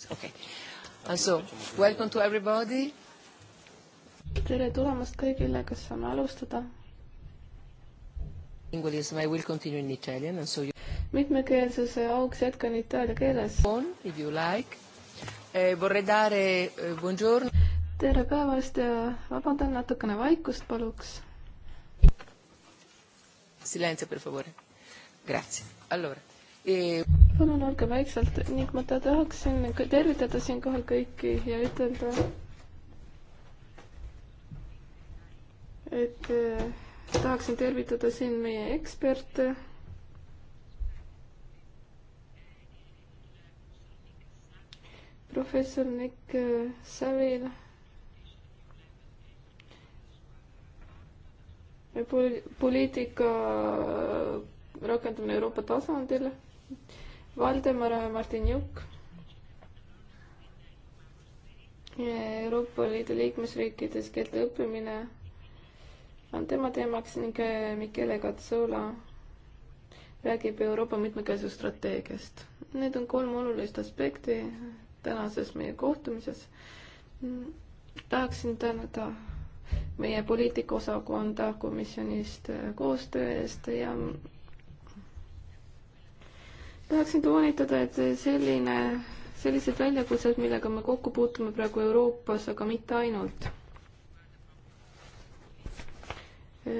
groups. Okay. And so, welcome to everybody. tere tulemast kõigile, kas saame alustada? Inglise, I will continue in Italian and so you mitmekeelsuse auks jätkan itaalia keeles. If you like eh,. Vorrei dare eh, buongiorno. tere päevast ja vabandan, natukene vaikust paluks. Silenzio per favore. Grazie. Allora eh palun olge vaikselt ning ma tahaksin tervitada siinkohal kõiki ja ütelda, et eh, tahaksin tervitada siin meie eksperte. professor Nick eh, Savil Poli. poliitika rakendamine Euroopa tasandil Valdemar Martinjuk. Euroopa Liidu liikmesriikides keelte õppimine on tema teemaks ning äh, Michele Katsola räägib Euroopa mitmekesisusstrateegiast. Need on kolm olulist aspekti tänases meie kohtumises. tahaksin tänada meie poliitikaosakonda komisjonist äh, koostöö eest ja tahaksin toonitada, et selline, sellised väljakutsed, millega me kokku puutume praegu Euroopas, aga mitte ainult.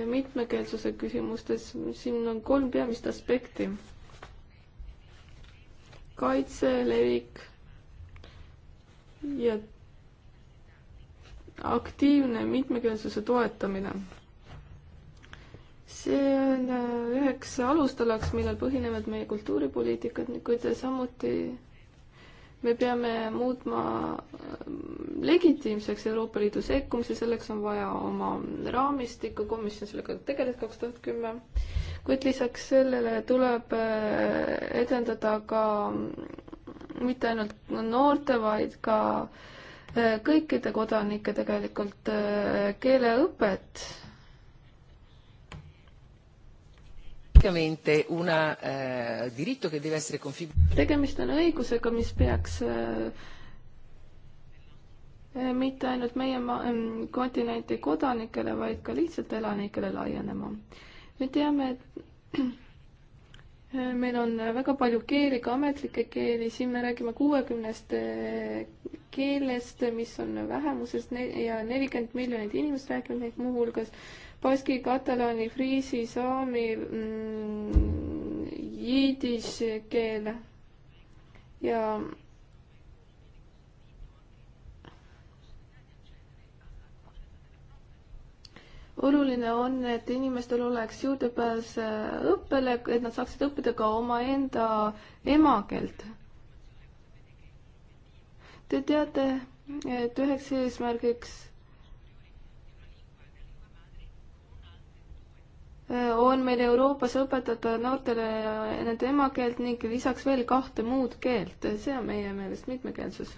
mitmekeelsuse küsimustes, siin on kolm peamist aspekti. kaitse, levik ja aktiivne mitmekeelsuse toetamine see on äh, üheks alustalaks, millel põhinevad meie kultuuripoliitikad, kuid samuti me peame muutma äh, legitiimseks Euroopa Liidu sekkumise, selleks on vaja oma raamistikku, komisjon sellega tegeles kaks tuhat kümme, kuid lisaks sellele tuleb äh, edendada ka mm, mitte ainult noorte, vaid ka kõikide kodanike tegelikult keeleõpet praticamente un eh, diritto che deve essere configurato. tegemist on õigusega, mis peaks eh, eh mitte ainult meie ma-, kontinenti kodanikele, vaid ka lihtsalt elanikele laienema. me teame, et eh, meil on väga palju keeli, ka ametlikke keeli, siin me räägime kuuekümnest eh, keelest, mis on vähemuses ja nelikümmend miljonit inimest räägivad neid muuhulgas baski, katalaani, friisi, saami mm,, jiidis keel ja oluline on, et inimestel oleks juurdepääs õppele, et nad saaksid õppida ka omaenda emakeelt. Te teate, et üheks eesmärgiks on meil Euroopas õpetada noortele nende emakeelt ning lisaks veel kahte muud keelt, see on meie meelest mitmekeelsus.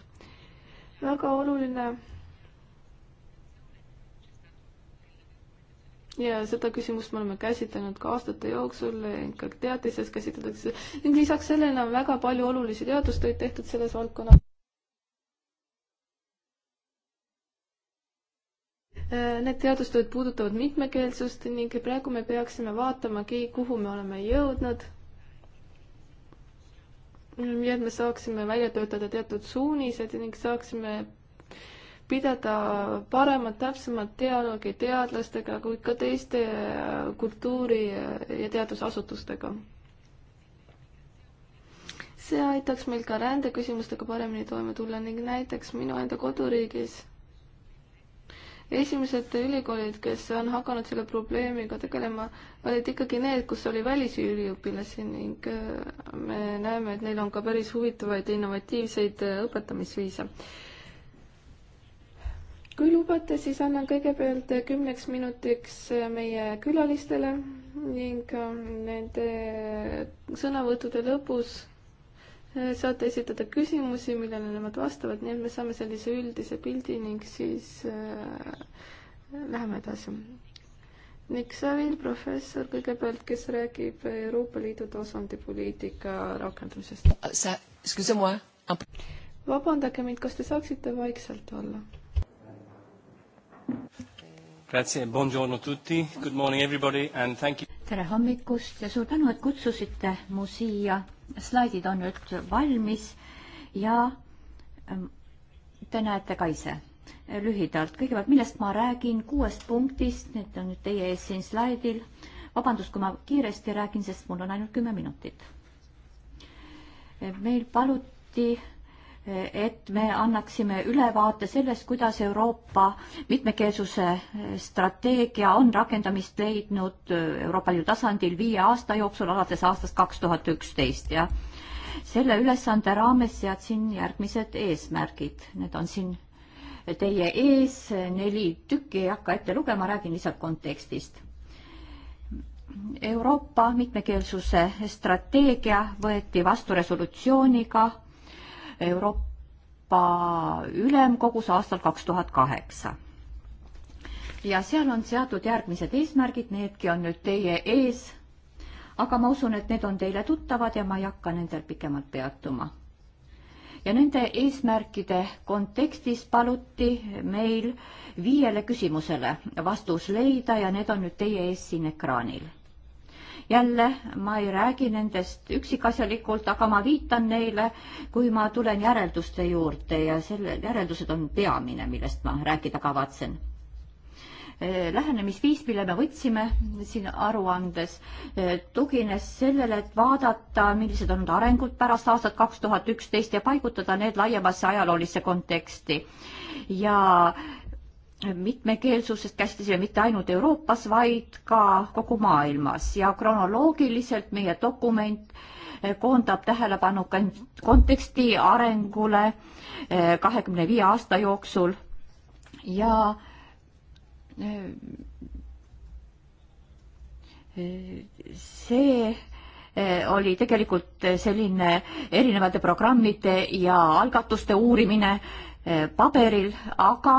väga oluline. ja seda küsimust me oleme käsitlenud ka aastate jooksul, ka teatises käsitletakse ning lisaks sellele on väga palju olulisi teadustöid tehtud selles valdkonnas. Äh, need teadustööd puudutavad mitmekeelsust ning praegu me peaksime vaatamagi, kuhu me oleme jõudnud. nii et me saaksime välja töötada teatud suunised ning saaksime pidada paremat, täpsemat dialoogi teadlastega kui ka teiste äh, kultuuri- äh, ja teadusasutustega. see aitaks meil ka rändeküsimustega paremini toime tulla ning näiteks minu enda koduriigis esimesed ülikoolid, kes on hakanud selle probleemiga tegelema, olid ikkagi need, kus oli välisüliõpilasi ning äh, me näeme, et neil on ka päris huvitavaid innovatiivseid äh, õpetamisviise. kui lubate, siis annan kõigepealt kümneks minutiks äh, meie külalistele ning nende sõnavõttude lõpus saate esitada küsimusi, millele nemad vastavad, nii et me saame sellise üldise pildi ning siis äh, läheme edasi. Nick Savin, professor kõigepealt, kes räägib Euroopa Liidu tasandi poliitika rakendamisest. Ah, vabandage mind, kas te saaksite vaikselt olla? Grazie, buongiorno tutti, good morning everybody and thank you. tere hommikust ja suur tänu, et kutsusite mu siia slaidid on nüüd valmis ja ähm, te näete ka ise lühidalt. kõigepealt, millest ma räägin, kuuest punktist, need on nüüd teie ees siin slaidil. vabandust, kui ma kiiresti räägin, sest mul on ainult kümme minutit. meil paluti et me annaksime ülevaate sellest, kuidas Euroopa mitmekeelsuse strateegia on rakendamist leidnud Euroopa Liidu tasandil viie aasta jooksul alates aastast kaks tuhat üksteist ja selle ülesande raames seadsin järgmised eesmärgid, need on siin teie ees, neli tükki, ei hakka ette lugema, räägin lihtsalt kontekstist Euroopa mitmekeelsuse strateegia võeti vastu resolutsiooniga Euroopa Ülemkogus aastal kaks tuhat kaheksa. ja seal on seatud järgmised eesmärgid, needki on nüüd teie ees. aga ma usun, et need on teile tuttavad ja ma ei hakka nendel pikemalt peatuma. ja nende eesmärkide kontekstis paluti meil viiele küsimusele vastus leida ja need on nüüd teie ees siin ekraanil jälle ma ei räägi nendest üksikasjalikult, aga ma viitan neile, kui ma tulen järelduste juurde ja selle, järeldused on peamine, millest ma rääkida kavatsen. E, lähenemisviis, mille me võtsime siin aruandes, e, tugines sellele, et vaadata, millised on arengud pärast aastat kaks tuhat üksteist ja paigutada need laiemasse ajaloolisse konteksti ja äh, mitmekeelsusest käsitlesime mitte ainult Euroopas, vaid ka kogu maailmas ja kronoloogiliselt meie dokument eh, koondab tähelepanu konteksti arengule eh, kahekümne viie aasta jooksul ja eh, see oli tegelikult selline erinevate programmide ja algatuste uurimine paberil, aga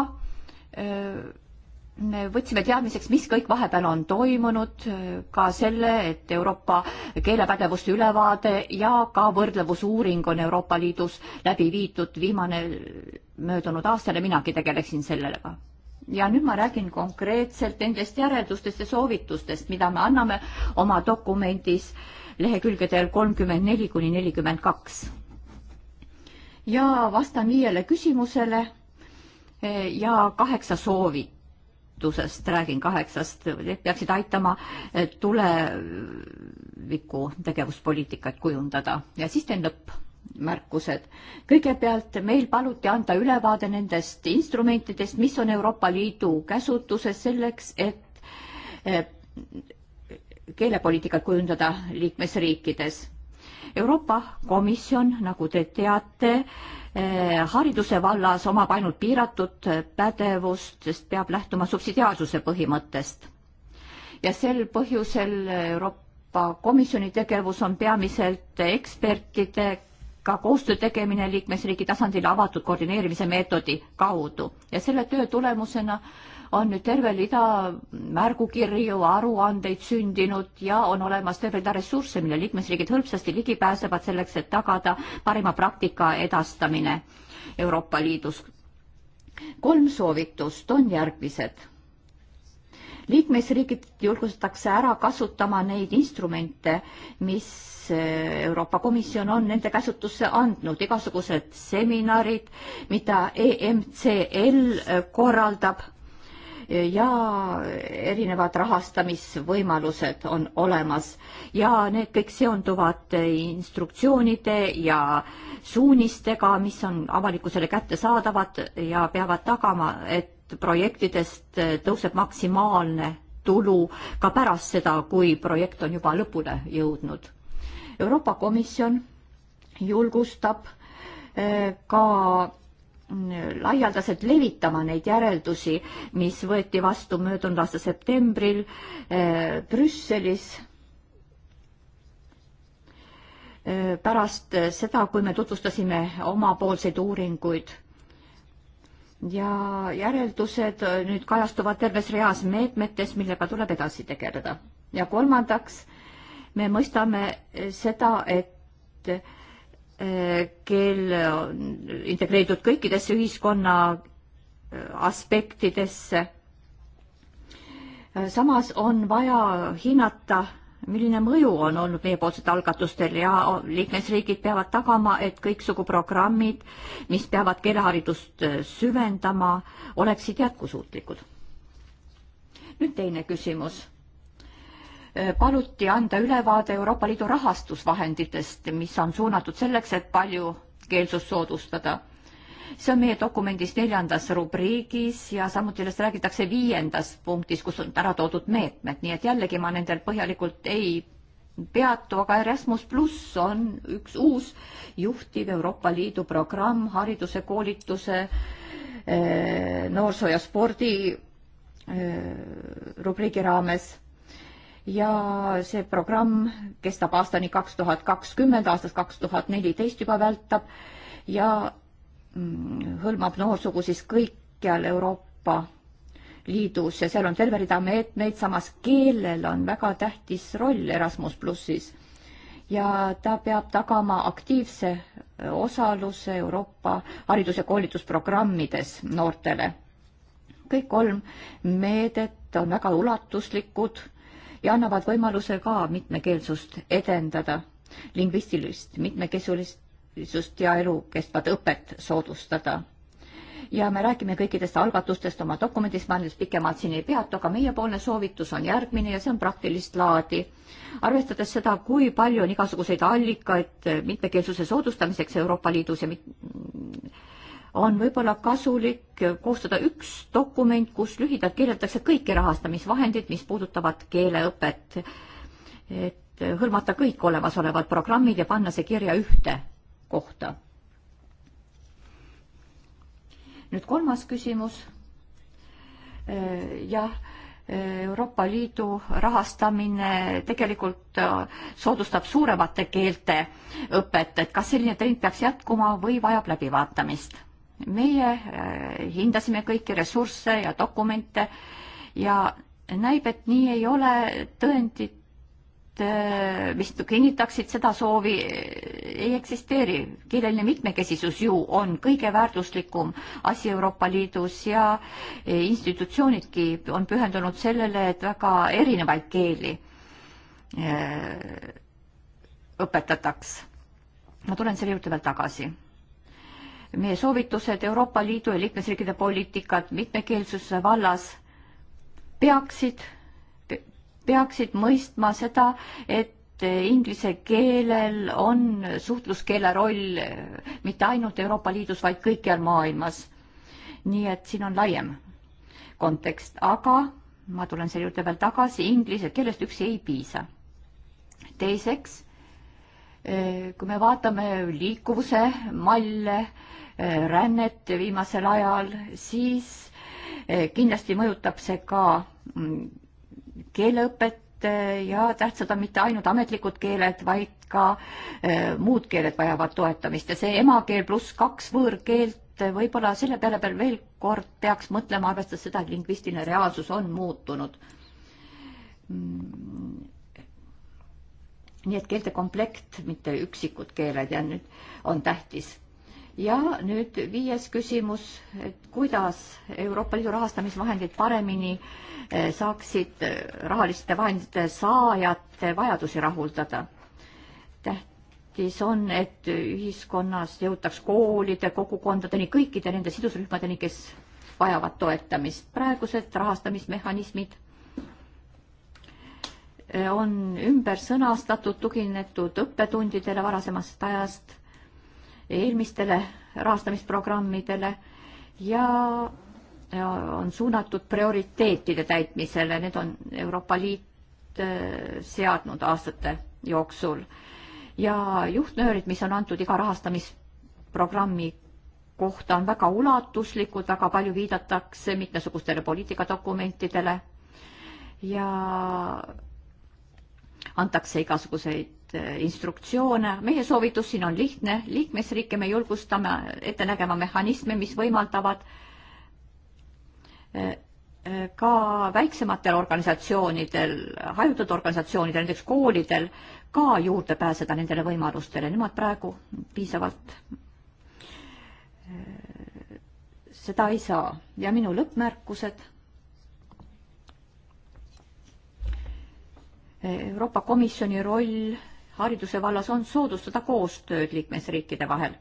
me võtsime teadmiseks, mis kõik vahepeal on toimunud, ka selle, et Euroopa keelepädevuste ülevaade ja ka võrdlevusuuring on Euroopa Liidus läbi viidud viimane möödunud aastal ja minagi tegeleksin sellega. ja nüüd ma räägin konkreetselt nendest järeldustest ja soovitustest, mida me anname oma dokumendis lehekülgedel kolmkümmend neli kuni nelikümmend kaks. ja vastan viiele küsimusele ja kaheksa soovitusest räägin kaheksast, peaksid aitama eh, tuleviku tegevuspoliitikat kujundada ja siis teen lõpp märkused. kõigepealt meil paluti anda ülevaade nendest instrumentidest, mis on Euroopa Liidu käsutuses selleks, et eh, keelepoliitikat kujundada liikmesriikides Euroopa Komisjon, nagu te teate, eh, hariduse vallas omab ainult piiratud eh, pädevust, sest peab lähtuma subsidiaarsuse põhimõttest. ja sel põhjusel Euroopa Komisjoni tegevus on peamiselt ekspertidega koostöö tegemine liikmesriigi tasandil avatud koordineerimise meetodi kaudu ja selle töö tulemusena äh, on nüüd terve rida märgukirju, aruandeid sündinud ja on olemas terve rida ressursse, mille liikmesriigid hõlpsasti ligi pääsevad selleks, et tagada parima praktika edastamine Euroopa Liidus. kolm soovitust on järgmised liikmesriigid julgustatakse ära kasutama neid instrumente, mis Euroopa Komisjon on nende käsutusse andnud, igasugused seminarid, mida EMCL korraldab ja erinevad rahastamisvõimalused on olemas ja need kõik seonduvad instruktsioonide ja suunistega, mis on avalikkusele kättesaadavad ja peavad tagama, et projektidest tõuseb maksimaalne tulu ka pärast seda, kui projekt on juba lõpule jõudnud. Euroopa Komisjon julgustab eh, ka laialdaselt levitama neid järeldusi, mis võeti vastu möödunud aasta septembril eh, Brüsselis eh, pärast seda, kui me tutvustasime omapoolseid uuringuid. ja järeldused eh, nüüd kajastuvad terves reas meetmetes, millega tuleb edasi tegeleda. ja kolmandaks, me mõistame seda, et keel on integreeritud kõikidesse ühiskonna äh, aspektidesse. Äh, samas on vaja hinnata, milline mõju on olnud meiepoolsetel algatustel ja liikmesriigid peavad tagama, et kõiksugu programmid, mis peavad keeleharidust äh, süvendama, oleksid jätkusuutlikud. nüüd teine küsimus Äh, paluti anda ülevaade Euroopa Liidu rahastusvahenditest, mis on suunatud selleks, et paljukeelsust soodustada. see on meie dokumendis neljandas rubriigis ja samuti sellest räägitakse viiendas punktis, kus on ära toodud meetmed, nii et jällegi ma nendel põhjalikult ei peatu, aga Erasmus pluss on üks uus juhtiv Euroopa Liidu programm hariduse, koolituse, äh, noorsoo ja spordi äh, rubriigi raames ja see programm kestab aastani kaks tuhat kakskümmend, aastast kaks tuhat neliteist juba vältab ja mm, hõlmab noorsugu siis kõikjal Euroopa Liidus ja seal on terve rida meetmeid, samas keelel on väga tähtis roll Erasmus plussis ja ta peab tagama aktiivse osaluse Euroopa haridus- ja koolitusprogrammides noortele. kõik kolm meedet on väga ulatuslikud ja annavad võimaluse ka mitmekeelsust edendada, lingvistilist mitmekesilisust ja elukestvat õpet soodustada. ja me räägime kõikidest algatustest oma dokumendis, ma nüüd pikemalt siin ei peatu, aga meiepoolne soovitus on järgmine ja see on praktilist laadi. arvestades seda, kui palju on igasuguseid allikaid mitmekeelsuse soodustamiseks Euroopa Liidus ja mit-, on võib-olla kasulik koostada üks dokument, kus lühidalt kirjeldatakse kõiki rahastamisvahendeid, mis puudutavad keeleõpet. et hõlmata kõik olemasolevad programmid ja panna see kirja ühte kohta. nüüd kolmas küsimus. Äh, jah Euroopa Liidu rahastamine tegelikult äh, soodustab suuremate keelte õpet, et kas selline trend peaks jätkuma või vajab läbivaatamist? meie äh, hindasime kõiki ressursse ja dokumente ja näib, et nii ei ole tõendit, äh, mis kinnitaksid seda soovi, äh, ei eksisteeri. keeleline mitmekesisus ju on kõige väärtuslikum asi Euroopa Liidus ja institutsioonidki on pühendunud sellele, et väga erinevaid keeli õpetataks. ma tulen selle juurde veel tagasi meie soovitused Euroopa Liidu ja liikmesriikide poliitikad mitmekeelsuse vallas peaksid, peaksid mõistma seda, et inglise keelel on suhtluskeele roll mitte ainult Euroopa Liidus, vaid kõikjal maailmas. nii et siin on laiem kontekst, aga ma tulen selle juurde veel tagasi, inglise keelest üksi ei piisa. teiseks, eh, kui me vaatame liikuvuse malle, rännet viimasel ajal, siis eh, kindlasti mõjutab see ka mm, keeleõpet eh, ja tähtsad on mitte ainult ametlikud keeled, vaid ka eh, muud keeled vajavad toetamist ja see emakeel pluss kaks võõrkeelt, võib-olla selle peale veel veel kord peaks mõtlema, arvestades seda, et lingvistiline reaalsus on muutunud. Mm. nii et keelte komplekt, mitte üksikud keeled ja nüüd on tähtis ja nüüd viies küsimus, et kuidas Euroopa Liidu rahastamisvahendid paremini eh, saaksid eh, rahaliste vahendite saajate vajadusi rahuldada? tähtis on, et ühiskonnas jõutaks koolide, kogukondadeni, kõikide nende sidusrühmadeni, kes vajavad toetamist. praegused rahastamismehhanismid eh, on ümber sõnastatud, tuginetud õppetundidele varasemast ajast eelmistele rahastamisprogrammidele ja on suunatud prioriteetide täitmisele, need on Euroopa Liit äh, seadnud aastate jooksul. ja juhtnöörid, mis on antud iga rahastamisprogrammi kohta, on väga ulatuslikud, väga palju viidatakse mitmesugustele poliitikadokumentidele ja antakse igasuguseid Äh, instruktsioone. meie soovitus siin on lihtne, liikmesriike me julgustame ette nägema mehhanisme, mis võimaldavad äh, äh, ka väiksematel organisatsioonidel, hajutatud organisatsioonidel, näiteks koolidel, ka juurde pääseda nendele võimalustele, nemad praegu piisavalt seda ei saa. ja minu lõppmärkused. Euroopa Komisjoni roll hariduse vallas on soodustada koostööd liikmesriikide vahel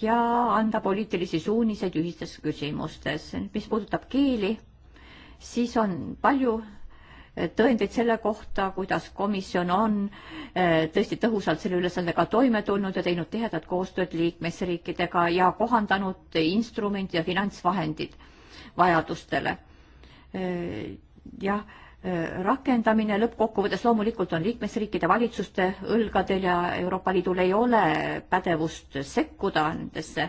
ja anda poliitilisi suuniseid ühistes küsimustes. mis puudutab keeli, siis on palju eh, tõendeid selle kohta, kuidas komisjon on eh, tõesti tõhusalt selle ülesandega toime tulnud ja teinud tihedat koostööd liikmesriikidega ja kohandanud instrumendid ja finantsvahendid vajadustele. Eh, jah, Äh, rakendamine lõppkokkuvõttes loomulikult on liikmesriikide valitsuste õlgadel ja Euroopa Liidul ei ole pädevust sekkuda nendesse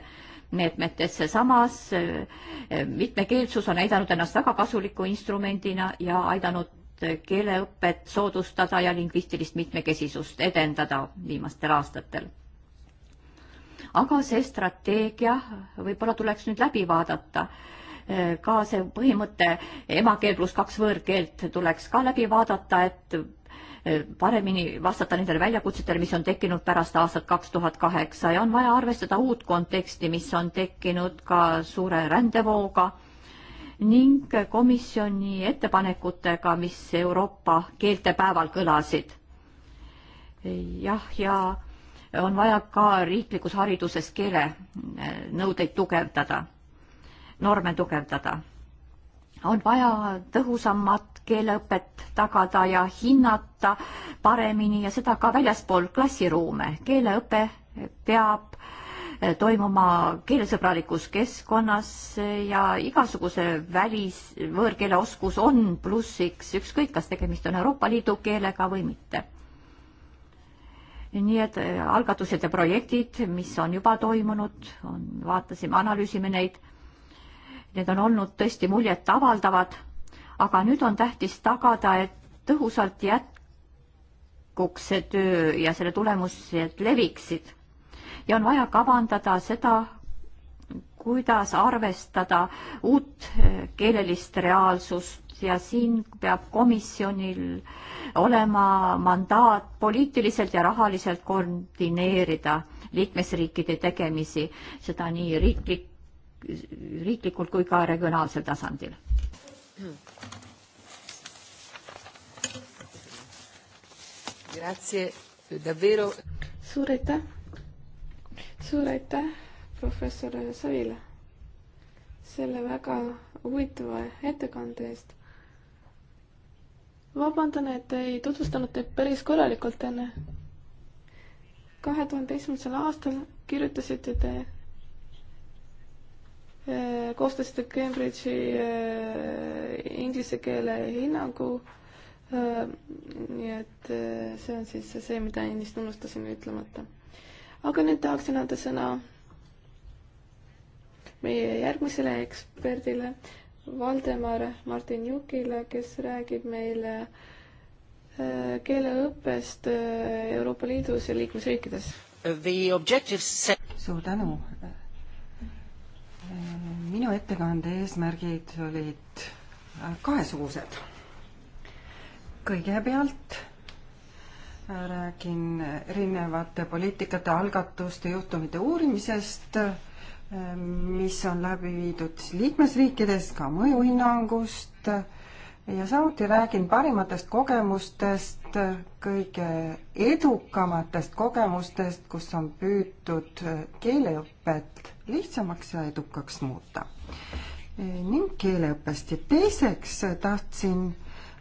meetmetesse. samas äh, mitmekeelsus on näidanud ennast väga kasuliku instrumendina ja aidanud keeleõpet soodustada ja lingvistilist mitmekesisust edendada viimastel aastatel. aga see strateegia võib-olla tuleks nüüd läbi vaadata Äh, ka see põhimõte emakeel pluss kaks võõrkeelt tuleks ka läbi vaadata, et äh, paremini vastata nendele väljakutsetele, mis on tekkinud pärast aastat kaks tuhat kaheksa ja on vaja arvestada uut konteksti, mis on tekkinud ka suure rändevooga ning komisjoni ettepanekutega, mis Euroopa keeltepäeval kõlasid. jah, ja, ja on vaja ka riiklikus hariduses keelenõudeid äh, tugevdada norme tugevdada. on vaja tõhusamat keeleõpet tagada ja hinnata paremini ja seda ka väljaspool klassiruume. keeleõpe peab eh, toimuma keelesõbralikus keskkonnas ja igasuguse välis, võõrkeele oskus on plussiks, ükskõik, kas tegemist on Euroopa Liidu keelega või mitte. nii et eh, algatused ja projektid, mis on juba toimunud, on, vaatasime, analüüsime neid need on olnud tõesti muljetavaldavad, aga nüüd on tähtis tagada, et tõhusalt jätkuks see töö ja selle tulemused leviksid. ja on vaja kavandada seda, kuidas arvestada uut keelelist reaalsust ja siin peab komisjonil olema mandaat poliitiliselt ja rahaliselt koordineerida liikmesriikide tegemisi, seda nii riiklik riiklikul kui ka regionaalsel tasandil. suur aitäh, suur aitäh professor Savile selle väga huvitava ettekande eest. vabandan, et ei tutvustanud teid päris korralikult enne. kahe tuhande esimesel aastal kirjutasite te Äh, koostasite Cambridge'i äh, inglise keele hinnangu. Äh, nii et see on siis see, mida ennist unustasin ütlemata. aga nüüd tahaksin anda sõna meie järgmisele eksperdile, Valdemar Martin Jukile, kes räägib meile keeleõppest Euroopa Liidus ja liikmesriikides. suur tänu minu ettekande eesmärgid olid äh, kahesugused. kõigepealt äh, räägin erinevate poliitikate, algatuste, juhtumite uurimisest, äh, mis on läbi viidud liikmesriikides, ka mõjuhinnangust ja samuti räägin parimatest kogemustest, kõige edukamatest kogemustest, kus on püütud keeleõpet lihtsamaks ja edukaks muuta. ning keeleõppest ja teiseks tahtsin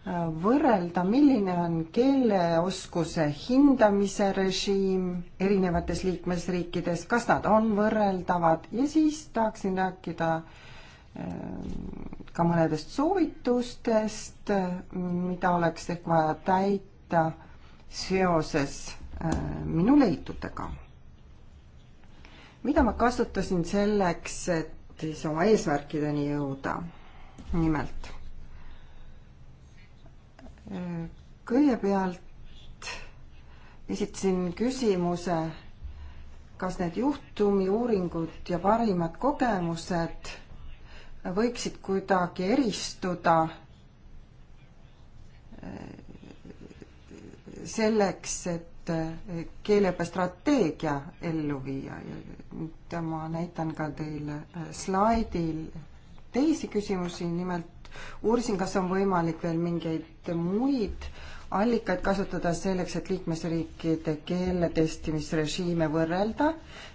äh, võrrelda, milline on keeleoskuse hindamise režiim erinevates liikmesriikides, kas nad on võrreldavad ja siis tahaksin rääkida äh, ka mõnedest soovitustest, mida oleks ehk vaja täita seoses äh, minu leidudega mida ma kasutasin selleks, et siis oma eesmärkideni jõuda? nimelt, kõigepealt esitasin küsimuse, kas need juhtumiuuringud ja parimad kogemused võiksid kuidagi eristuda eh, selleks, et et eh, keeleõppestrateegia ellu viia. nüüd ma näitan ka teile eh, slaidil teisi küsimusi, nimelt uurisin, kas on võimalik veel mingeid muid allikaid kasutada selleks, et liikmesriikide keele testimisrežiime võrrelda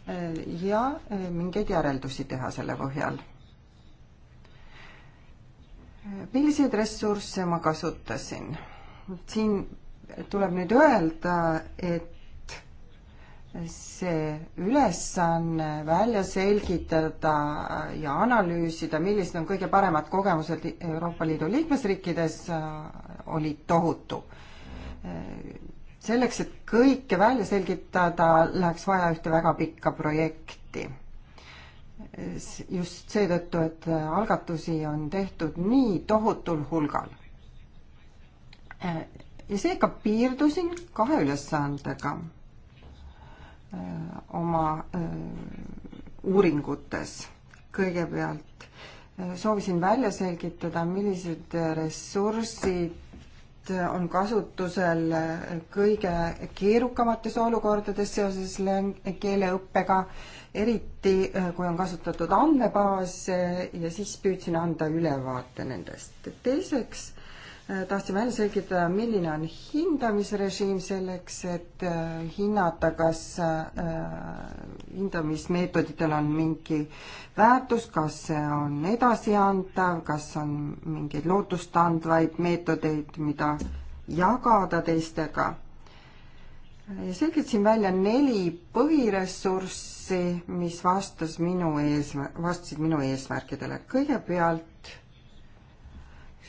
eh, ja mingeid järeldusi teha selle põhjal. milliseid ressursse ma kasutasin? siin tuleb nüüd öelda, et see ülesanne välja selgitada ja analüüsida, millised on kõige paremad kogemused Euroopa Liidu liikmesriikides, oli tohutu. selleks, et kõike välja selgitada, läheks vaja ühte väga pikka projekti just seetõttu, et algatusi on tehtud nii tohutul hulgal ja seega piirdusin kahe ülesandega äh, oma äh, uuringutes. kõigepealt äh, soovisin välja selgitada, millised ressursid on kasutusel kõige keerukamates olukordades seoses keeleõppega, eriti kui on kasutatud andmebaase ja siis püüdsin anda ülevaate nendest. teiseks Äh, tahtsime välja selgitada, milline on hindamisrežiim selleks, et äh, hinnata, kas äh, hindamismeetoditel on mingi väärtus, kas see on edasiantav, kas on mingeid lootustandvaid meetodeid, mida jagada teistega. ja selgitasin välja neli põhiressurssi, mis vastas minu eesmär-, vastasid minu eesmärkidele. kõigepealt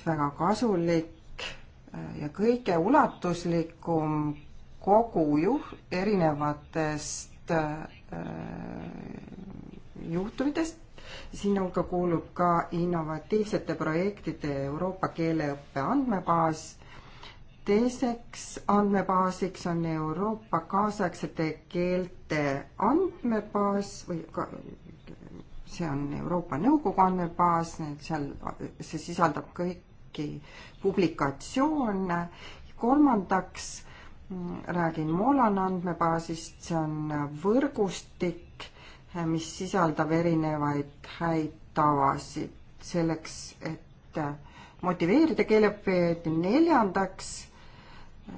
väga kasulik äh, ja kõige ulatuslikum kogu juh-, erinevatest äh, juhtumitest, sinna hulka kuulub ka innovatiivsete projektide Euroopa keeleõppe andmebaas, teiseks andmebaasiks on Euroopa kaasaegsete keelte andmebaas või ka, see on Euroopa Nõukogu andmebaas, seal see sisaldab kõik kõiki publikatsioone. kolmandaks mm, räägin Moolana andmebaasist, see on võrgustik, mis sisaldab erinevaid häid tavasid selleks, et äh, motiveerida keeleõppijaid. neljandaks äh,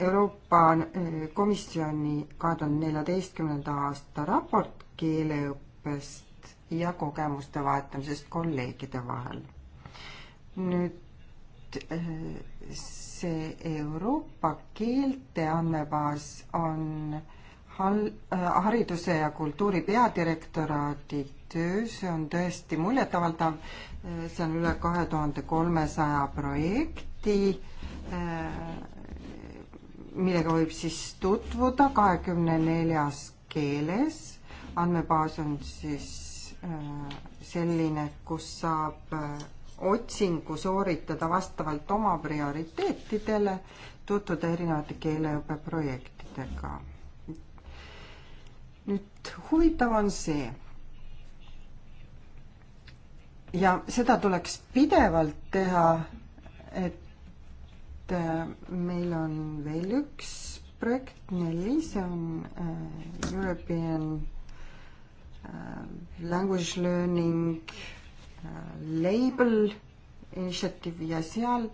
Euroopa äh, Komisjoni kahe tuhande neljateistkümnenda aasta raport keeleõppest ja kogemuste vahetamisest kolleegide vahel nüüd eh, see Euroopa keelte andmebaas on hal-, eh, hariduse ja kultuuri peadirektoraadi töö, see on tõesti muljetavaldav, eh, see on üle kahe tuhande kolmesaja projekti, millega võib siis tutvuda kahekümne neljas keeles, andmebaas on siis selline, kus saab otsingu sooritada vastavalt oma prioriteetidele, tutvuda erinevate keeleõppeprojektidega. nüüd huvitav on see ja seda tuleks pidevalt teha, et äh, meil on veel üks projekt neli, see on äh, European äh, Language Learning label initsiatiiv ja seal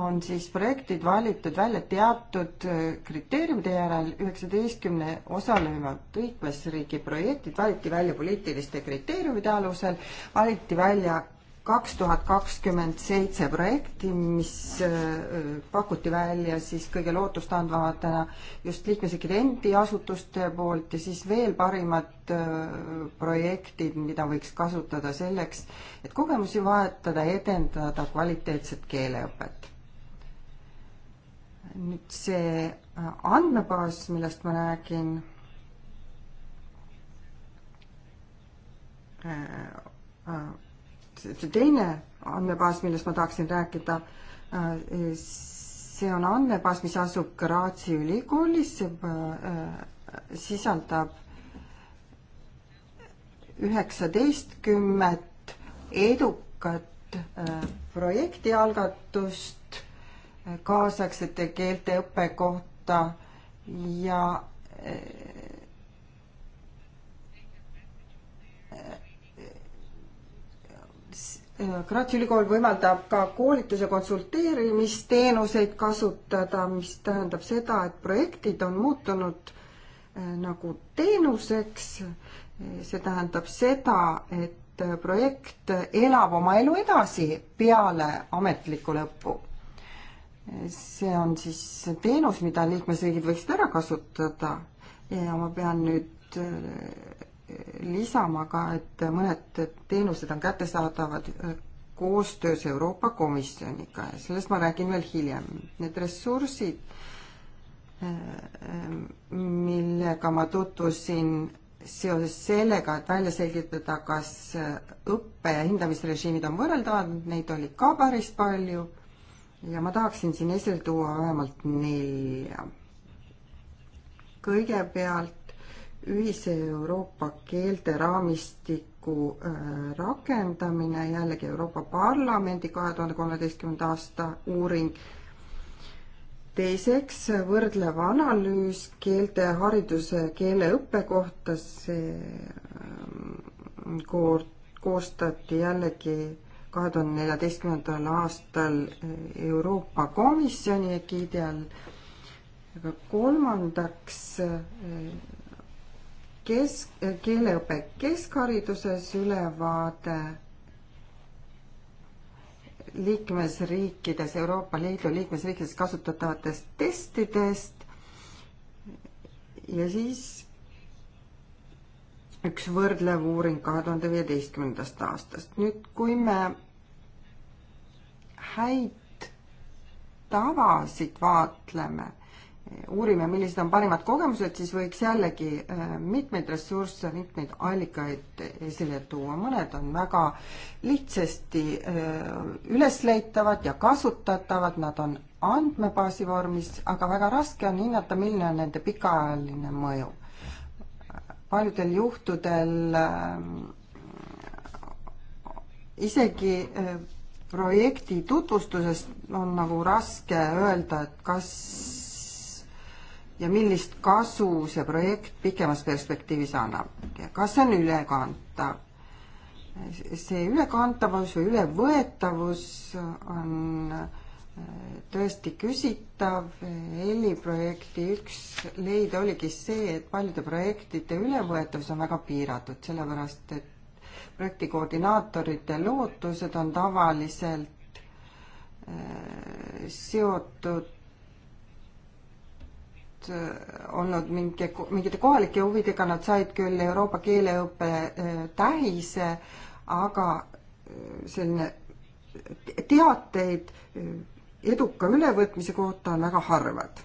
on siis projektid valitud välja teatud äh, kriteeriumide järel, üheksateistkümne osalenud liikmesriigi projektid valiti välja poliitiliste kriteeriumide alusel, valiti välja kaks tuhat kakskümmend seitse projekti, mis äh, pakuti välja siis kõige lootustandvamatena just liikmesriikide endi asutuste poolt ja siis veel parimad äh, projektid, mida võiks kasutada selleks, et kogemusi vahetada, edendada kvaliteetset keeleõpet. nüüd see äh, andmebaas, millest ma räägin, Uh see teine andmebaas, millest ma tahaksin rääkida, see on andmebaas, mis asub Graatsi ülikoolis, see äh, sisaldab üheksateistkümmet edukat äh, projektialgatust kaasaegsete keelte õppe kohta ja äh, Graatsi ülikool võimaldab ka koolituse konsulteerimisteenuseid kasutada, mis tähendab seda, et projektid on muutunud eh, nagu teenuseks. Eh, see tähendab seda, et projekt elab oma elu edasi peale ametlikku lõppu. Eh, see on siis teenus, mida liikmesriigid võiksid ära kasutada ja ma pean nüüd lisama ka, et mõned teenused on kättesaadavad äh, koostöös Euroopa Komisjoniga ja sellest ma räägin veel hiljem. Need ressursid, äh, äh, millega ma tutvusin seoses sellega, et välja selgitada, kas õppe- ja hindamisrežiimid on võrreldavad, neid oli ka päris palju ja ma tahaksin siin esile tuua vähemalt nelja. kõigepealt ühise Euroopa keelteraamistiku äh, rakendamine, jällegi Euroopa Parlamendi kahe tuhande kolmeteistkümnenda aasta uuring. teiseks võrdlev analüüs keeltehariduse keeleõppe kohta, see ähm, koor-, koostati jällegi kahe tuhande neljateistkümnendal aastal äh, Euroopa Komisjoni egiidi all. aga kolmandaks äh, kesk, keeleõpe keskhariduses, ülevaade liikmesriikides, Euroopa Liidu liikmesriikides kasutatavatest testidest ja siis üks võrdlev uuring kahe tuhande viieteistkümnendast aastast. nüüd, kui me häid tavasid vaatleme uurime, millised on parimad kogemused, siis võiks jällegi äh, mitmeid ressursse, mitmeid allikaid esile tuua, mõned on väga lihtsasti äh, ülesleitavad ja kasutatavad, nad on andmebaasi vormis, aga väga raske on hinnata, milline on nende pikaajaline mõju. paljudel juhtudel äh, isegi projekti tutvustusest on nagu raske öelda, et kas ja millist kasu see projekt pikemas perspektiivis annab. kas see on ülekantav? see ülekantavus või ülevõetavus on eh, tõesti küsitav. ELi projekti üks leid oligi see, et paljude projektide ülevõetavus on väga piiratud, sellepärast et projekti koordinaatorite lootused on tavaliselt eh, seotud olnud mingi, mingite kohalike huvidega, nad said küll Euroopa keeleõppe eh, tähise, aga eh, selline teateid eh, eduka ülevõtmise kohta on väga harvad.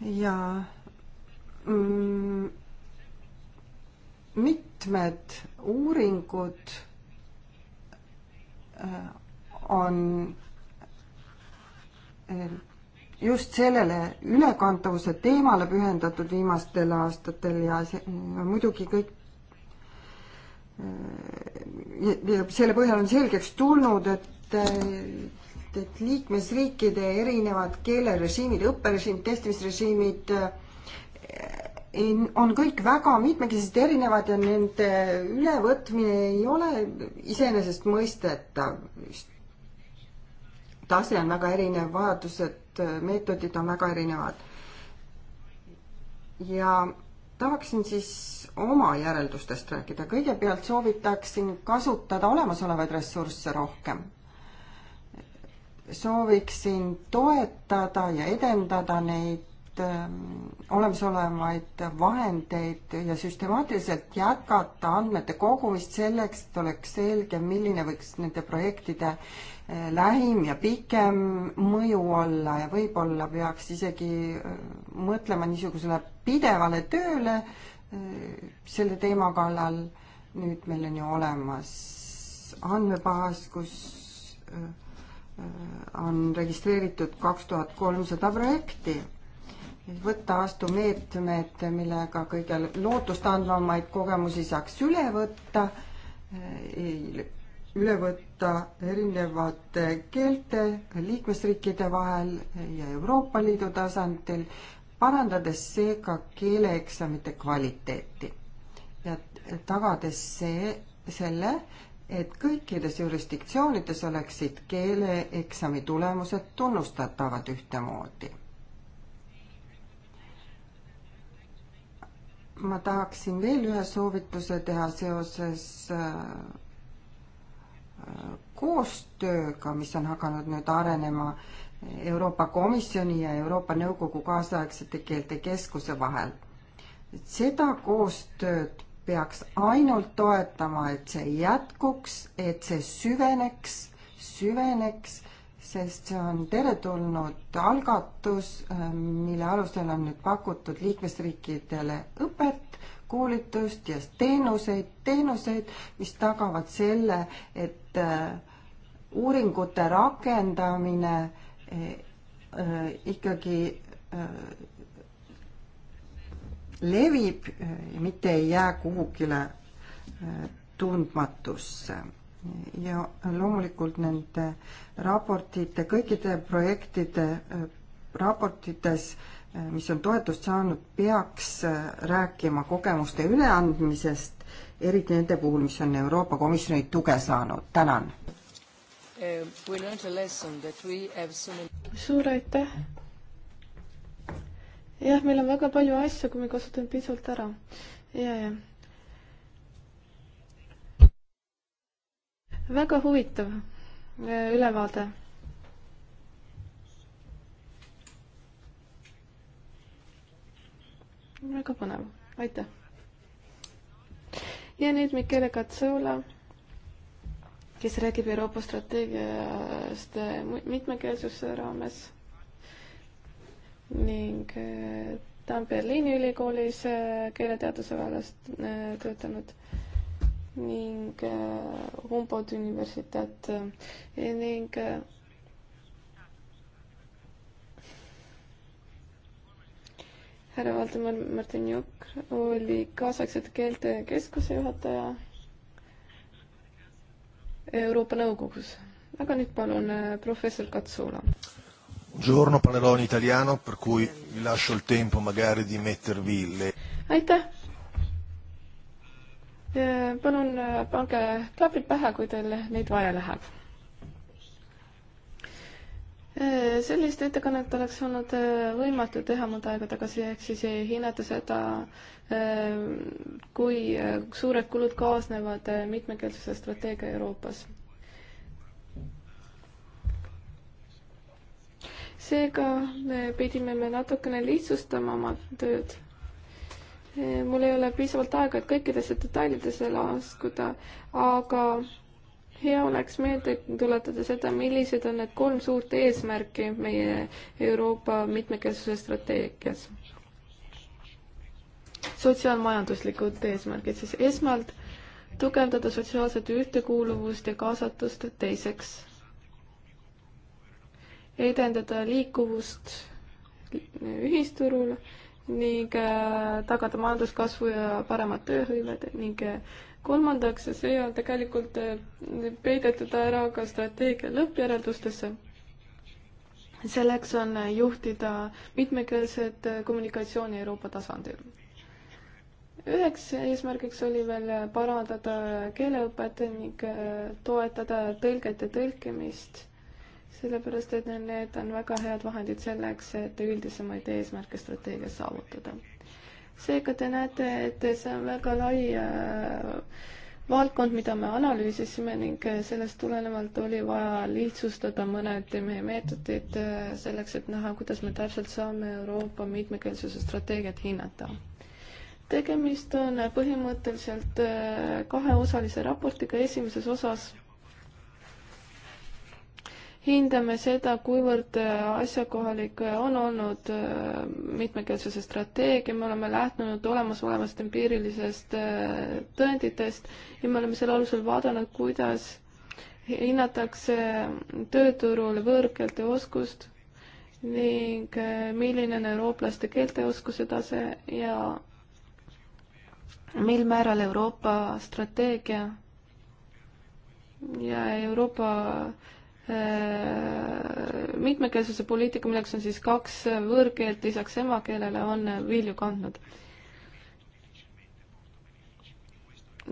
ja mm, mitmed uuringud on just sellele ülekantavuse teemale pühendatud viimastel aastatel ja see, muidugi kõik ja selle põhjal on selgeks tulnud, et et liikmesriikide erinevad keelerežiimid, õpperežiim, testimisrežiimid on kõik väga mitmekesised, erinevad ja nende ülevõtmine ei ole iseenesestmõistetav. tase on väga erinev, vajadused Äh, meetodid on väga erinevad. ja tahaksin siis oma järeldustest rääkida. kõigepealt soovitaksin kasutada olemasolevaid ressursse rohkem. sooviksin toetada ja edendada neid Ähm, olemasolevaid vahendeid ja süstemaatiliselt jätkata andmete kogumist selleks, et oleks selge, milline võiks nende projektide äh, lähim ja pikem mõju olla ja võib-olla peaks isegi äh, mõtlema niisugusele pidevale tööle äh, selle teema kallal. nüüd meil on ju olemas andmebaas, kus on registreeritud kaks tuhat kolmsada projekti võtta vastu meetmed, millega kõige lootustandvamaid kogemusi saaks üle võtta, eh, üle võtta erinevate keelte liikmesriikide vahel ja Euroopa Liidu tasandil, parandades seega keeleeksamite kvaliteeti ja tagades see, selle, et kõikides jurisdiktsioonides oleksid keeleeksami tulemused tunnustatavad ühtemoodi ma tahaksin veel ühe soovituse teha seoses äh, koostööga, mis on hakanud nüüd arenema Euroopa Komisjoni ja Euroopa Nõukogu kaasaegsete keelte keskuse vahel. seda koostööd peaks ainult toetama, et see jätkuks, et see süveneks, süveneks sest see on teretulnud algatus, mille alusel on nüüd pakutud liikmesriikidele õpet, koolitust ja teenuseid, teenuseid, mis tagavad selle, et äh, uuringute rakendamine äh, äh, ikkagi levib ja mitte ei jää kuhugile tundmatusse ja loomulikult nende raportite, kõikide projektide äh, raportites, äh, mis on toetust saanud, peaks äh, rääkima kogemuste üleandmisest, eriti nende puhul, mis on Euroopa Komisjoni tuge saanud. tänan! suur aitäh! jah, meil on väga palju asju, kui me kasutame pisut ära. ja, ja väga huvitav e, ülevaade. väga põnev, aitäh. ja nüüd Mikele Katsola, kes räägib Euroopa strateegiast e, mitmekeelsuse raames ning e, ta on Berliini ülikoolis keeleteaduse vallast töötanud ning äh, Humboldt universiteet äh, ning äh, härra Valdemar Martinjuk oli kaasaegsete keelte keskuse juhataja Euroopa Nõukogus. aga nüüd palun professor Katsula. Buongiorno, parlerò in italiano, per cui vi lascio il tempo magari di mettervi le aitäh Äh, palun äh, pange klapid pähe, kui teil neid vaja läheb. Äh, sellist ettekannet oleks olnud võimatu teha mõnda aega tagasi, ehk siis hinnata seda, kui suured kulud kaasnevad mitmekeelsuse strateegia Euroopas seega me pidime me natukene lihtsustama oma tööd. Eh, mul ei ole piisavalt aega, et kõikidesse detailidesse laskuda, aga hea oleks meelde tuletada seda, millised on need kolm suurt eesmärki meie Euroopa mitmekesisuse strateegias. sotsiaalmajanduslikud eesmärgid siis esmalt tugevdada sotsiaalset ühtekuuluvust ja kaasatust, teiseks edendada liikuvust ühisturul ning äh, tagada majanduskasvu ja paremat tööhõivet ning äh, kolmandaks, see on tegelikult äh, peidetud ära ka strateegia lõppjäreldustesse. selleks on juhtida mitmekeelset kommunikatsiooni Euroopa tasandil. üheks eesmärgiks oli veel parandada keeleõpet ning toetada tõlget ja tõlkimist sellepärast, et need on väga head vahendid selleks, et üldisemaid eesmärke strateegias saavutada. seega te näete, et see on väga lai äh, valdkond, mida me analüüsisime ning äh, sellest tulenevalt oli vaja lihtsustada mõned meie meetodid äh, selleks, et näha, kuidas me täpselt saame Euroopa mitmekeelsuse strateegiat hinnata tegemist on põhimõtteliselt kaheosalise raportiga esimeses osas hindame seda, kuivõrd äh, asjakohalik äh, on olnud äh, mitmekeelsuse strateegia, me oleme lähtunud olemasolevast empiirilisest tõenditest ja me oleme selle alusel vaadanud, kuidas hinnatakse tööturul võõrkeelte oskust ning milline on eurooplaste keelteoskuse tase ja mil määral Euroopa strateegia ja Euroopa äh, Äh, mitmekesisuse poliitika, milleks on siis kaks võõrkeelt lisaks emakeelele, on vilju kandnud.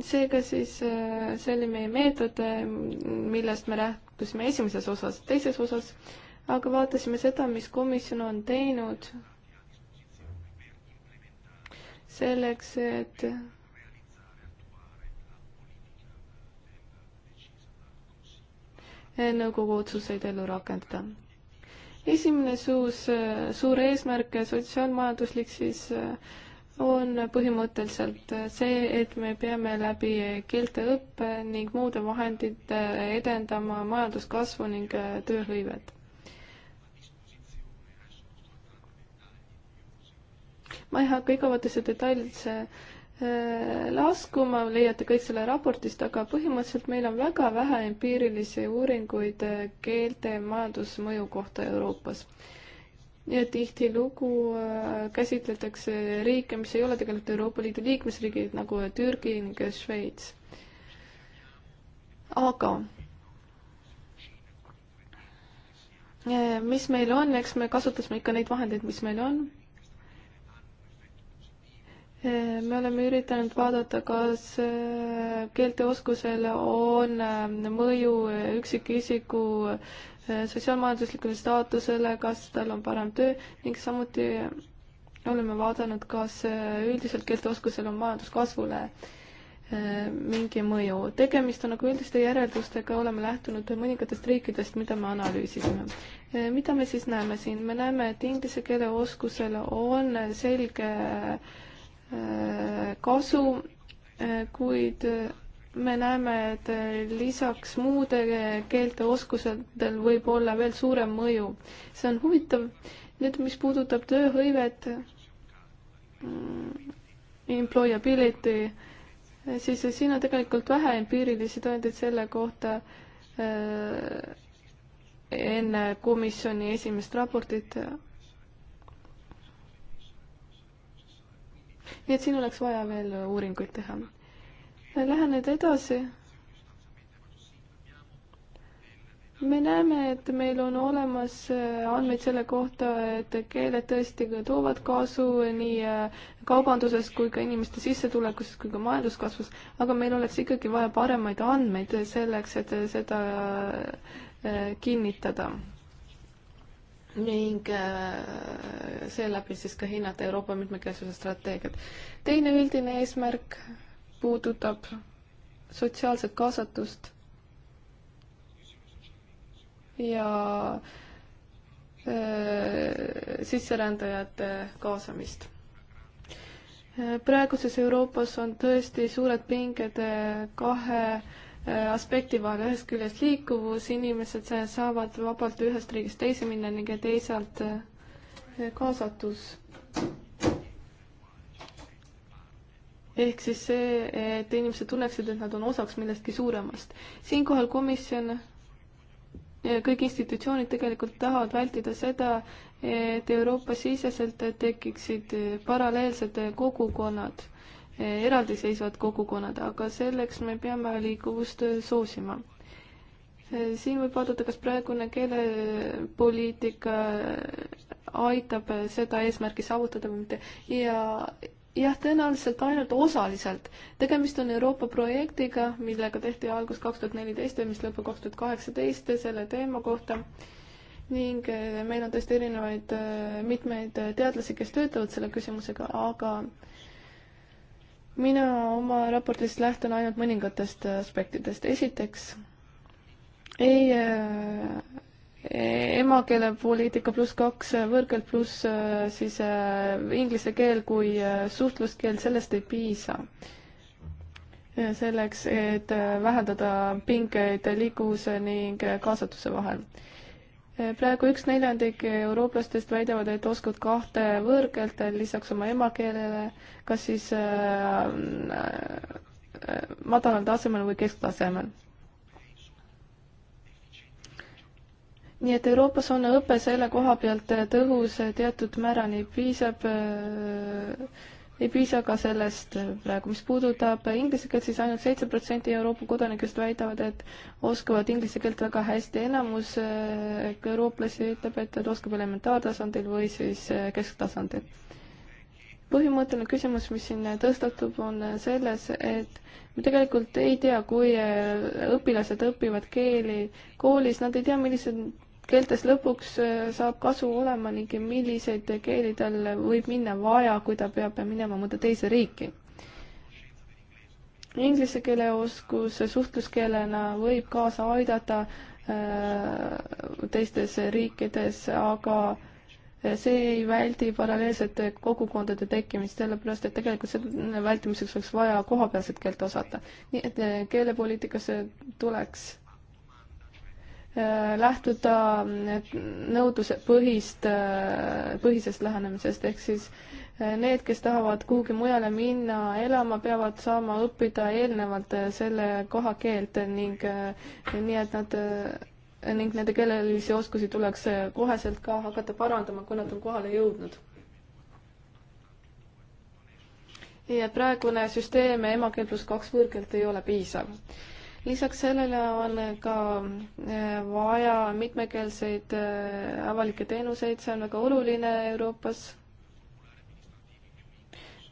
seega siis äh, see oli meie meetod, äh, millest me lähtusime esimeses osas, teises osas aga vaatasime seda, mis komisjon on teinud selleks, et nõukogu otsuseid ellu rakendada. esimene suus, suur eesmärk, sotsiaalmajanduslik siis on põhimõtteliselt see, et me peame läbi keelteõppe ning muude vahendite edendama majanduskasvu ning tööhõivet. ma ei hakka igavatesse detailidesse Äh, laskuma, leiate kõik selle raportist, aga põhimõtteliselt meil on väga vähe empiirilisi uuringuid äh, keelte majandusmõju kohta Euroopas. ja tihtilugu äh, käsitletakse riike, mis ei ole tegelikult Euroopa Liidu liikmesriigid, nagu Türgi ning Šveits. aga mis meil on, eks me kasutasime ikka neid vahendeid, mis meil on me oleme üritanud vaadata, kas äh, keelteoskusel on äh, mõju üksikisiku äh, sotsiaalmajanduslikule staatusele, kas tal on parem töö ning samuti oleme vaadanud, kas üldiselt keelteoskusel on majanduskasvule mingi mõju. tegemist on nagu üldiste järeldustega, oleme lähtunud mõningatest riikidest, mida me analüüsisime. mida me siis näeme siin? me näeme, et inglise keele oskusel on selge äh, kasu, kuid me näeme, et lisaks muude keelte oskusedel võib olla veel suurem mõju. see on huvitav. nüüd, mis puudutab tööhõivet, mm, employability, siis siin on tegelikult vähe empiirilisi tõendeid selle kohta, äh, enne komisjoni esimest raportit, nii et siin oleks vaja veel uuringuid teha. Lähen nüüd edasi. me näeme, et meil on olemas äh, andmeid selle kohta, et keeled tõesti toovad kasu nii äh, kaubanduses kui ka inimeste sissetulekus kui ka majanduskasvus, aga meil oleks ikkagi vaja paremaid andmeid selleks, et seda äh, kinnitada ning äh, seeläbi siis ka hinnata Euroopa mitmekesisuse strateegiat. teine üldine eesmärk puudutab sotsiaalset kaasatust ja äh, sisserändajate kaasamist. Äh, praeguses Euroopas on tõesti suured pinged kahe Äh, aspekti, vaid ühest küljest liikuvus, inimesed saavad vabalt ühest riigist teise minna ning teisalt äh, kaasatus. ehk siis see, et inimesed tunneksid, et nad on osaks millestki suuremast. siinkohal komisjon, äh, kõik institutsioonid tegelikult tahavad vältida seda, et Euroopa-siseselt tekiksid paralleelsed kogukonnad eraldiseisvad kogukonnad, aga selleks me peame liikuvust soosima. siin võib vaadata, kas praegune keelepoliitika aitab seda eesmärki saavutada või mitte ja jah, tõenäoliselt ainult osaliselt. tegemist on Euroopa projektiga, millega tehti algus kaks tuhat neliteist ja mis lõpeb kaks tuhat kaheksateist selle teema kohta ning eh, meil on tõesti erinevaid, eh, mitmeid eh, teadlasi, kes töötavad selle küsimusega, aga mina oma raportis lähtun ainult mõningatest aspektidest. esiteks, ei äh, emakeelepoliitika pluss kaks võõrkeel pluss äh, siis äh, inglise keel kui äh, suhtluskeel, sellest ei piisa. selleks, et äh, vähendada pingeid liikuvuse ning äh, kaasatuse vahel praegu üks neljandik eurooplastest väidavad, et oskavad kahte võõrkeelt lisaks oma emakeelele, kas siis äh, äh, madalal tasemel või kesktasemel. nii et Euroopas on õpe selle koha pealt tõhus teatud määrani, piisab äh, ei piisa ka sellest praegu, mis puudutab inglise keelt, siis ainult seitse protsenti Euroopa kodanikest väidavad, et oskavad inglise keelt väga hästi, enamus eh, eurooplasi ütleb, et ta oskab elementaartasandil või siis eh, kesktasandil. põhimõtteline küsimus, mis siin tõstatub, on selles, et me tegelikult ei tea, kui eh, õpilased õpivad keeli koolis, nad ei tea, millised keeltest lõpuks äh, saab kasu olema ning milliseid keeli tal võib minna vaja, kui ta peab minema mõnda teise riiki. Inglise keele oskus suhtluskeelena võib kaasa aidata äh, teistes riikides, aga see ei väldi paralleelsete kogukondade tekkimist, sellepärast et tegelikult selle vältimiseks oleks vaja kohapealset keelt osata. nii et äh, keelepoliitikasse tuleks lähtuda nõudlusepõhist, põhisest lähenemisest, ehk siis eh, need, kes tahavad kuhugi mujale minna elama, peavad saama õppida eelnevalt eh, selle koha keelt ning eh, nii, et nad ning nende keelelisi oskusi tuleks koheselt ka hakata parandama, kui nad on kohale jõudnud. nii et praegune süsteem emakeel pluss kaks võõrkeelt ei ole piisav lisaks sellele on ka äh, vaja mitmekeelseid äh, avalikke teenuseid, see on väga oluline Euroopas.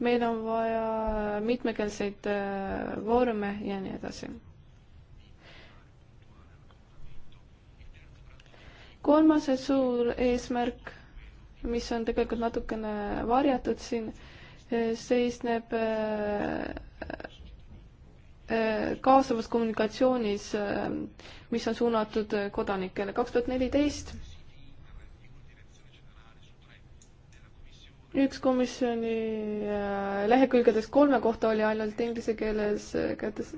meil on vaja mitmekeelseid äh, vorme ja nii edasi kolmas suur eesmärk, mis on tegelikult natukene varjatud siin, seisneb Äh, kaasavas kommunikatsioonis, äh, mis on suunatud äh, kodanikele. kaks tuhat neliteist üks komisjoni lehekülgedest kolme kohta oli ainult inglise keeles kätes,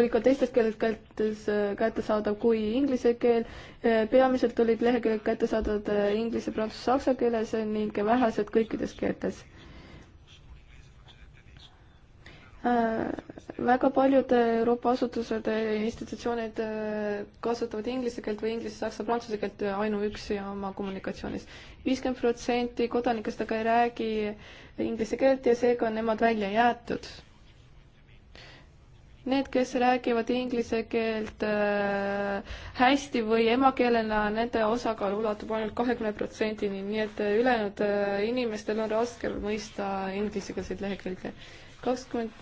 oli ka teistes keeles kätes, kättesaadav kui inglise keel. peamiselt olid leheküljed kättesaadavad inglise, prantsuse, saksa keeles ning vähesed kõikides keeltes Äh, väga paljud äh, Euroopa asutused ja institutsioonid äh, kasutavad inglise keelt või inglise, saksa, prantsuse keelt ainuüksi oma kommunikatsioonis. viiskümmend protsenti kodanikest aga ei räägi inglise keelt ja seega on nemad välja jäetud. Need, kes räägivad inglise keelt hästi või emakeelena, nende osakaal ulatub ainult kahekümne protsendini, nii et ülejäänud inimestel on raske mõista inglisekeelseid lehekülgi kakskümmend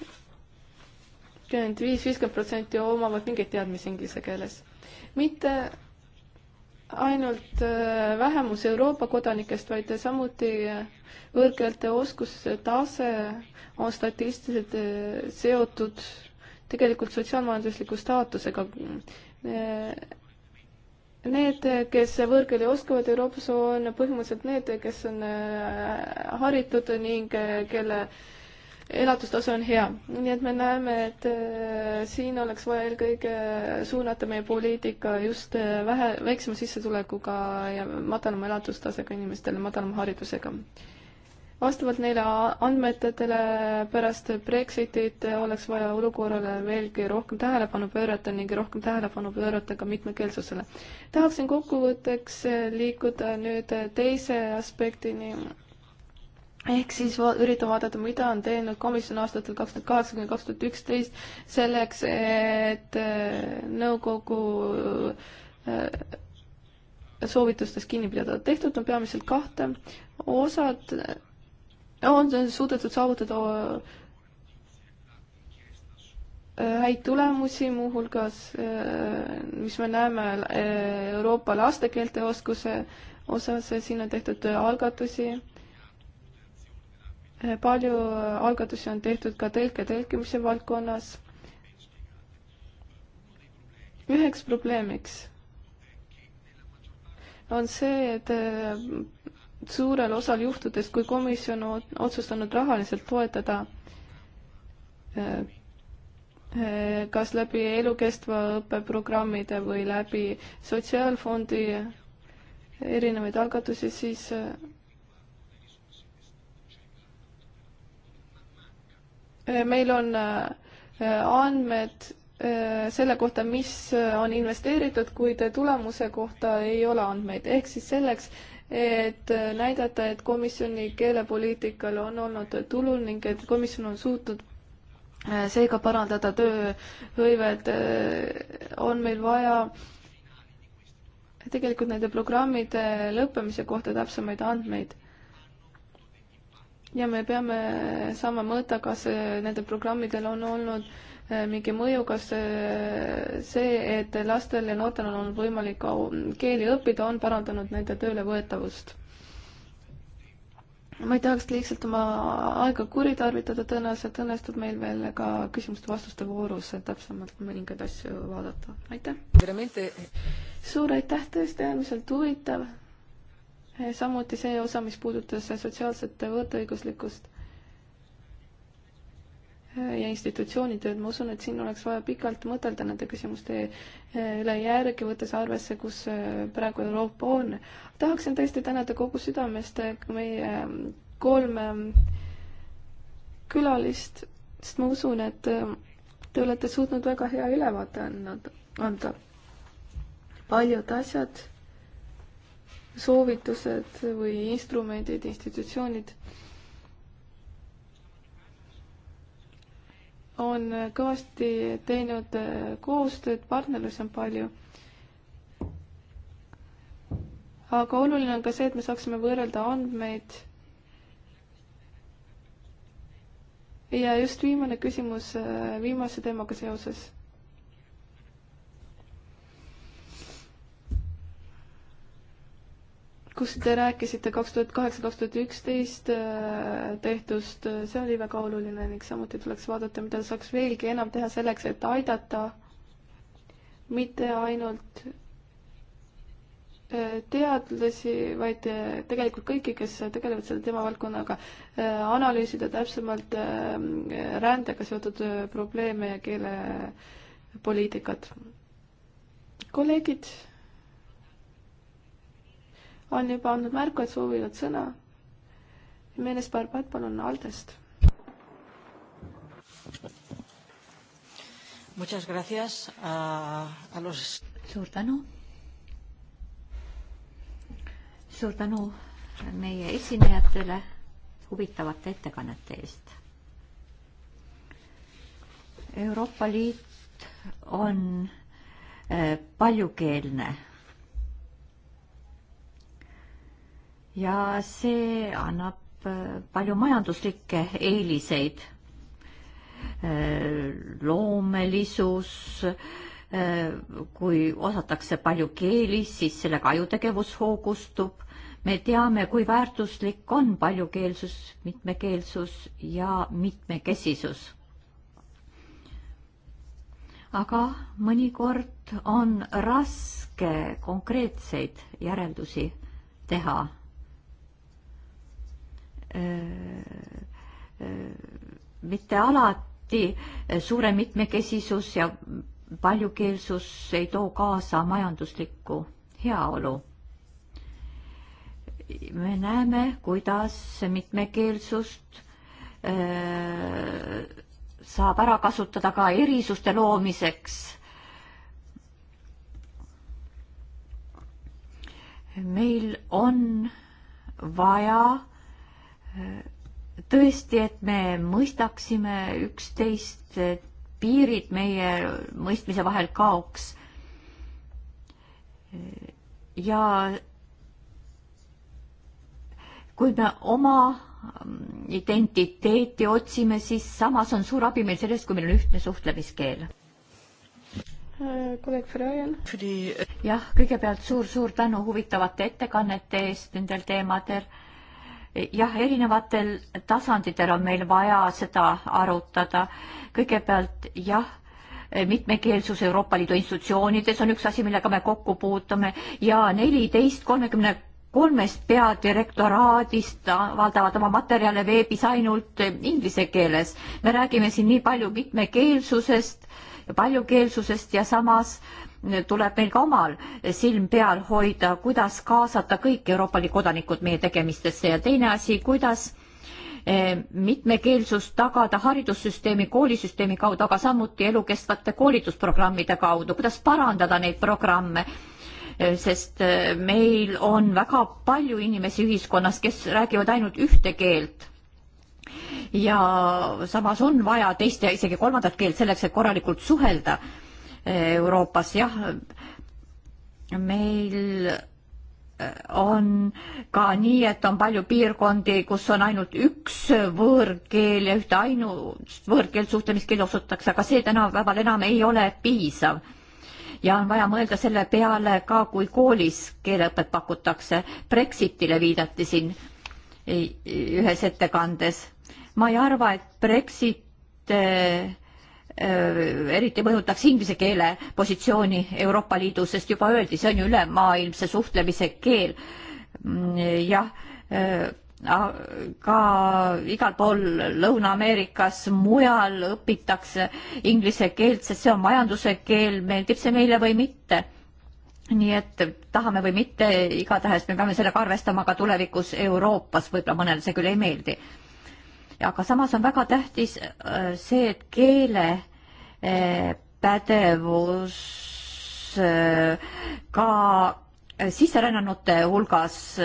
viis, viiskümmend protsenti omavad mingeid teadmisi inglise keeles. mitte ainult äh, vähemus Euroopa kodanikest, vaid samuti äh, võõrkeelte oskustase on statistiliselt äh, seotud tegelikult sotsiaalmajandusliku staatusega. Need, kes võõrkeeli oskavad Euroopas, on põhimõtteliselt need, kes on haritud ning kelle äh, elatustase on hea, nii et me näeme, et äh, siin oleks vaja eelkõige suunata meie poliitika just äh, vähe, väiksema sissetulekuga ja madalama elatustasega inimestele, madalama haridusega. vastavalt neile andmetele pärast Brexitit oleks vaja olukorrale veelgi rohkem tähelepanu pöörata ning rohkem tähelepanu pöörata ka mitmekeelsusele. tahaksin kokkuvõtteks äh, liikuda nüüd teise aspektini ehk siis üritan vaadata, mida on teinud komisjon aastatel kaks tuhat kaheksa kuni kaks tuhat üksteist selleks, et äh, nõukogu äh, soovitustest kinni pidada. tehtud on peamiselt kahte, osad on suudetud saavutada äh, häid tulemusi, muuhulgas mis me näeme Euroopa lastekeelte oskuse osas, siin on tehtud algatusi palju algatusi on tehtud ka tõlke tõlkimise valdkonnas. üheks probleemiks on see, et äh, suurel osal juhtudest, kui komisjon on otsustanud rahaliselt toetada äh, äh, kas läbi elukestva õppe programmide või läbi sotsiaalfondi erinevaid algatusi, siis Äh, meil on äh, andmed äh, selle kohta, mis on investeeritud, kuid tulemuse kohta ei ole andmeid, ehk siis selleks, et näidata, et komisjoni keelepoliitikal on olnud tulu ning et komisjon on suutnud seega parandada tööhõivet, on meil vaja tegelikult nende programmide lõppemise kohta täpsemaid andmeid ja me peame saama mõõta, kas äh, nendel programmidel on olnud äh, mingi mõju, kas äh, see, et lastel ja noortel on olnud võimalik keeli õppida, on parandanud nende töölevõetavust. ma ei tahaks lihtsalt oma aega kuritarvitada, tõenäoliselt õnnestub meil veel ka küsimuste-vastuste voorus täpsemalt mõningaid asju vaadata, aitäh! suur aitäh, tõesti äärmiselt huvitav samuti see osa, mis puudutas sotsiaalset võrdõiguslikkust ja institutsioonitööd, ma usun, et siin oleks vaja pikalt mõtelda nende küsimuste üle järgi, võttes arvesse, kus praegu Euroopa on. tahaksin tõesti tänada kogu südamest meie kolme külalist, sest ma usun, et te olete suutnud väga hea ülevaate anda, anda. paljud asjad soovitused või instrumendid, institutsioonid on kõvasti teinud koostööd, partnerlusi on palju. aga oluline on ka see, et me saaksime võrrelda andmeid. ja just viimane küsimus viimase teemaga seoses kus te rääkisite kaks tuhat kaheksa, kaks tuhat üksteist äh, tehtust, äh, see oli väga oluline ning samuti tuleks vaadata, mida saaks veelgi enam teha selleks, et aidata mitte ainult äh, teadlasi, vaid tegelikult kõiki, kes tegelevad selle teemavaldkonnaga, analüüsida täpsemalt rändega seotud probleeme ja keelepoliitikat. kolleegid on juba andnud märku, et soovivad sõna. Meeles Barbat, palun, Aldest. Muchas gracias a, a los... Suur tänu. Suur tänu meie esinejatele huvitavate ettekannete eest. Euroopa Liit on eh, paljukeelne ja see annab äh, palju majanduslikke eeliseid. Äh, loomelisus, äh, kui osatakse palju keeli, siis sellega ajutegevus hoogustub. me teame, kui väärtuslik on paljukeelsus, mitmekeelsus ja mitmekesisus. aga mõnikord on raske konkreetseid järeldusi teha mitte alati suurem mitmekesisus ja paljukeelsus ei too kaasa majanduslikku heaolu. me näeme, kuidas mitmekeelsust öö, saab ära kasutada ka erisuste loomiseks. meil on vaja tõesti, et me mõistaksime üksteist, et piirid meie mõistmise vahel kaoks. ja kui me oma mm, identiteeti otsime, siis samas on suur abi meil sellest, kui meil on ühtne suhtlemiskeel. kolleeg Freien. jah, kõigepealt suur-suur tänu huvitavate ettekannete eest nendel teemadel jah, erinevatel tasanditel on meil vaja seda arutada. kõigepealt jah mitmekeelsus Euroopa Liidu institutsioonides on üks asi, millega me kokku puutume ja neliteist kolmekümne kolmest peadirektoraadist avaldavad oma materjale veebis ainult inglise keeles. me räägime siin nii palju mitmekeelsusest ja paljukeelsusest ja samas äh, tuleb meil ka omal silm peal hoida, kuidas kaasata kõik Euroopa Liidu kodanikud meie tegemistesse ja teine asi, kuidas eh, mitmekeelsust tagada haridussüsteemi, koolisüsteemi kaudu, aga samuti elukestvate koolitusprogrammide kaudu, kuidas parandada neid programme eh, sest eh, meil on väga palju inimesi ühiskonnas, kes räägivad ainult ühte keelt. ja samas on vaja teist ja isegi kolmandat keelt selleks, et korralikult suhelda Euroopas, jah, meil äh, on ka nii, et on palju piirkondi, kus on ainult üks võõrkeel ja ühte ainust võõrkeelt suhtlemiskeeli osutatakse, aga see tänapäeval enam ei ole piisav. ja on vaja mõelda selle peale ka, kui koolis keeleõpet pakutakse. Brexitile viidati siin ühes ettekandes. ma ei arva, et Brexit äh, Äh, eriti mõjutaks inglise keele positsiooni Euroopa Liidus, sest juba öeldi, see on ju ülemaailmse suhtlemise keel. Mm, jah, ka äh, igal pool Lõuna-Ameerikas, mujal õpitakse inglise keelt, sest see on majanduse keel, meeldib see meile või mitte. nii et tahame või mitte, igatahes me peame sellega arvestama ka tulevikus Euroopas, võib-olla mõnele see küll ei meeldi aga samas on väga tähtis äh, see, et keele äh, pädevus äh, ka sisserännanute hulgas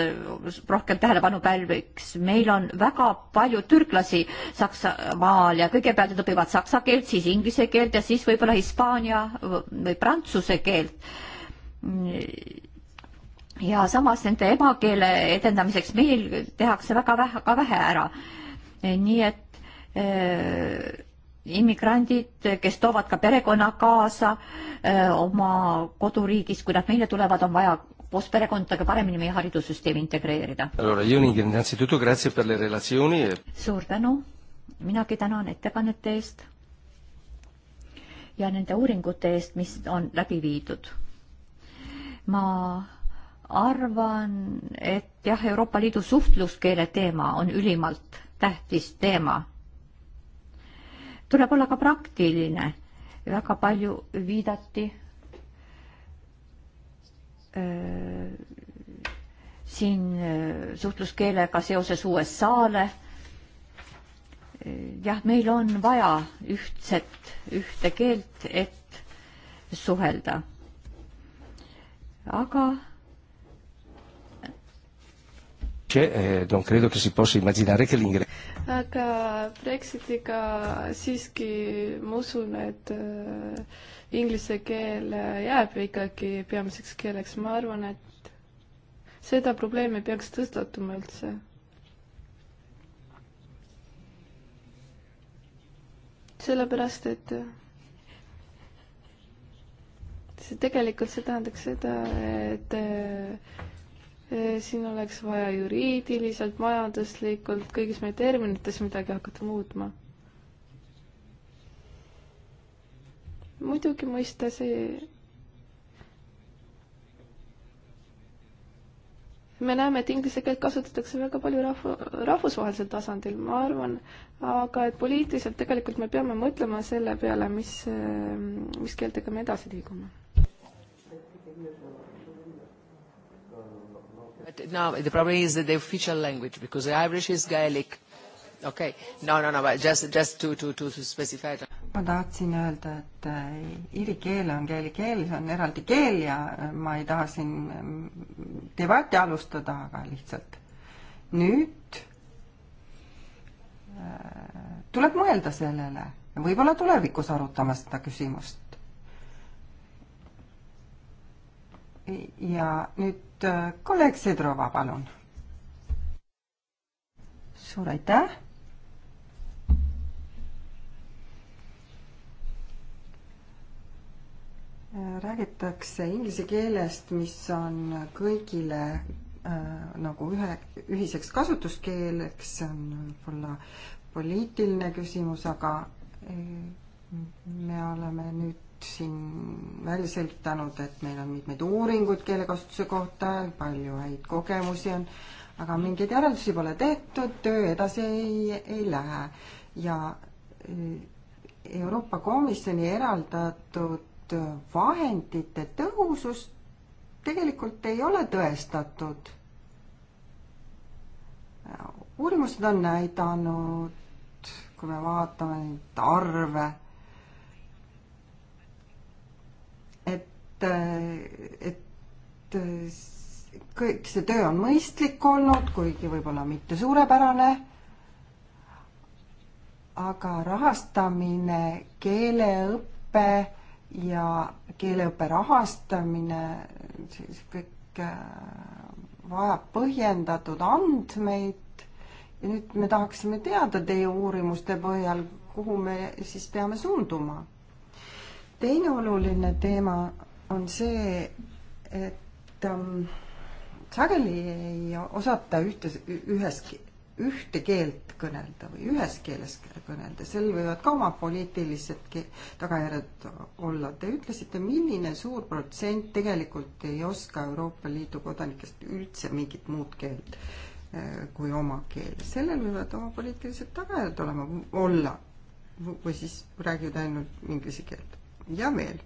rohkem tähelepanu pälviks. meil on väga palju türklasi Saksamaal ja kõigepealt nad õpivad saksa keelt, siis inglise keelt ja siis võib-olla hispaania või prantsuse keelt. ja samas nende emakeele edendamiseks meil tehakse väga vähe, ka vähe ära Eh, nii et äh, immigrandid, kes toovad ka perekonna kaasa äh, oma koduriigis, kui nad meile tulevad, on vaja koos perekondadega paremini meie haridussüsteemi integreerida. E- suur tänu, minagi tänan ettekannete eest ja nende uuringute eest, mis on läbi viidud. ma arvan, et jah, Euroopa Liidu suhtluskeele teema on ülimalt tähtis teema. tuleb olla ka praktiline. väga palju viidati öö, siin suhtluskeelega seoses USA-le. jah, meil on vaja ühtset, ühte keelt, et suhelda. aga C'è, eh, donc credo che si possa immaginare che l'Ingre- aga Brexitiga siiski ma usun, et eh, inglise keel jääb ikkagi peamiseks keeleks, ma arvan, et seda probleemi peaks tõstatuma üldse sellepärast, et see tegelikult see tähendaks seda, et Äh, siin oleks vaja juriidiliselt, majanduslikult, kõigis meie terminites midagi hakata muutma. muidugi mõista see. me näeme, et inglise keelt kasutatakse väga palju rahva, rahvusvahelisel tasandil, ma arvan, aga et poliitiliselt tegelikult me peame mõtlema selle peale, mis, mis keeltega me edasi liigume but no, the problem is that the official language, because Irish is Gaelic. okei okay., no, no, no, but just, just to, to, to, to specify. ma tahtsin öelda, et iiri eh, keel on keeli keel, see on eraldi keel ja eh, ma ei taha siin mm, debatti alustada, aga lihtsalt nüüd eh, tuleb mõelda sellele ja võib-olla tulevikus arutame seda küsimust. ja nüüd nüüd äh, kolleeg Sidrova, palun. suur aitäh. Äh, räägitakse inglise keelest, mis on kõigile äh, nagu ühe, ühiseks kasutuskeeleks, see on võib-olla poliitiline küsimus, aga äh, me oleme nüüd siin välja selgitanud, et meil on mitmeid uuringuid keelekasutuse kohta, palju häid kogemusi on, aga mingeid järeldusi pole tehtud, töö edasi ei, ei lähe. ja eh, Euroopa Komisjoni eraldatud vahendite tõhusust tegelikult ei ole tõestatud. uurimused on näidanud, kui me vaatame neid arve et kõik see töö on mõistlik olnud, kuigi võib-olla mitte suurepärane. aga rahastamine, keeleõpe ja keeleõppe rahastamine, siis kõik äh, vajab põhjendatud andmeid. ja nüüd me tahaksime teada teie uurimuste põhjal, kuhu me siis peame suunduma. teine oluline teema on see, et ähm, sageli ei osata ühte, ühes, ühte keelt kõnelda või ühes keeles kõnelda, sel võivad ka oma poliitilised tagajärjed olla. Te ütlesite, milline suur protsent tegelikult ei oska Euroopa Liidu kodanikest üldse mingit muud keelt äh, kui oma keel. sellel võivad oma poliitilised tagajärjed olema, olla või siis räägivad ainult inglise keelt ja veel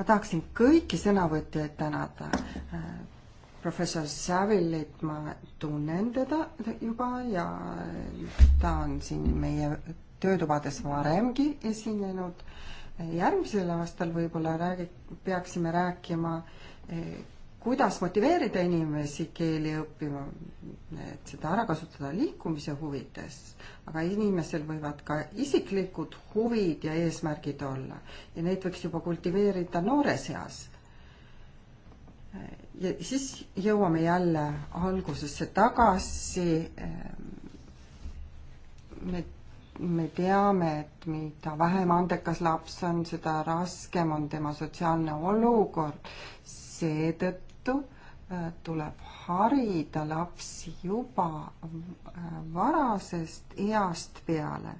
ma tahaksin kõiki sõnavõtjaid tänada. Äh, professor Savilit ma tunnen teda juba ja ta on siin meie töötubades varemgi esinenud. järgmisel aastal võib-olla räägi-, peaksime rääkima äh, kuidas motiveerida inimesi keeli õppima, et seda ära kasutada liikumise huvides, aga inimesel võivad ka isiklikud huvid ja eesmärgid olla ja neid võiks juba kultiveerida noores eas. ja siis jõuame jälle algusesse tagasi. me, me teame, et mida vähem andekas laps on, seda raskem on tema sotsiaalne olukord seetõttu tõttu äh, tuleb harida lapsi juba äh, varasest east peale.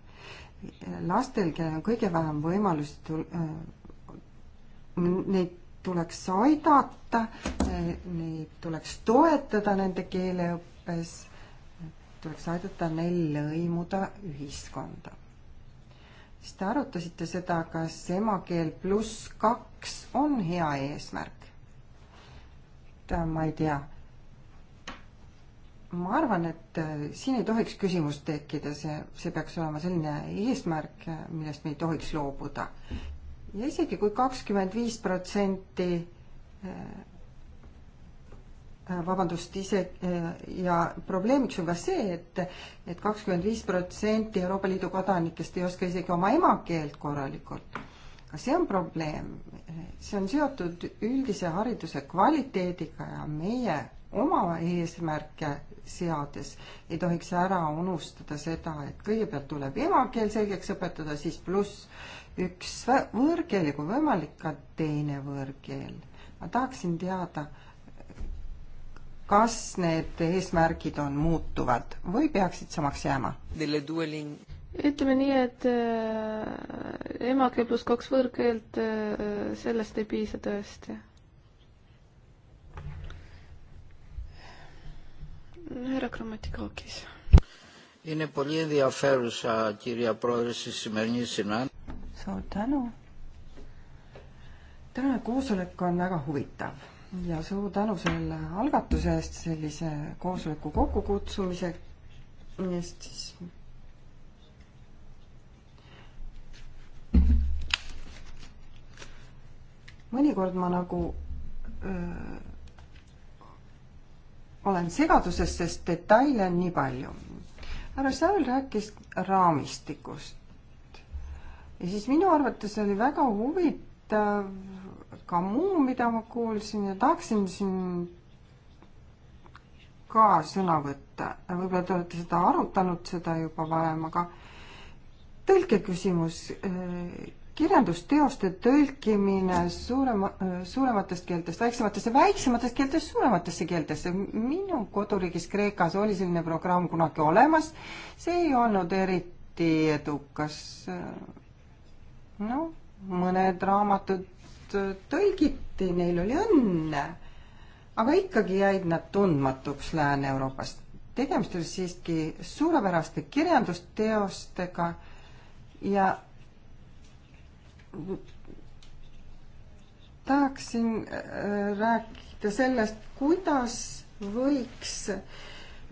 lastel, kellel on kõige vähem võimalusi, äh, neid tuleks aidata, neid tuleks toetada nende keeleõppes, tuleks aidata neil lõimuda ühiskonda. siis te arutasite seda, kas emakeel pluss kaks on hea eesmärk Äh, ma ei tea. ma arvan, et äh, siin ei tohiks küsimust tekkida, see, see peaks olema selline eesmärk, äh, millest me ei tohiks loobuda. ja isegi kui kakskümmend viis protsenti vabandust, ise ja probleemiks on ka see, et et kakskümmend viis protsenti Euroopa Liidu kodanikest ei oska isegi oma emakeelt korralikult ka see on probleem. see on seotud üldise hariduse kvaliteediga ja meie oma eesmärke seades ei tohiks ära unustada seda, et kõigepealt tuleb emakeel selgeks õpetada, siis pluss üks võõrkeel ja kui võimalik, ka teine võõrkeel. ma tahaksin teada, kas need eesmärgid on muutuvad või peaksid samaks jääma? ütleme nii, et äh, emakeel pluss kaks võõrkeelt, äh, sellest ei piisa tõesti. härra Grammatikakis. Είναι πολύ ενδιαφέρουσα, κυρία Πρόεδρε, στη σημερινή συνάντηση. Suur tänu. tänane koosolek on väga huvitav ja suur tänu selle algatuse eest, sellise koosoleku kokkukutsumise eest siis mõnikord ma nagu öö, olen segaduses, sest detaile on nii palju. härra Säül rääkis raamistikust ja siis minu arvates oli väga huvitav ka muu, mida ma kuulsin ja tahaksin siin ka sõna võtta. võib-olla te olete seda arutanud, seda juba varem, aga tõlkeküsimus, äh, kirjandusteoste tõlkimine suurema, äh, suurematest keeltest väiksematesse, väiksematest keeltest suurematesse keeltesse. minu koduriigis Kreekas oli selline programm kunagi olemas, see ei olnud eriti edukas. noh, mõned raamatud tõlgiti, neil oli õnne, aga ikkagi jäid nad tundmatuks Lääne-Euroopast. tegemist oli siiski suurepäraste kirjandusteostega ja tahaksin äh, rääkida sellest, kuidas võiks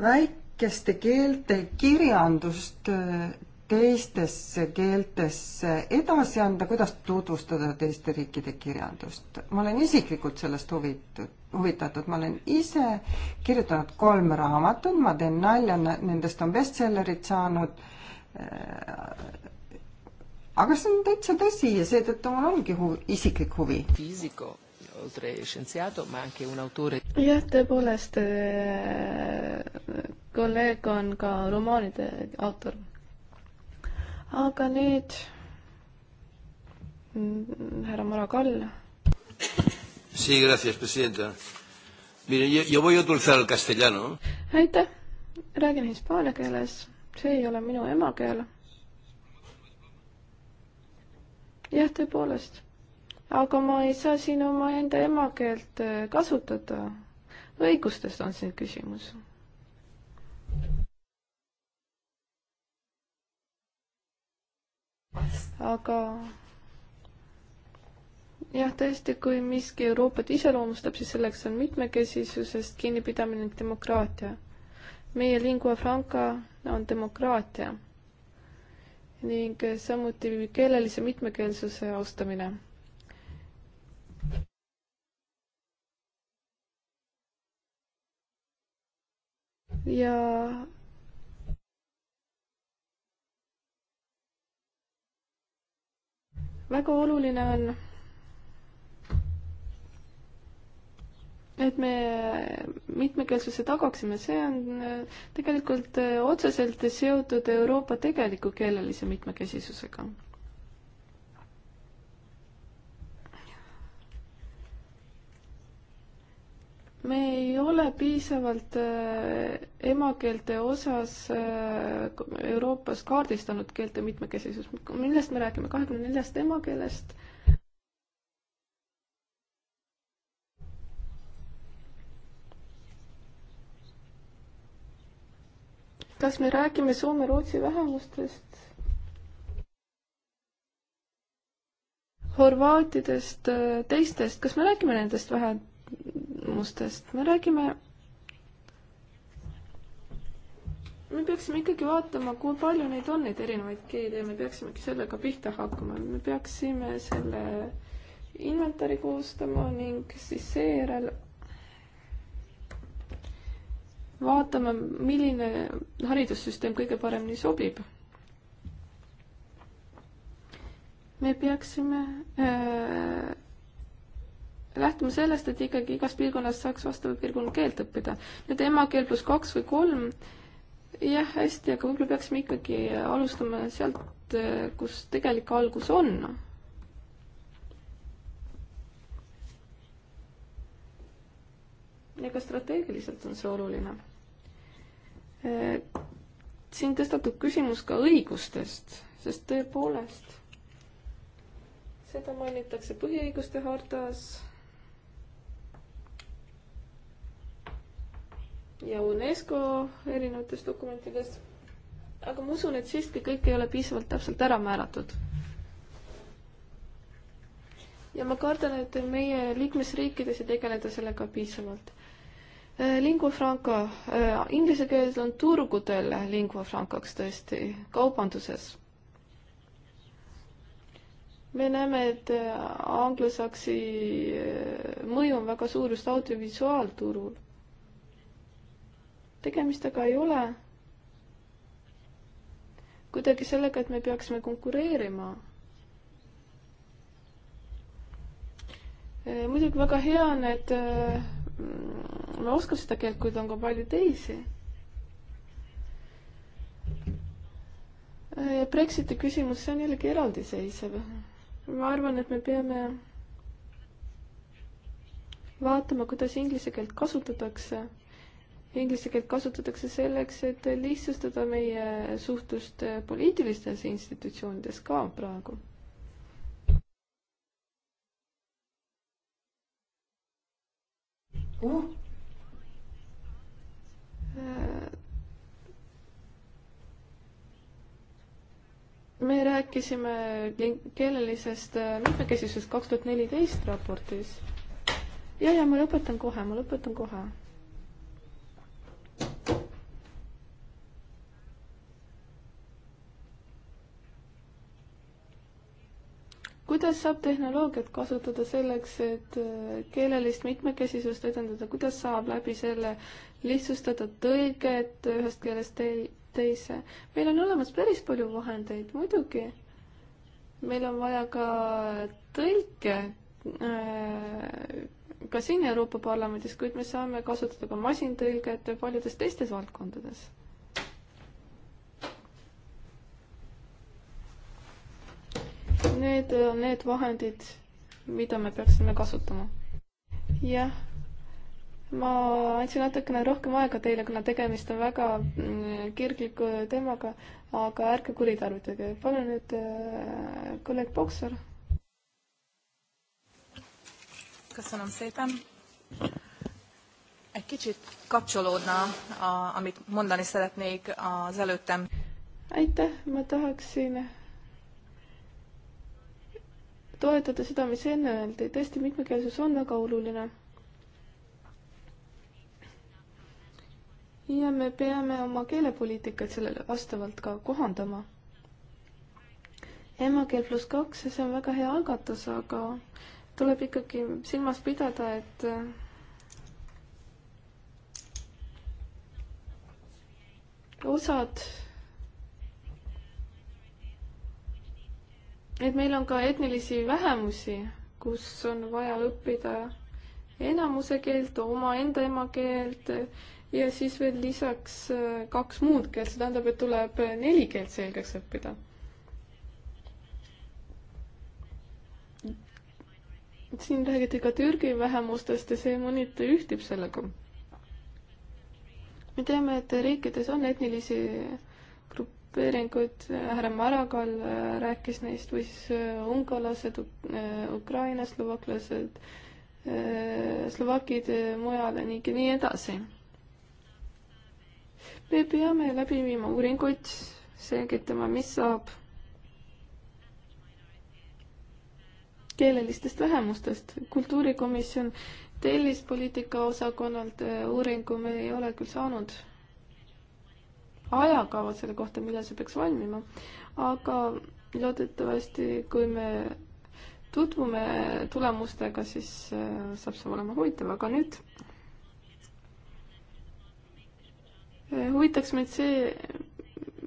väikeste keelte kirjandust äh, teistesse keeltesse edasi anda, kuidas tutvustada teiste riikide kirjandust. ma olen isiklikult sellest huvitud, huvitatud, ma olen ise kirjutanud kolm raamatut, ma teen nalja, nendest on bestsellerid saanud äh, aga see on täitsa tõsi ja seetõttu mul ongi hu isiklik huvi. jah, tõepoolest, äh, kolleeg on ka romaanide autor. aga nüüd mm, härra Mara Kall. Sí, gracias, presidenta. Mire, yo, yo voy a utilizar el castellano. aitäh, räägin hispaania keeles, see ei ole minu emakeel jah, tõepoolest. aga ma ei saa siin omaenda emakeelt äh, kasutada. õigustest on siin küsimus. aga jah, tõesti, kui miski Euroopat iseloomustab, siis selleks on mitmekesisusest kinnipidamine ning demokraatia. meie lingua franca on demokraatia ning samuti keelelise mitmekeelsuse austamine. ja väga oluline on et me mitmekeelsuse tagaksime, see on äh, tegelikult äh, otseselt seotud Euroopa tegeliku keelelise mitmekesisusega. me ei ole piisavalt äh, emakeelte osas Euroopas kaardistanud keelte mitmekesisust, millest me räägime, kahekümne neljast emakeelest kas me räägime soome-rootsi vähemustest? horvaatidest, äh, teistest, kas me räägime nendest vähemustest, me räägime me peaksime ikkagi vaatama, kui palju neid on, neid erinevaid keeli ja me peaksimegi sellega pihta hakkama, me peaksime selle inventari koostama ning siis seejärel vaatame, milline haridussüsteem kõige paremini sobib. me peaksime äh, lähtuma sellest, et ikkagi igas piirkonnas saaks vastava piirkonna keelt õppida. nüüd emakeel pluss kaks või kolm, jah, hästi, aga võib-olla peaksime ikkagi alustama sealt, äh, kus tegelik algus on. ja ka strateegiliselt on see oluline siin tõstatub küsimus ka õigustest, sest tõepoolest seda mainitakse põhiõiguste hartas. ja UNESCO erinevates dokumentides. aga ma usun, et siiski kõik ei ole piisavalt täpselt ära määratud. ja ma kardan, et meie liikmesriikides ei tegeleda sellega piisavalt Eh, lingua franca, eh, inglise keeles on turgudel lingua francaks tõesti, kaubanduses. me näeme, et eh, anglosaksi mõju on väga suur just audiovisuaalturul. tegemist aga ei ole kuidagi sellega, et me peaksime konkureerima. muidugi väga hea on, et Mm, ma oskan seda keelt, kuid on ka palju teisi. Äh, Brexiti küsimus, see on jällegi eraldiseisev. ma arvan, et me peame vaatama, kuidas inglise keelt kasutatakse. Inglise keelt kasutatakse selleks, et lihtsustada meie suhtlust poliitilistes institutsioonides ka praegu kuhu? Äh, me rääkisime keelelisest äh, mitmekesisusest kaks tuhat neliteist raportis. ja, ja ma lõpetan kohe, ma lõpetan kohe. kuidas saab tehnoloogiat kasutada selleks, et äh, keelelist mitmekesisust edendada, kuidas saab läbi selle lihtsustada tõlget ühest keelest tei-, teise? meil on olemas päris palju vahendeid, muidugi. meil on vaja ka tõlke äh, ka siin Euroopa Parlamendis, kuid me saame kasutada ka masintõlget paljudes teistes valdkondades need, need vahendid, mida me peaksime kasutama. jah, ma andsin natukene rohkem aega teile, kuna tegemist on väga mm, kirgliku teemaga, aga ärge kuritarvitage. palun nüüd äh, kolleeg Poksar. köszönöm szépen. Egy kicsit kapcsolódna, a, amit mondani szeretnék az előttem. Aitäh, ma tahaksin toetada seda, mis enne öeldi, tõesti mitmekeelsus on väga oluline. ja me peame oma keelepoliitikat sellele vastavalt ka kohandama. emakeel pluss kaks, see on väga hea algatus, aga tuleb ikkagi silmas pidada, et osad et meil on ka etnilisi vähemusi, kus on vaja õppida enamuse keelt, omaenda emakeelt ja siis veel lisaks äh, kaks muud keelt, see tähendab, et tuleb neli keelt selgeks õppida. siin räägiti ka Türgi vähemustest ja see mõniti ühtib sellega. me teame, et riikides on etnilisi grupeeringuid, äh, härra Maragall äh, rääkis neist või siis äh, ungarlased, Ukraina slovaklased, slovakid mujale ning nii edasi. me peame läbi viima uuringuid, selgitama, mis saab keelelistest vähemustest. kultuurikomisjon tellis poliitikaosakonnalt uuringu, me ei ole küll saanud ajakavad selle kohta, millal see peaks valmima. aga loodetavasti, kui me tutvume tulemustega, siis äh, saab see olema huvitav, aga nüüd äh, huvitaks mind see,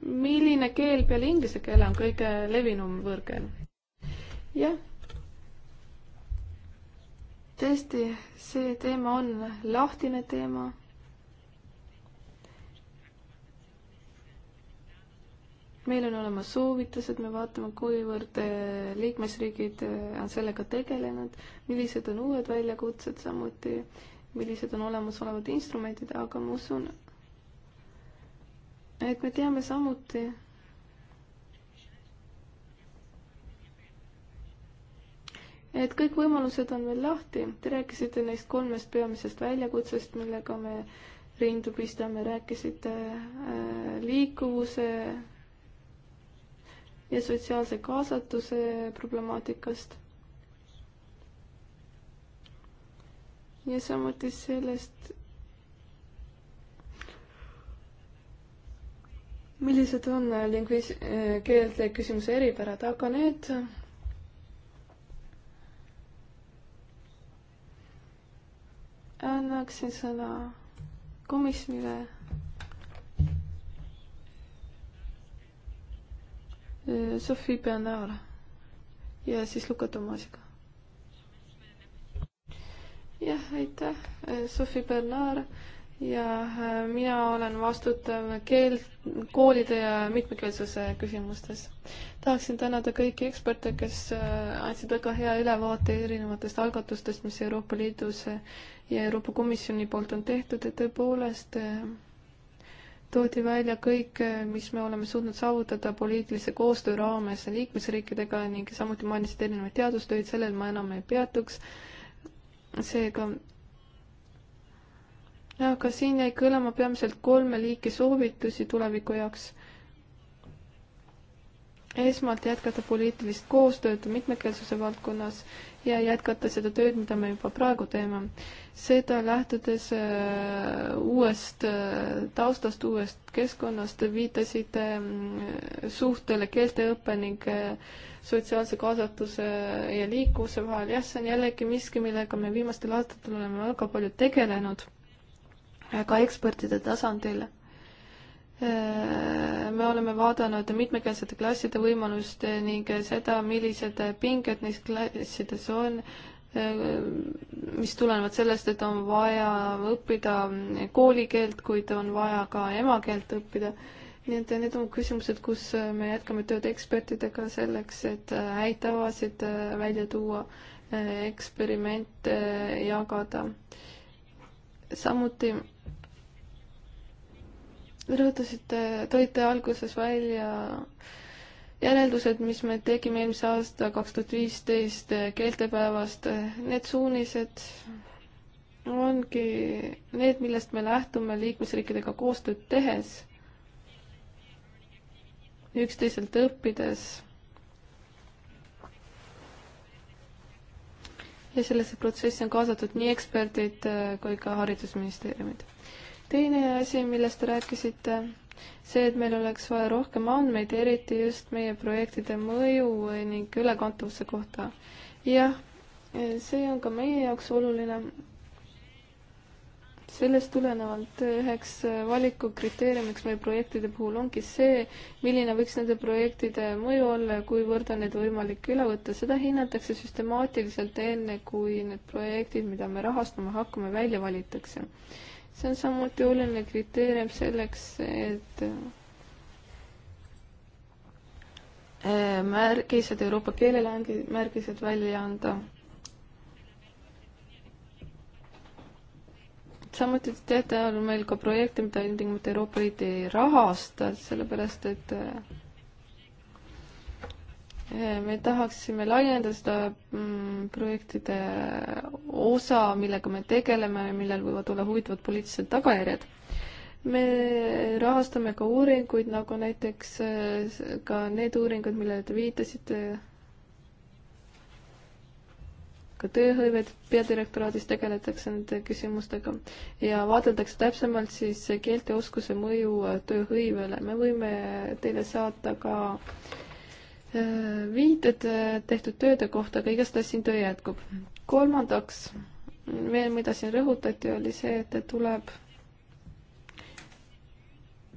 milline keel peale inglise keele on kõige levinum võõrkeel? jah. tõesti, see teema on lahtine teema meil on olemas soovitused, me vaatame, kuivõrd äh, liikmesriigid äh, on sellega tegelenud, millised on uued väljakutsed samuti, millised on olemasolevad instrumendid, aga ma usun, et me teame samuti, et kõik võimalused on veel lahti. Te rääkisite neist kolmest peamisest väljakutsest, millega me rindu pistame, rääkisite äh, liikuvuse ja sotsiaalse kaasatuse problemaatikast. ja samuti sellest, millised on lingvis-, eh, keelde küsimuse eripärad, aga nüüd annaksin sõna komisjonile Eh, Sophie Pendaur ja siis Luka Tomasiga. jah, aitäh, eh, Sophie Bernard ja eh, mina olen vastutav keel, koolide ja mitmekeelsuse küsimustes. tahaksin tänada kõiki eksperte, kes andsid väga hea ülevaate erinevatest algatustest, mis Euroopa Liidus ja Euroopa Komisjoni poolt on tehtud ja tõepoolest äh, toodi välja kõik, mis me oleme suutnud saavutada poliitilise koostöö raames liikmesriikidega ning samuti mainisid erinevaid teadustöid, sellel ma enam ei peatuks. seega, aga siin jäi kõlama peamiselt kolme liiki soovitusi tuleviku jaoks esmalt jätkata poliitilist koostööd mitmekesisuse valdkonnas ja jätkata seda tööd, mida me juba praegu teeme. seda lähtudes äh, uuest äh, taustast, uuest keskkonnast, viitasite äh, suhtele keelteõppe ning sotsiaalse kaasatuse ja liikuvuse vahel. jah, see on jällegi miski, millega me viimastel aastatel oleme väga palju tegelenud, ka ekspertide tasandil Äh, me oleme vaadanud mitmekeelsete klasside võimalust ning seda, millised pinged neis klassides on, äh, mis tulenevad sellest, et on vaja õppida koolikeelt, kuid on vaja ka emakeelt õppida. nii et need on küsimused, kus me jätkame tööd ekspertidega selleks, et häid tavasid äh, välja tuua, eksperimente jagada. samuti rõhutasite, tõite alguses välja järeldused, mis me tegime eelmise aasta kaks tuhat viisteist keeltepäevast, need suunised ongi need, millest me lähtume liikmesriikidega koostööd tehes, üksteiselt õppides ja sellesse protsessi on kaasatud nii eksperdid äh, kui ka haridusministeeriumid teine asi, millest te rääkisite, see, et meil oleks vaja rohkem andmeid, eriti just meie projektide mõju ning ülekantavuse kohta. jah, see on ka meie jaoks oluline. sellest tulenevalt üheks valikukriteeriumiks meie projektide puhul ongi see, milline võiks nende projektide mõju olla ja kuivõrd on neid võimalik üle võtta, seda hinnatakse süstemaatiliselt enne, kui need projektid, mida me rahastama hakkame, välja valitakse see on samuti oluline kriteerium selleks, et äh, märgised, Euroopa keelele märgised välja anda. samuti teate, on meil ka projekte, mida ilmtingimata Euroopa Liit ei rahasta, sellepärast et äh, me tahaksime laiendada seda mm, projektide osa, millega me tegeleme, millel võivad olla huvitavad poliitilised tagajärjed. me rahastame ka uuringuid, nagu näiteks äh, ka need uuringud, millele te viitasite, ka tööhõivet peadirektoraadis tegeletakse nende küsimustega ja vaadeldakse täpsemalt siis keelteoskuse mõju tööhõivele. me võime teile saata ka äh, viited äh, tehtud tööde kohta, aga igastahes siin töö jätkub. kolmandaks, veel mida siin rõhutati, oli see, et tuleb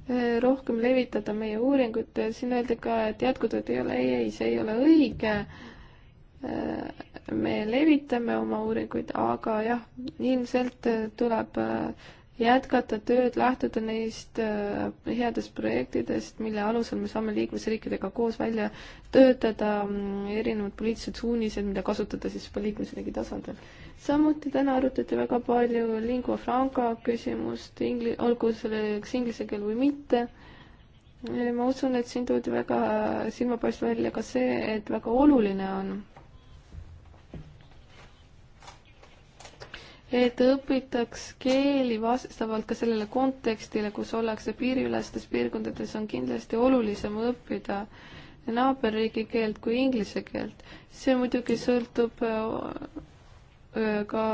äh, rohkem levitada meie uuringut, siin öeldi ka, et jätkutööd ei ole, ei, ei, see ei ole õige. Äh, me levitame oma uuringuid, aga jah, ilmselt tuleb jätkata tööd, lähtuda neist äh, headest projektidest, mille alusel me saame liikmesriikidega koos välja töötada mm, erinevad poliitilised suunised, mida kasutada siis juba liikmesriigi tasandil. samuti täna arutati väga palju lingua franca küsimust, ingli-, olgu selleks inglise keel või mitte ma usun, et siin toodi väga silmapaist välja ka see, et väga oluline on et õpitaks keeli vastavalt ka sellele kontekstile, kus ollakse piiriülestes piirkondades, on kindlasti olulisem õppida naaberriigi keelt kui inglise keelt. see muidugi sõltub ka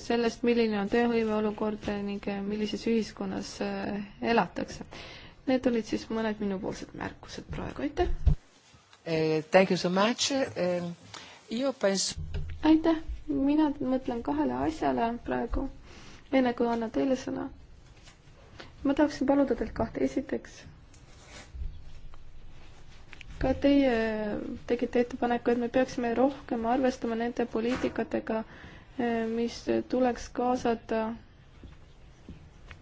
sellest, milline on tööhõive olukord ning millises ühiskonnas elatakse. Need olid siis mõned minupoolsed märkused praegu, aitäh! Eh, thank you so much. Io eh, eh, penso... Aitäh! mina mõtlen kahele asjale praegu, enne kui annan teile sõna. ma tahaksin paluda teilt kahte, esiteks. ka teie tegite ettepaneku, et me peaksime rohkem arvestama nende poliitikatega, eh, mis tuleks kaasata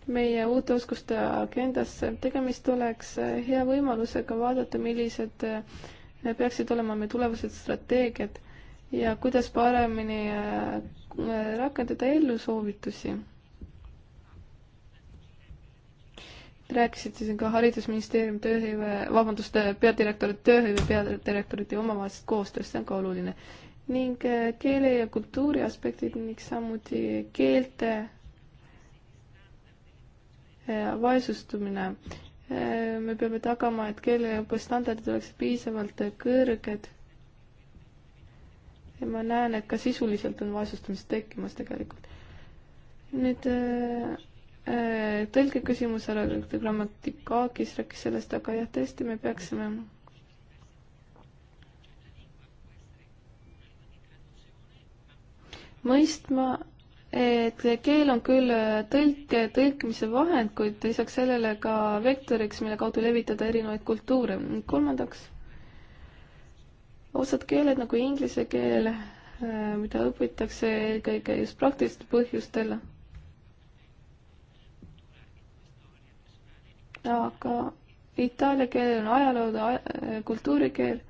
meie uute oskuste agendasse. tegemist oleks eh, hea võimalusega vaadata, millised eh, peaksid olema meie tulevased strateegiad ja kuidas paremini äh, rakendada ellusoovitusi. rääkisite siin ka Haridusministeeriumi tööhõive, vabandust, peadirektori, tööhõive peadirektorite omavahelisest koostööst, see on ka oluline. ning äh, keele ja kultuuri aspektid ning samuti keelte äh, vaesustumine. me peame tagama, et keeleõppe standardid oleksid piisavalt kõrged ja ma näen, et ka sisuliselt on vaesustamist tekkimas tegelikult. nüüd äh, äh, tõlkeküsimus, härra Grammatikakis rääkis sellest, aga jah, tõesti, me peaksime mõistma, et keel on küll äh, tõlke, tõlkimise vahend, kuid lisaks sellele ka vektoriks, mille kaudu levitada erinevaid kultuure. kolmandaks osad keeled nagu inglise keel, äh, mida õpitakse eelkõige just praktilistel põhjustel. aga itaalia keel on ajaloo, äh, kultuurikeel.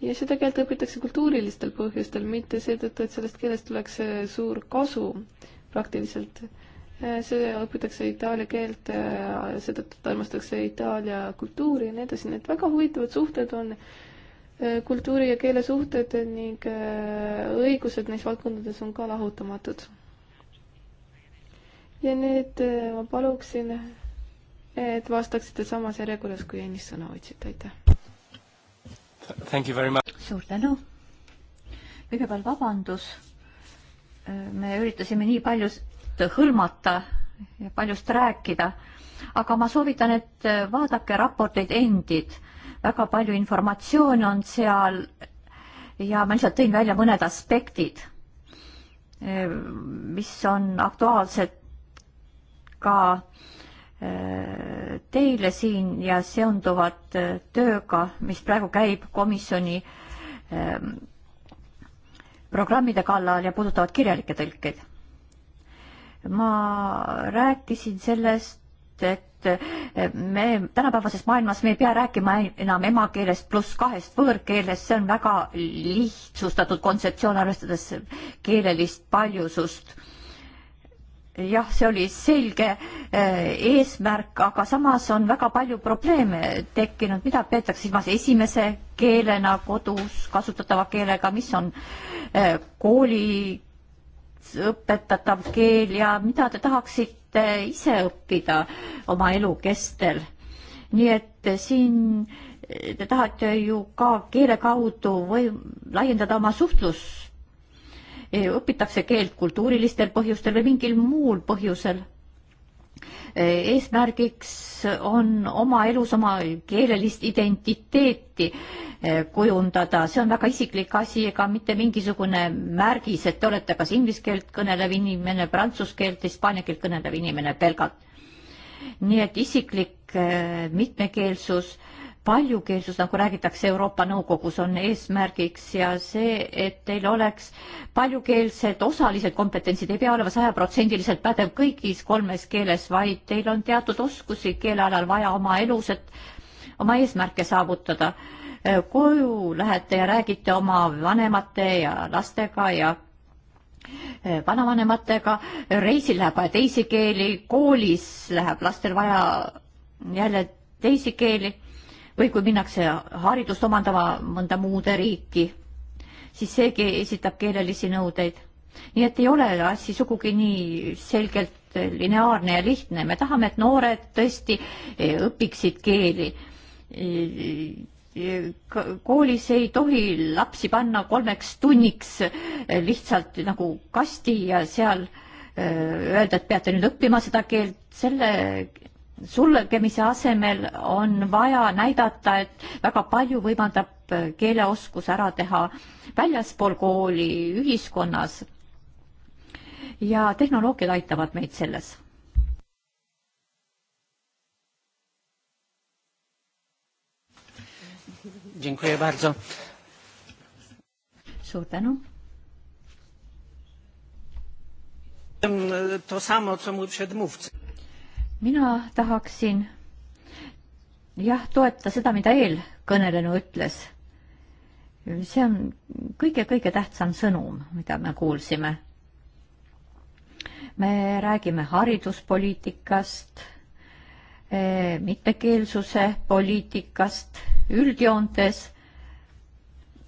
ja seda keelt õpitakse kultuurilistel põhjustel, mitte seetõttu, et sellest keelest tuleks äh, suur kasu praktiliselt Äh, see õpitakse itaalia keelt, äh, seetõttu armastatakse Itaalia kultuuri ja nii edasi, nii et väga huvitavad suhted on äh, kultuuri ja keele suhted ning õigused neis valdkondades on ka lahutamatud. ja nüüd ma paluksin, et vastaksite samas järjekorras, kui ennist sõna võtsite, aitäh. suur tänu. kõigepealt vabandus. me üritasime nii palju teemat hõlmata ja paljust rääkida, aga ma soovitan, et vaadake raporteid endid, väga palju informatsiooni on seal ja ma lihtsalt tõin välja mõned aspektid, mis on aktuaalsed ka eh, teile siin ja seonduvad eh, tööga, mis praegu käib komisjoni eh, programmide kallal ja puudutavad kirjalikke tõlkeid ma rääkisin sellest, et me tänapäevases maailmas me ei pea rääkima enam emakeelest pluss kahest võõrkeelest, see on väga lihtsustatud kontseptsioon, arvestades keelelist paljusust. jah, see oli selge eh, eesmärk, aga samas on väga palju probleeme tekkinud, mida peetakse silmas esimese keelena kodus kasutatava keelega, mis on eh, kooli õpetatav keel ja mida te tahaksite ise õppida oma elu kestel. nii et siin te tahate ju ka keele kaudu või laiendada oma suhtlus. õpitakse keelt kultuurilistel põhjustel või mingil muul põhjusel eesmärgiks on oma elus oma keelelist identiteeti eh, kujundada, see on väga isiklik asi ega mitte mingisugune märgis, et te olete kas inglise keelt kõnelev inimene, prantsuse keelt, hispaania keelt kõnelev inimene pelgalt. nii et isiklik eh, mitmekeelsus äh, paljukeelsus, nagu räägitakse Euroopa Nõukogus, on eesmärgiks ja see, et teil oleks paljukeelsed osalised kompetentsid, ei pea olema sajaprotsendiliselt pädev kõigis kolmes keeles, vaid teil on teatud oskusi keele alal vaja oma elus, et oma eesmärke saavutada. koju lähete ja räägite oma vanemate ja lastega ja eh, vanavanematega, reisil läheb vaja teisi keeli, koolis läheb lastel vaja jälle teisi keeli või kui minnakse haridust omandama mõnda muude riiki, siis seegi esitab keelelisi nõudeid. nii et ei ole asi sugugi nii selgelt lineaarne ja lihtne, me tahame, et noored tõesti e, õpiksid keeli e, e, koolis ei tohi lapsi panna kolmeks tunniks lihtsalt nagu kasti ja seal öelda, et peate nüüd õppima seda keelt, selle sulgemise asemel on vaja näidata, et väga palju võimaldab äh, keeleoskus ära teha väljaspool kooli, ühiskonnas. ja tehnoloogiad aitavad meid selles. suur tänu. To samo, co mój przedmówca mina tahaksin jah, toetada seda, mida eelkõnelenu ütles. see on kõige-kõige tähtsam sõnum, mida me kuulsime. me räägime hariduspoliitikast, eh, mitmekeelsuse poliitikast üldjoontes,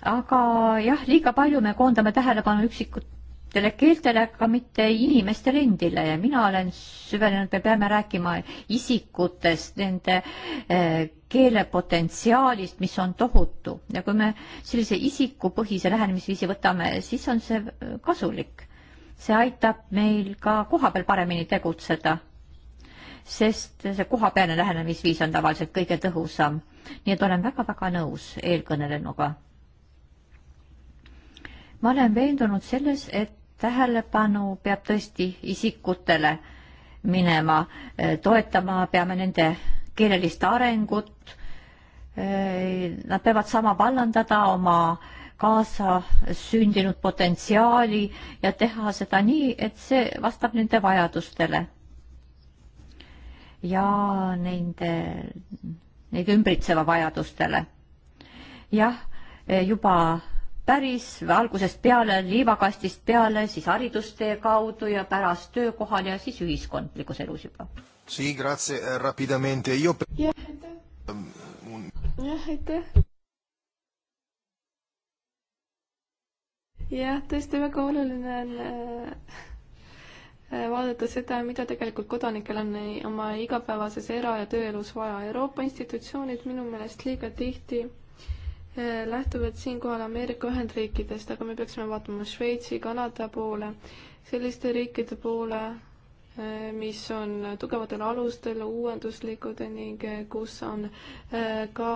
aga jah, liiga palju me koondame tähelepanu üksikut erinevatele keeltele, aga mitte inimestele endile ja mina olen süvenenud, me peame rääkima isikutest, nende eh, keele potentsiaalist, mis on tohutu ja kui me sellise isikupõhise lähenemisviisi võtame, siis on see kasulik. see aitab meil ka kohapeal paremini tegutseda sest see kohapealne lähenemisviis on tavaliselt kõige tõhusam. nii et olen väga-väga nõus eelkõnelenuga. ma olen veendunud selles, et tähelepanu peab tõesti isikutele minema, toetama peame nende keelelist arengut. Nad peavad saama vallandada oma kaasasündinud potentsiaali ja teha seda nii, et see vastab nende vajadustele. ja nende, neid ümbritseva vajadustele. jah, juba päris algusest peale, liivakastist peale, siis haridustee kaudu ja pärast töökohal ja siis ühiskondlikus elus juba. Eh, jah, aitäh. Um, jah, aitäh. jah, tõesti väga oluline on äh, äh, vaadata seda, mida tegelikult kodanikel on oma igapäevases era- ja tööelus vaja. Euroopa institutsioonid minu meelest liiga tihti Eh, lähtuvad siinkohal Ameerika Ühendriikidest, aga me peaksime vaatama Šveitsi, Kanada poole, selliste riikide poole, eh, mis on tugevatel alustel, uuenduslikud ning eh, kus on ka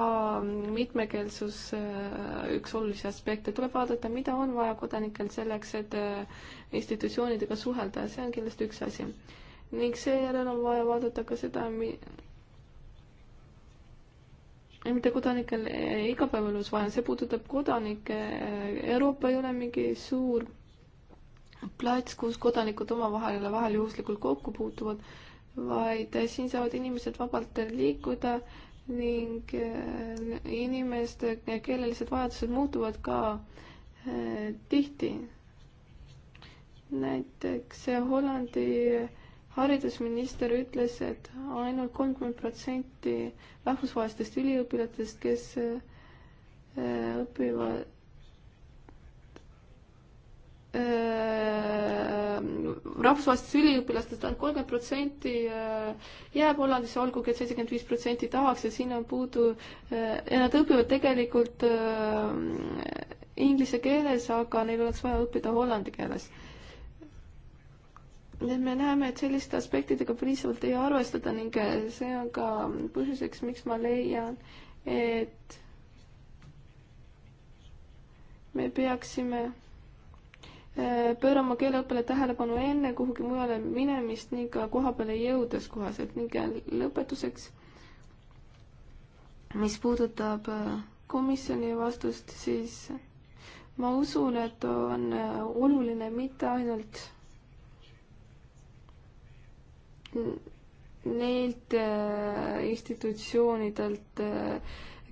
mitmekeelsus üks olulisi aspekte. tuleb vaadata, mida on vaja kodanikel selleks, et institutsioonidega suhelda ja see on kindlasti üks asi. ning seejärel on vaja vaadata ka seda, mitte kodanikel igapäevaelus vahel, see puudutab kodanikke, eh, Euroopa ei ole mingi suur plats, kus kodanikud omavahel vahel juhuslikult kokku puutuvad, vaid siin saavad inimesed vabalt liikuda ning eh, inimeste keelelised vajadused muutuvad ka eh, tihti. näiteks Hollandi haridusminister ütles, et ainult kolmkümmend protsenti rahvusvahelistest üliõpilastest, kes äh, õpivad äh, rahvusvahelistest üliõpilastest ainult kolmkümmend protsenti äh, jääb Hollandisse, olgugi et seitsekümmend viis protsenti tahaks ja siin on puudu ja nad õpivad tegelikult inglise keeles, aga neil oleks vaja õppida hollandi keeles et me näeme, et selliste aspektidega piisavalt ei arvestata ning äh, see on ka põhjuseks, miks ma leian, et me peaksime äh, pöörama keeleõppele tähelepanu enne kuhugi mujale minemist ning ka kohapeale jõudes kohaselt ning äh, lõpetuseks, mis puudutab komisjoni vastust, siis ma usun, et on oluline mitte ainult neilt äh, institutsioonidelt, äh,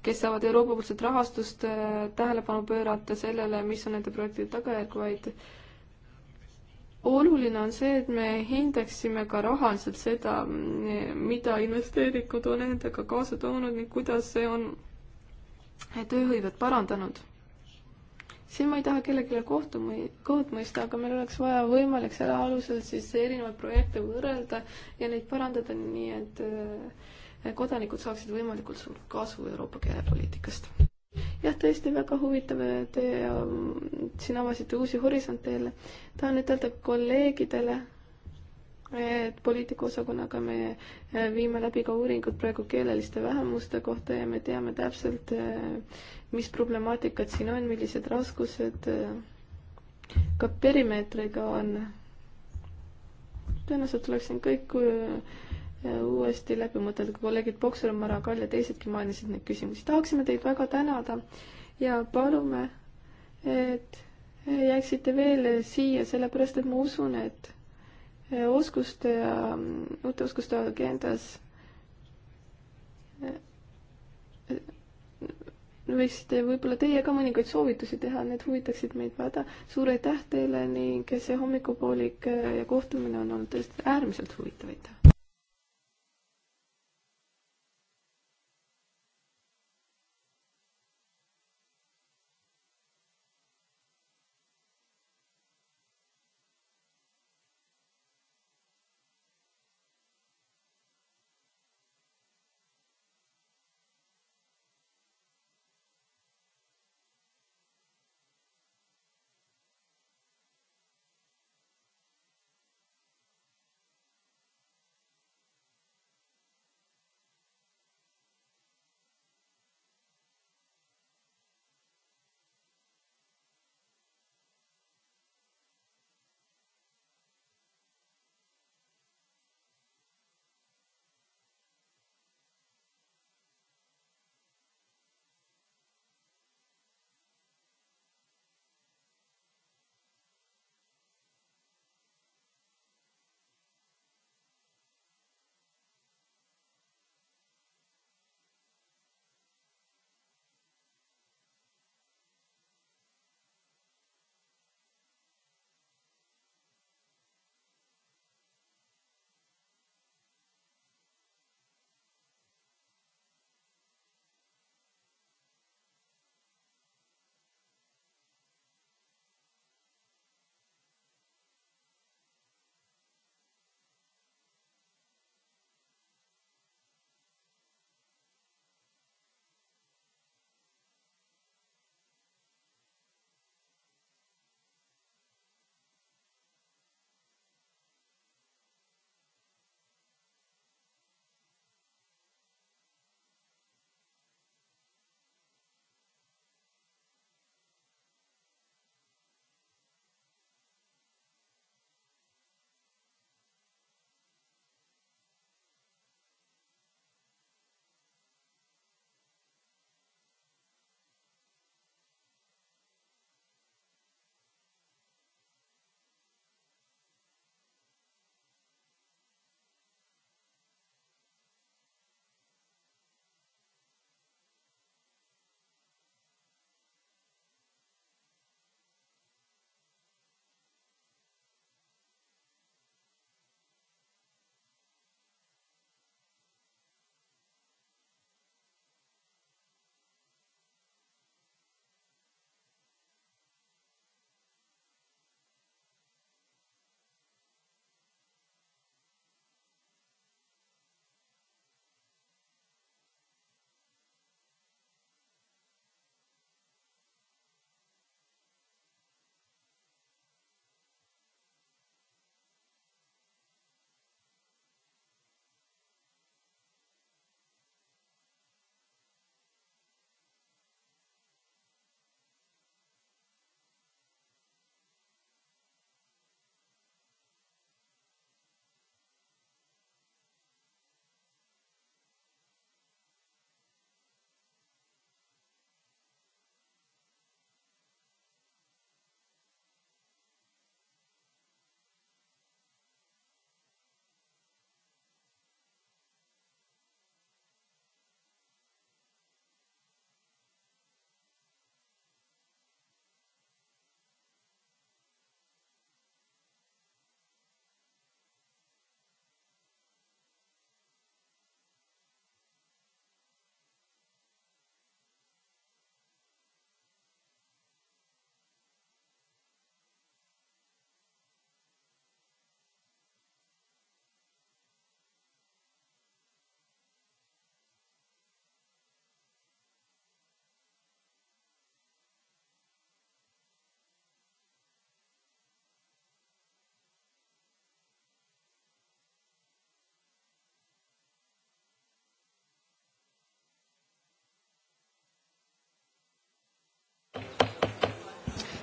kes saavad Euroopa poolset rahastust, äh, tähelepanu pöörata sellele, mis on nende projektide tagajärg, vaid oluline on see, et me hindaksime ka rahaliselt seda, mida investeeringud on endaga kaasa toonud ning kuidas see on tööhõivet parandanud siin ma ei taha kellelegi kohtu mõi-, kohut mõista, aga meil oleks vaja võimalik selle alusel siis erinevaid projekte võrrelda ja neid parandada nii, et äh, kodanikud saaksid võimalikult suurt kasu Euroopa keelepoliitikast. jah, tõesti väga huvitav tee ja mm, siin avasite uusi horisonte jälle. tahan ütelda kolleegidele, et poliitikaosakonnaga me äh, viime läbi ka uuringud praegu keeleliste vähemuste kohta ja me teame täpselt, äh, mis problemaatikat siin on, millised raskused äh, ka perimeetriga on. tõenäoliselt oleks siin kõik uuesti läbi mõtelda, kolleegid Poksar, Marakal ja teisedki mainisid neid küsimusi. tahaksime teid väga tänada ja palume, et jääksite veel siia, sellepärast et ma usun, et oskuste ja mm, uute oskuste agendas eh, võiksite võib-olla teie ka mõningaid soovitusi teha, need huvitaksid meid väga. suur aitäh teile ning see hommikupoolik eh, ja kohtumine on olnud tõesti äärmiselt huvitav, aitäh!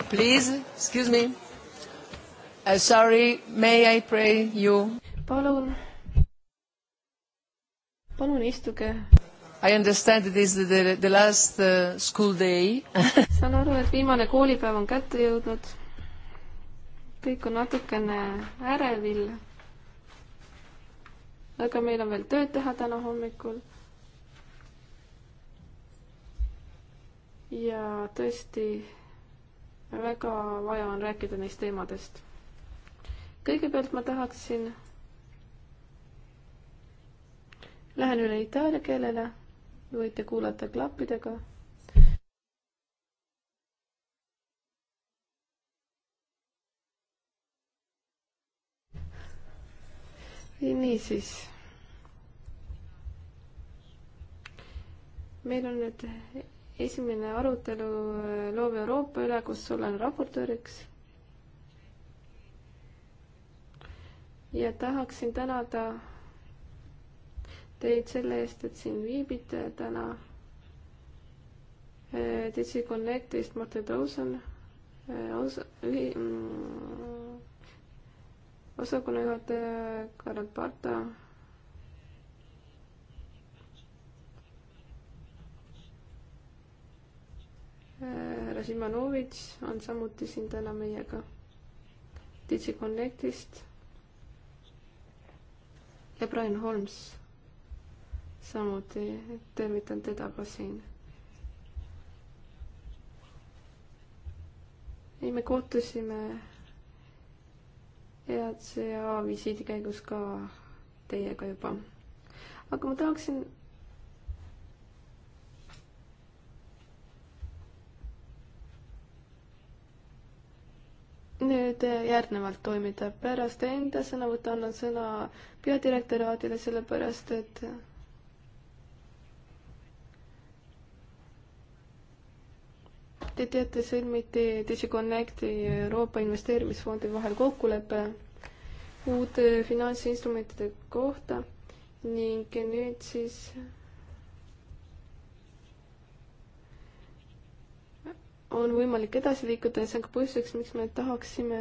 Please, excuse me. Uh, sorry, may I pray you? palun, palun istuge. I understand it is the, the last uh, school day saan aru, et viimane koolipäev on kätte jõudnud. kõik on natukene ärevil. aga meil on veel tööd teha täna hommikul. ja tõesti väga vaja on rääkida neist teemadest. kõigepealt ma tahaksin, lähen üle itaalia keelele, võite kuulata klappidega niisiis. meil on nüüd esimene arutelu äh, Loov Euroopa üle, kus olen raportööriks. ja tahaksin tänada teid selle eest, et siin viibite täna. Äh, DigiConnectist Martin Tõusen, äh, mm, osakonnajuhataja Karel Parta härra Simanovitš on samuti siin täna meiega DigiConnectist ja Brian Holmes samuti, tervitan teda ka siin. ei, me kohtusime EACA visiidi käigus ka teiega juba. aga ma tahaksin nüüd järgnevalt toimida. pärast enda sõnavõttu annan sõna peadirektoraadile, sellepärast et Te teate, sõlmiti DigiConnecti ja Euroopa Investeerimisfondi vahel kokkulepe uute finantsinstrumentide kohta ning nüüd siis on võimalik edasi liikuda ja see on ka põhjuseks, miks me tahaksime,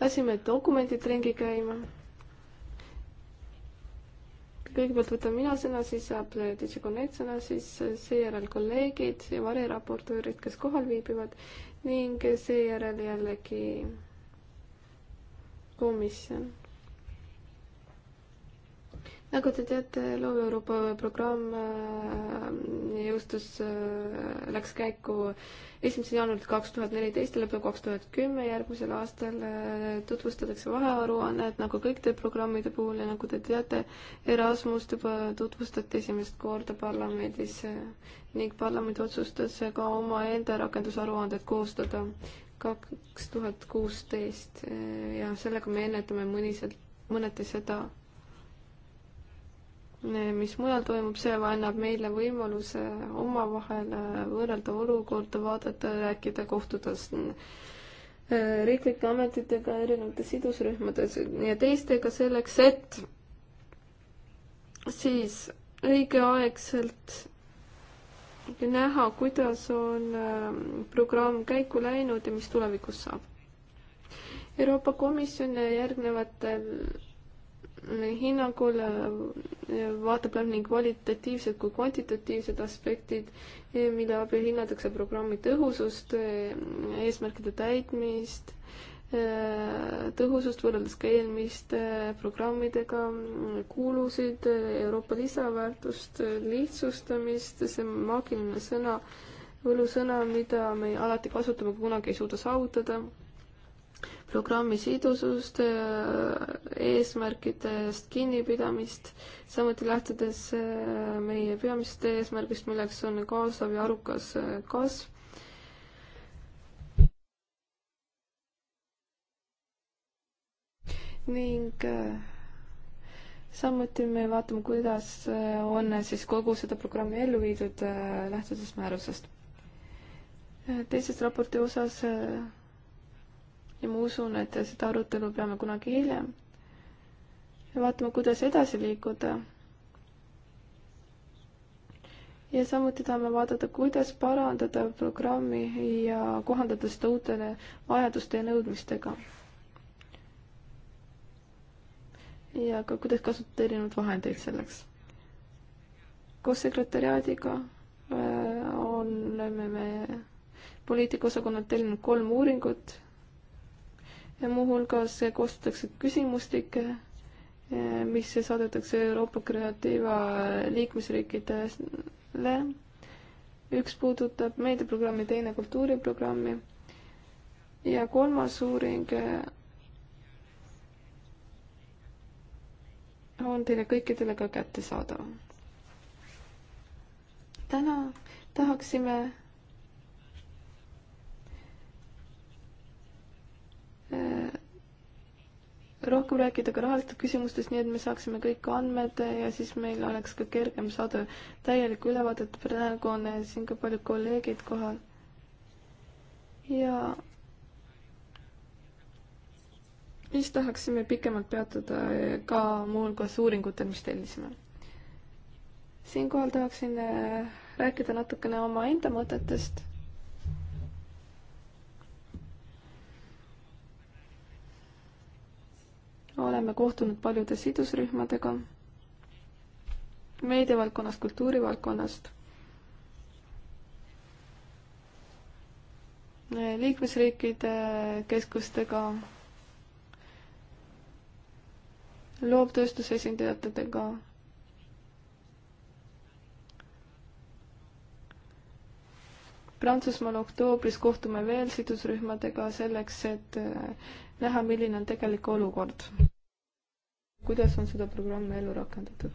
lasime dokumendid ringi käima. kõigepealt võtan mina sõna, siis saab DJ Connect sõna, siis seejärel kolleegid ja variraportöörid, kes kohal viibivad ning seejärel jällegi komisjon nagu te teate, Loov Euroopa programm äh, jõustus, äh, läks käiku esimesel jaanuaril kaks tuhat neliteist ja lõpeb kaks tuhat kümme, järgmisel aastal äh, tutvustatakse vahearuannet nagu kõikide programmide puhul ja nagu te teate, Erasmust juba tutvustati esimest korda parlamendis ning parlament otsustas ka omaenda rakendusaruanded koostada kaks tuhat kuusteist ja sellega me ennetame mõniselt, mõneti seda mis mujal toimub, see annab meile võimaluse omavahel äh, võrrelda olukorda, vaadata, rääkida, kohtuda äh, riiklike ametitega, erinevate sidusrühmades ja teistega selleks, et siis õigeaegselt näha, kuidas on äh, programm käiku läinud ja mis tulevikus saab. Euroopa Komisjon järgnevatel hinnangul äh, vaatab läbi nii kvalitatiivsed kui kvantitatiivsed aspektid, eh, mille abil hinnatakse programmi tõhusust, eh, eesmärkide täitmist, eh, tõhusust võrreldes ka eelmiste programmidega, mm, kulusid, Euroopa lisaväärtust, lihtsustamist, see maagiline sõna, võlusõna, mida me alati kasutame, kunagi ei suuda saavutada programmi sidusust, eesmärkidest kinnipidamist, samuti lähtudes äh, meie peamisest eesmärgist, milleks on kaasav ja arukas äh, kasv. ning äh, samuti me vaatame, kuidas on siis kogu seda programmi ellu viidud lähtudes määrusest. teisest raporti osas ja ma usun, et seda arutelu peame kunagi hiljem. ja vaatame, kuidas edasi liikuda. ja samuti tahame vaadata, kuidas parandada programmi ja kohandada seda uutele vajaduste ja nõudmistega. ja ka, kuidas kasutada erinevaid vahendeid selleks. koos sekretäriaadiga äh, oleme me poliitikaosakonnalt tellinud kolm uuringut muuhulgas koostatakse küsimustikke, mis saadetakse Euroopa Kreatiiva liikmesriikidele. üks puudutab meediaprogrammi, teine kultuuriprogrammi ja kolmas uuring on teile kõikidele ka kättesaadav. täna tahaksime Äh, rohkem rääkida ka rahalistes küsimustes, nii et me saaksime kõik andmed ja siis meil oleks ka kergem saada täielikku ülevaadet, praegu on äh, siin ka paljud kolleegid kohal. ja siis tahaksime pikemalt peatuda äh, ka muuhulgas uuringutel, mis tellisime. siinkohal tahaksin rääkida natukene omaenda mõtetest oleme kohtunud paljude sidusrühmadega meediavaldkonnast, kultuurivaldkonnast. liikmesriikide keskustega, loovtööstuse esindajatega Prantsusmaal oktoobris kohtume veel sidusrühmadega selleks, et näha, milline on tegelik olukord kuidas on seda programmi ellu rakendatud.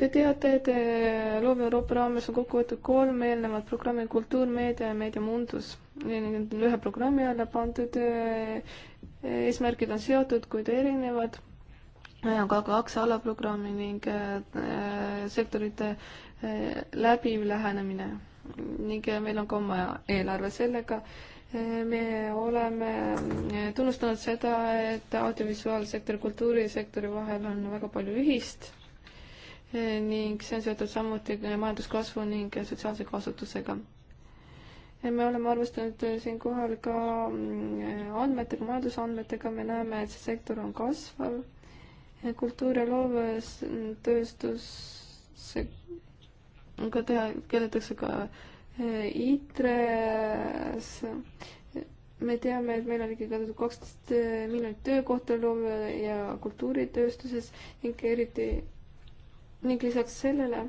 Te teate, et eh, Loov Euroopa raames on kokku võetud kolm eelnevat programmi Kultuur, meedia ja Meedia Mundus. ühe programmi alla pandud eh, eesmärgid on seotud, kuid erinevad. on ka kaks alaprogrammi ning eh, sektorite läbiv lähenemine ning meil on ka oma eelarve sellega me oleme tunnustanud seda, et audiovisuaalsektori ja kultuurisektori vahel on väga palju ühist ning see on seotud samuti majanduskasvu ning sotsiaalse kasutusega. me oleme arvestanud siinkohal ka mm, andmetega, majandusandmetega, me näeme, et see sektor on kasvav. kultuur- ja loovtööstus, see ka teha, keeletakse ka ITRE-s me teame, et meil on ikkagi kaksteist miljonit töökohta loome ja kultuuritööstuses ning eriti ning lisaks sellele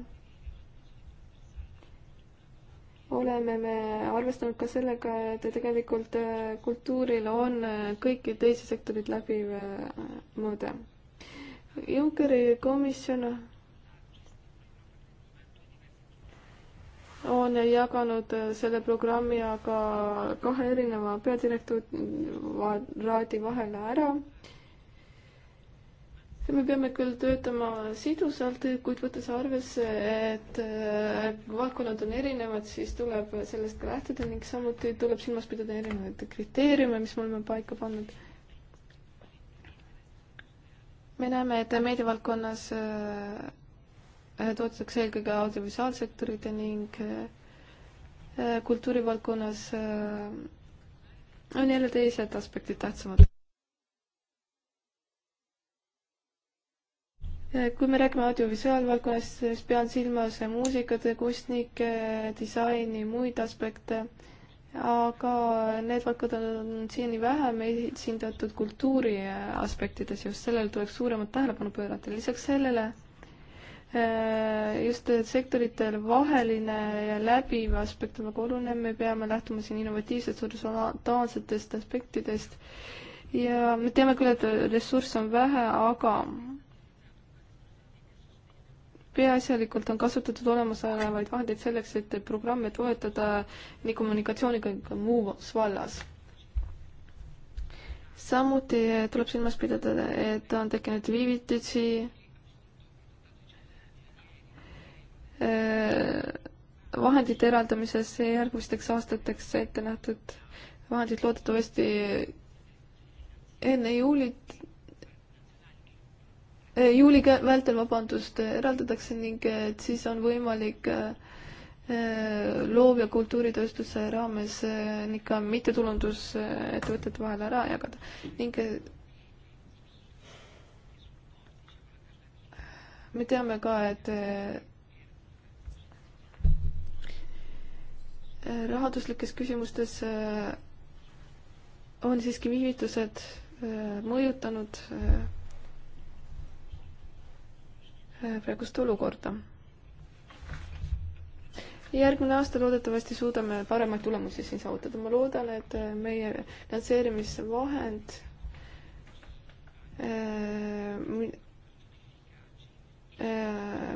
oleme me arvestanud ka sellega, et tegelikult äh, kultuuril on äh, kõiki teisi sektoreid läbiv äh, mõõde. Junckeri komisjon on jaganud äh, selle programmi aga kahe erineva peadirektoraadi vahel ära. me peame küll töötama sidusalt, kuid võttes arvesse, et äh, valdkonnad on erinevad, siis tuleb sellest ka lähtuda ning samuti tuleb silmas pidada erinevaid kriteeriume, mis me oleme paika pannud me näeme, et meediavaldkonnas äh, Äh, toodetakse eelkõige audiovisuaalsektorid ning äh, äh, kultuurivaldkonnas on jälle teised aspektid tähtsamad. kui me räägime audiovisuaalvaldkonnast, siis pean silmas muusikat, kunstnikke, disaini, muid aspekte, aga need valdkonnad on siiani vähem esindatud kultuuri aspektides, just sellele tuleks suuremat tähelepanu pöörata, lisaks sellele Äh, just sektoritel vaheline ja läbiv aspekt on väga oluline, me peame lähtuma siin innovatiivsetest horisontaansetest aspektidest ja me teame küll, et ressursse on vähe, aga peaasjalikult on kasutatud olemasolevaid vahendeid selleks, et programme toetada nii kommunikatsiooniga kui ka muus vallas. samuti tuleb silmas pidada, et on tekkinud viivitusi Äh, vahendite eraldamises järgmisteks aastateks ette nähtud vahendid loodetavasti enne juulit, äh, juuli vältel, vabandust, eraldatakse ning et siis on võimalik äh, loov- ja kultuuritööstuse raames ning ka mittetulundusettevõtete vahel ära jagada ning me teame ka, et rahanduslikes küsimustes äh, on siiski viivitused äh, mõjutanud äh, praegust olukorda. järgmine aasta loodetavasti suudame paremaid tulemusi siin saavutada. ma loodan, et meie finantseerimisvahend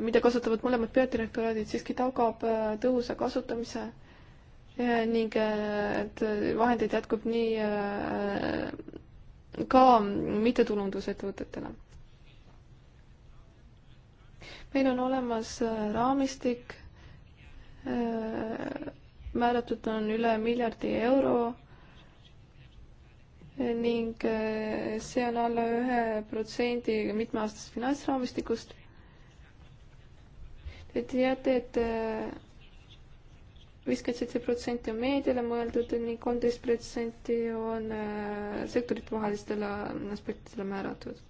mida kasutavad mõlemad peadirektoraadid, siiski tagab tõhusa kasutamise Äh, ning äh, et vahendeid jätkub nii äh, ka mittetulundusettevõtetele. meil on olemas raamistik, määratud on üle miljardi euro ning see on alla ühe protsendi mitmeaastasest finantsraamistikust. Te teate, et viiskümmend seitse protsenti on meediale mõeldud ning kolmteist protsenti on äh, sektorite vahelistele aspektidele määratud.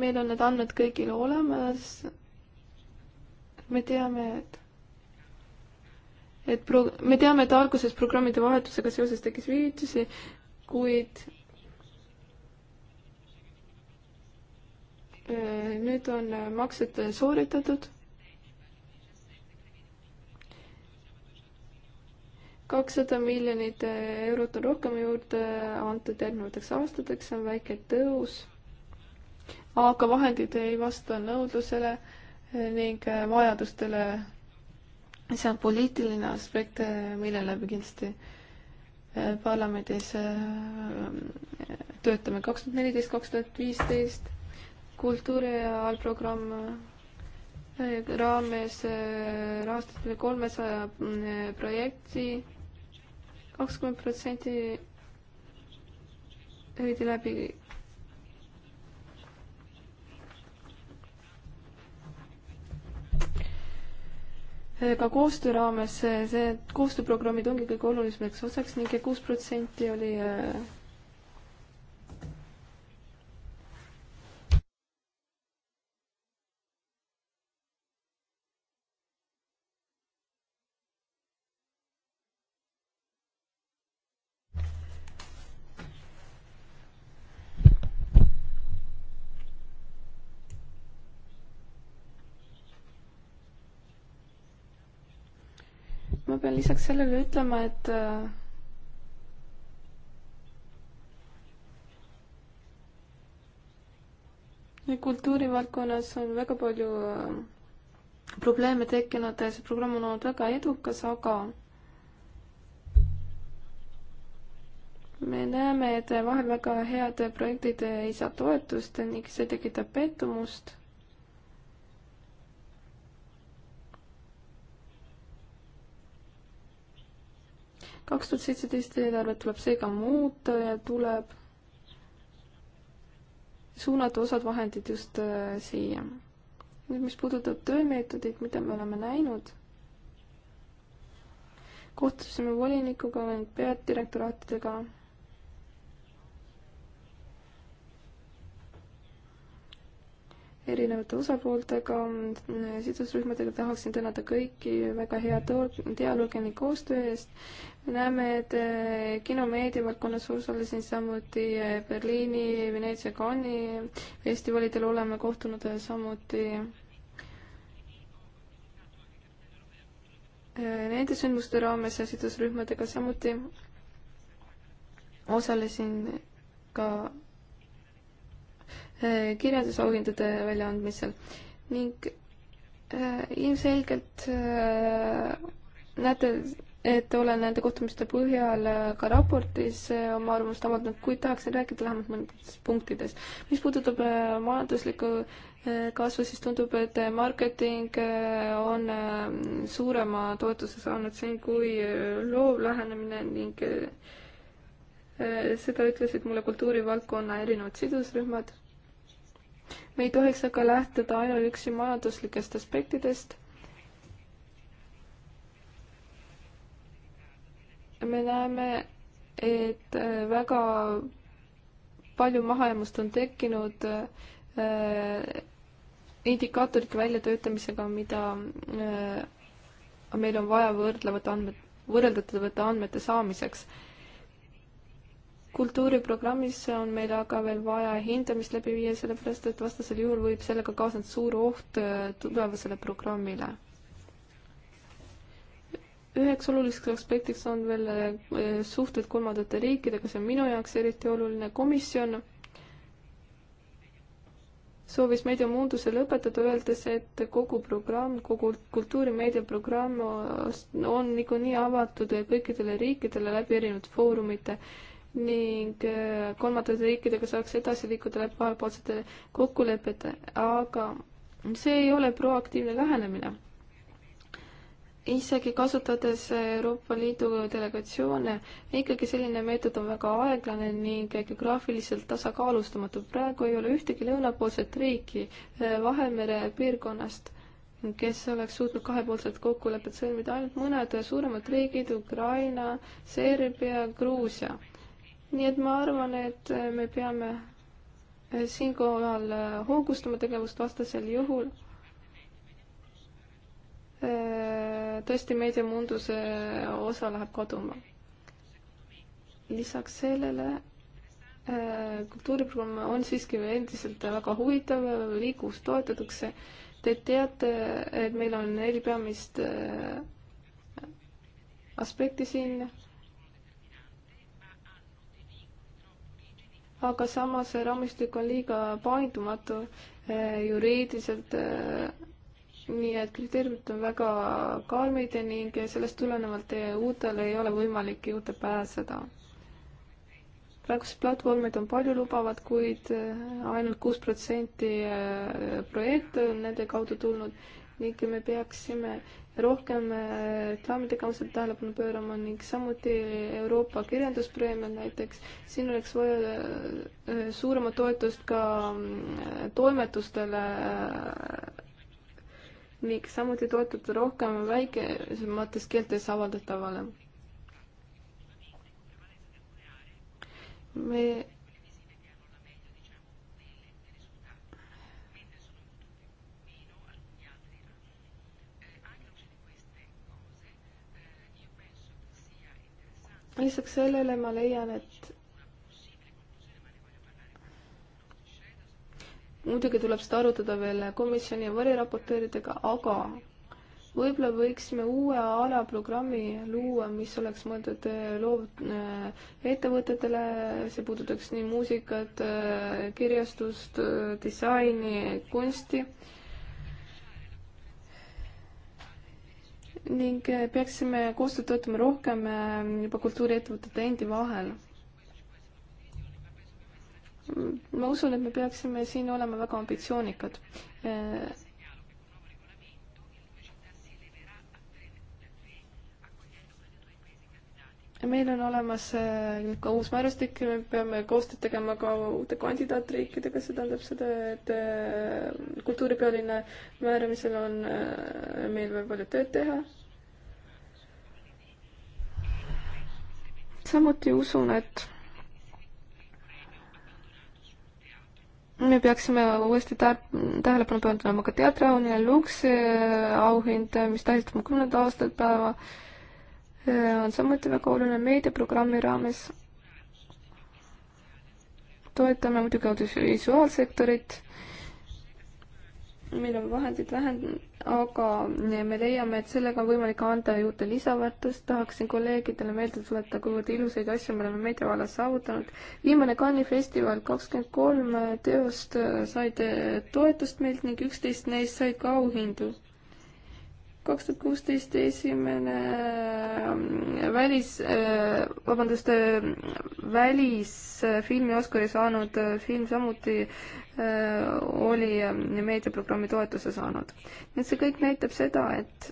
meil on need andmed kõigil olemas. me teame, et et pro-, me teame, et alguses programmide vahetusega seoses tekkis viivitusi, kuid äh, nüüd on maksed sooritatud kakssada miljonit eurot on rohkem juurde antud järgnevateks aastateks, see on väike tõus. aga vahendid ei vasta nõudlusele ning vajadustele. see on poliitiline aspekt, mille läbi kindlasti eh, parlamendis eh, töötame. kaks tuhat neliteist, kaks tuhat viisteist kultuuri allprogramm eh, raames rahastati kolmesaja mm, projekti kakskümmend protsenti viidi läbi ka koostöö raames, see koostööprogrammid ongi kõige olulisemaks osaks ning kuus protsenti oli äh, ma pean lisaks sellele ütlema, et äh, kultuurivaldkonnas on väga palju äh, probleeme tekkinud, see programm on olnud väga edukas, aga me näeme, et vahel väga head projektid ei saa toetust ning see tekitab pettumust kaks tuhat seitseteist eelarvet tuleb seega muuta ja tuleb suunata osad vahendid just äh, siia. nüüd, mis puudutab töömeetodeid, mida me oleme näinud, kohtusime volinikuga ning peadirektoraatidega erinevate osapooltega, äh, sidusrühmadega tahaksin tänada kõiki väga hea dialoogi ning koostöö eest näeme, et eh, kinomeediavaldkonnas osalesin samuti eh, Berliini, Veneetsia, Cannes'i festivalidel oleme kohtunud eh, samuti nende sündmuste raames ja sidusrühmadega samuti osalesin ka kirjandusauhindade väljaandmisel ning ilmselgelt näete et olen nende kohtumiste põhjal ka raportis eh, oma arvamust avaldanud, kuid tahaksin rääkida vähemalt mõnedest punktidest. mis puudutab eh, majanduslikku eh, kasvu, siis tundub, et marketing on suurema toetuse saanud siin kui loov lähenemine ning seda ütlesid mulle kultuurivaldkonna erinevad sidusrühmad. me ei tohiks aga lähtuda ainuüksi majanduslikest aspektidest me näeme, et äh, väga palju mahajäämust on tekkinud äh, indikaatorite väljatöötamisega, mida äh, meil on vaja võrdlevate andmed, võrreldatavate andmete saamiseks. kultuuriprogrammis on meil aga veel vaja hindamist läbi viia, sellepärast et vastasel juhul võib sellega kaasneda suur oht tulevasele programmile üheks oluliseks aspektiks on veel eh, suhted kolmandate riikidega, see on minu jaoks eriti oluline. komisjon soovis meediamunduse lõpetada, öeldes, et kogu programm, kogu kultuurimeediaprogramm on niikuinii avatud kõikidele riikidele läbi erinevate foorumite ning eh, kolmandate riikidega saaks edasi liikuda läbi kahepoolsete kokkulepete, aga see ei ole proaktiivne lähenemine isegi kasutades Euroopa Liidu delegatsioone, ikkagi selline meetod on väga aeglane ning geograafiliselt tasakaalustamatu. praegu ei ole ühtegi lõunapoolset riiki eh, Vahemere piirkonnast, kes oleks suutnud kahepoolsed kokkulepped sõlmida, ainult mõned suuremad riigid, Ukraina, Serbia, Gruusia. nii et ma arvan, et me peame eh, siinkohal eh, hoogustama tegevust vastasel juhul Äh, tõesti meediamunduse osa läheb kaduma. lisaks sellele äh, kultuuriprogramm on siiski endiselt väga huvitav, liikuvust toetatakse. Te teate, et meil on neli peamist äh, aspekti siin. aga samas raamistik on liiga paindumatu juriidiliselt nii et kriteeriumid on väga karmid ning sellest tulenevalt uutel ei ole võimalik juurde pääseda. praegused platvormid on paljulubavad, kuid äh, ainult kuus protsenti äh, projekte on nende kaudu tulnud ning me peaksime rohkem äh, reklaamitegevusele tähelepanu pöörama ning samuti Euroopa kirjanduspreemiad näiteks. siin oleks vaja suuremat toetust ka mm, toimetustele ning samuti toetada rohkem väikesemates keeltes avaldatavale. me lisaks sellele ma leian, et muidugi tuleb seda arutada veel komisjoni ja variraportööridega, aga võib-olla võiksime uue alaprogrammi luua, mis oleks mõeldud äh, loov- äh, ettevõtetele, see puudutaks nii muusikat, äh, kirjastust, disaini, kunsti ning peaksime koostööd töötama rohkem juba kultuuriettevõtete endi vahel ma usun, et me peaksime siin olema väga ambitsioonikad. Äh, meil on olemas äh, ka uus määrustik, me peame koostööd tegema ka uute kandidaatriikidega, see tähendab seda, et äh, kultuuripealinna määramisel on meil veel palju tööd teha. samuti usun, et me peaksime uuesti tähelepanu pöörduma ka teatriaunile Luksi äh, auhind, äh, mis tähistab kümnenda aastapäeva, äh, on samuti väga oluline meediaprogrammi raames. toetame muidugi audiovisuaalsektorit meil on vahendid vähem, aga me leiame, et sellega on võimalik anda juurde lisaväärtust, tahaksin kolleegidele meelde tuletada, kuivõrd ilusaid asju me oleme meedia vallas saavutanud. viimane Cannes'i festival, kakskümmend kolm teost said toetust meilt ning üksteist neist said ka auhindu kaks tuhat kuusteist esimene ähm, välis, äh, vabandust, äh, välisfilmi Oscari saanud äh, film samuti oli meediaprogrammi toetuse saanud. nii et see kõik näitab seda, et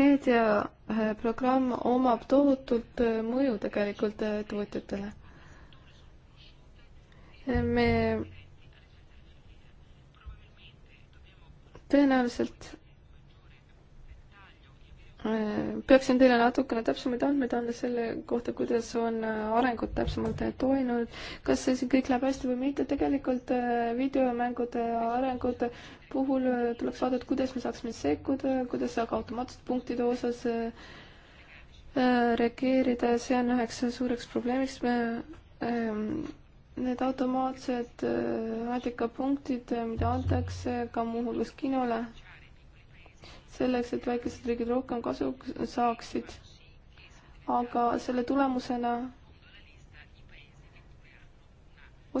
meediaprogramm omab tohutult mõju tegelikult tootjatele. me tõenäoliselt äh, peaksin teile natukene täpsemaid andmeid andma selle kohta, kuidas on äh, arengud täpsemalt toimunud, kas see siin kõik läheb hästi või mitte, tegelikult äh, videomängude arengute puhul tuleks vaadata, kuidas me saaksime sekkuda, kuidas aga automaatsete punktide osas reageerida, see on üheks suureks probleemiks, me ähm, Need automaatsed äh, aedekapunktid, äh, mida antakse ka muuhulgas kinole, selleks, et väikesed riigid rohkem kasu saaksid. aga selle tulemusena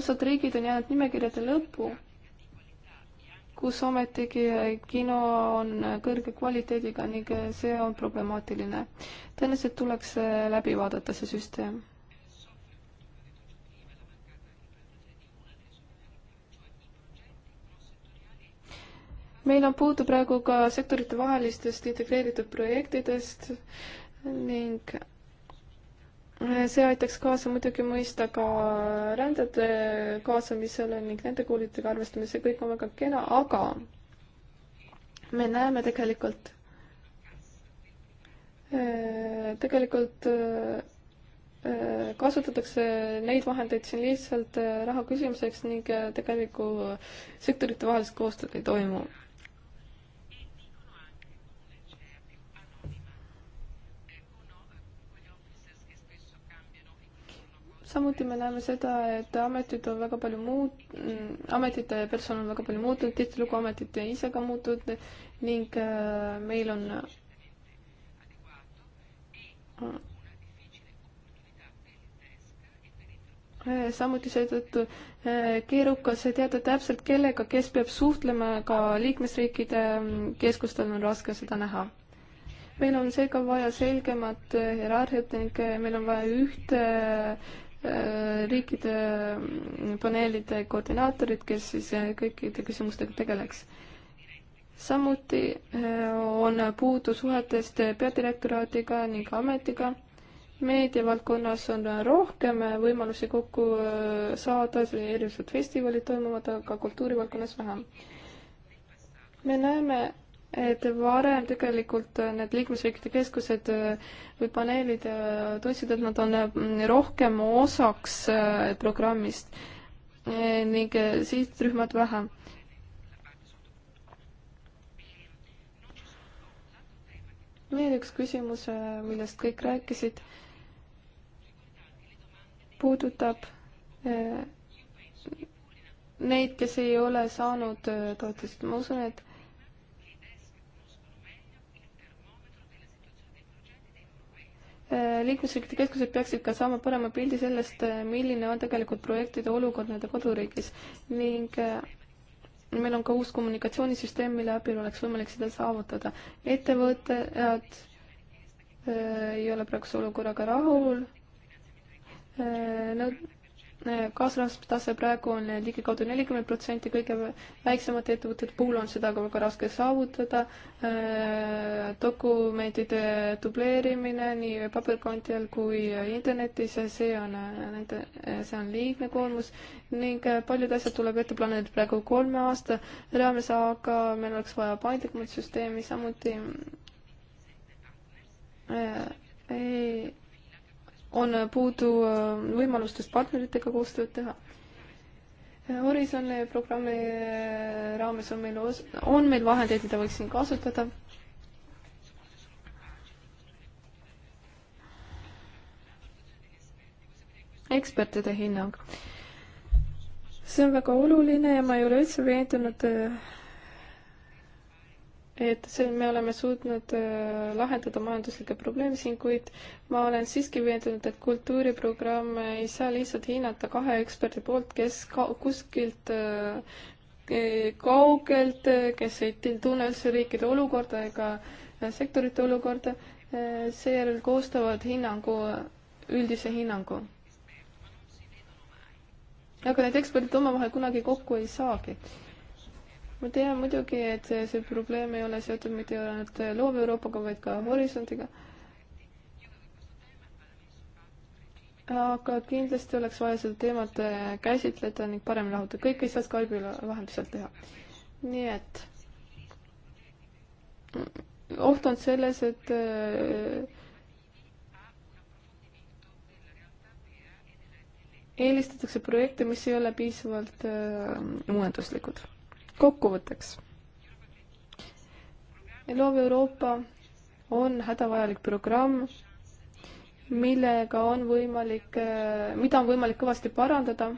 osad riigid on jäänud nimekirjade lõppu, kus ometigi kino on kõrge kvaliteediga ning see on problemaatiline. tõenäoliselt tuleks äh, läbi vaadata see süsteem meil on puudu praegu ka sektoritevahelistest integreeritud projektidest ning see aitaks kaasa muidugi mõista ka rändade kaasamisele ning nende koolidega arvestamisele, kõik on väga kena, aga me näeme tegelikult, äh, tegelikult äh, kasutatakse neid vahendeid siin lihtsalt äh, raha küsimiseks ning tegeliku sektorite vahelist koostööd ei toimu. samuti me näeme seda, et ametid on väga palju muut-, mm, ametite personal on väga palju muutunud, tihtilugu ametid ise ka muutunud ning äh, meil on äh, samuti seetõttu äh, keerukas teada täpselt, kellega, kes peab suhtlema, ka liikmesriikide mm, keskustel on raske seda näha. meil on seega vaja selgemat hierarhiat ning meil on vaja ühte Äh, riikide mm, paneelide koordinaatorid, kes siis äh, kõikide küsimustega tegeleks. samuti äh, on puudu suhetest peadirektoraadiga ning ametiga. meediavaldkonnas on rohkem võimalusi kokku saada, erinevad festivalid toimuvad, aga kultuurivaldkonnas vähem. me näeme et varem tegelikult äh, need liikmesriikide keskused äh, või paneelid äh, tundsid, et nad on mm, rohkem osaks programmist ning sihtrühmad vähem. veel üks küsimus, millest kõik rääkisid, puudutab neid, kes ei ole saanud toetust, ma usun, et Äh, liikmesriikide keskused peaksid ka saama parema pildi sellest, äh, milline on tegelikult projektide olukord nende koduriigis ning äh, meil on ka uus kommunikatsioonisüsteem, mille abil oleks võimalik seda saavutada. ettevõtted ei ole praeguse olukorraga rahul, nõud-, kaasrahastustase praegu on ligikaudu nelikümmend protsenti, kõige väiksemate ettevõtete puhul on seda aga väga raske saavutada. Äh, dokumentide dubleerimine nii paberkandjal kui internetis, see on nende, see on liigne koormus ning paljud asjad tuleb ette planeerida praegu kolme aasta raames, aga meil oleks vaja paindlikumat süsteemi, samuti äh, ei on puudu äh, võimalustest partneritega koostööd teha. Horisoni programmi äh, raames on meil, on meil vahendeid, mida võiks siin kasutada. ekspertide hinnang. see on väga oluline ja ma ei ole üldse veendunud äh, et see, me oleme suutnud äh, lahendada majanduslikke probleeme siin, kuid ma olen siiski veendunud, et kultuuriprogramme ei saa lihtsalt hinnata kahe eksperdi poolt, kes ka kuskilt äh, e, kaugelt, kes ei tunne üldse riikide olukorda ega äh, sektorite olukorda, seejärel koostavad hinnangu, üldise hinnangu. aga need eksperdid omavahel kunagi kokku ei saagi ma tean muidugi, et see, see probleem ei ole seotud mitte ainult Loov Euroopaga, vaid ka Horisondiga. aga kindlasti oleks vaja seda teemat äh, käsitleda ning paremini lahutada, kõike ei saa Skype'i vahendusel teha. nii et oht on selles, et äh, eelistatakse projekte, mis ei ole piisavalt uuenduslikud äh, kokkuvõtteks. loov Euroopa on hädavajalik programm, millega on võimalik, mida on võimalik kõvasti parandada.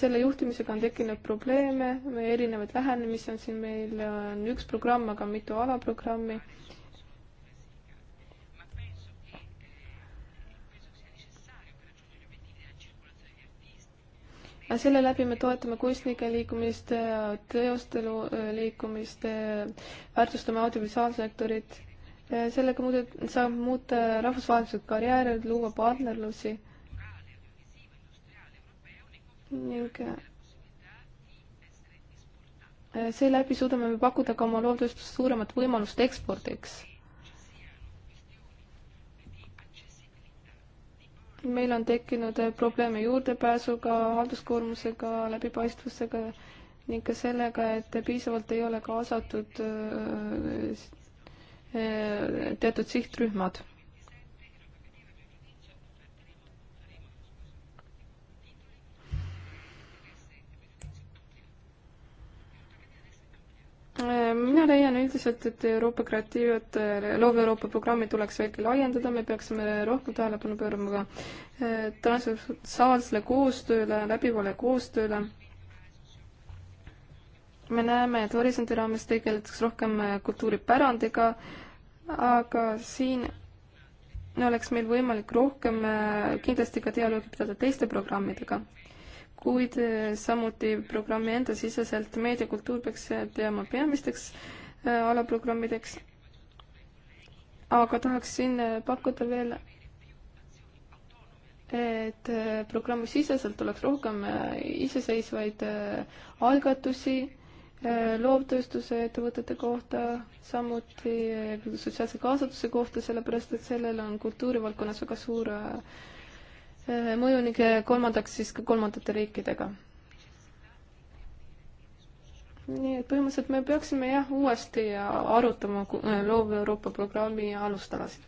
selle juhtimisega on tekkinud probleeme, meie erinevaid lähenemisi on siin, meil on üks programm, aga mitu alaprogrammi selle läbi me toetame kunstnike liikumist, teostelu äh, liikumist, äh, väärtustame audiovisuaalsektorit. sellega muude-, saab muuta rahvusvahelised karjäärid, luua partnerlusi ning äh, seeläbi suudame me pakkuda ka oma loodustest suuremat võimalust ekspordiks meil on tekkinud äh, probleeme juurdepääsuga, halduskoormusega, läbipaistvusega ning ka sellega, et piisavalt ei ole kaasatud äh, äh, teatud sihtrühmad mina leian üldiselt, et Euroopa kreatiivat, loov Euroopa programmi tuleks veelgi laiendada, me peaksime rohkem tähelepanu pöörama ka eh, transversaalsele koostööle, läbivale koostööle. me näeme, et Horisondi raames tegeletakse rohkem eh, kultuuripärandiga, aga siin oleks meil võimalik rohkem eh, kindlasti ka dialoogi pidada teiste programmidega kuid äh, samuti programmi enda siseselt meediakultuur peaks teama äh, peamisteks äh, alaprogrammideks. aga tahaksin pakkuda veel, et programmi siseselt oleks rohkem iseseisvaid algatusi loovtööstuse ettevõtete kohta, samuti sotsiaalse kaasatuse kohta, sellepärast et sellel on kultuurivaldkonnas väga suur Äh, mõju ning äh, kolmandaks siis ka kolmandate riikidega. nii et põhimõtteliselt me peaksime jah, uuesti arutama äh, Loov Euroopa programmi alustalasid.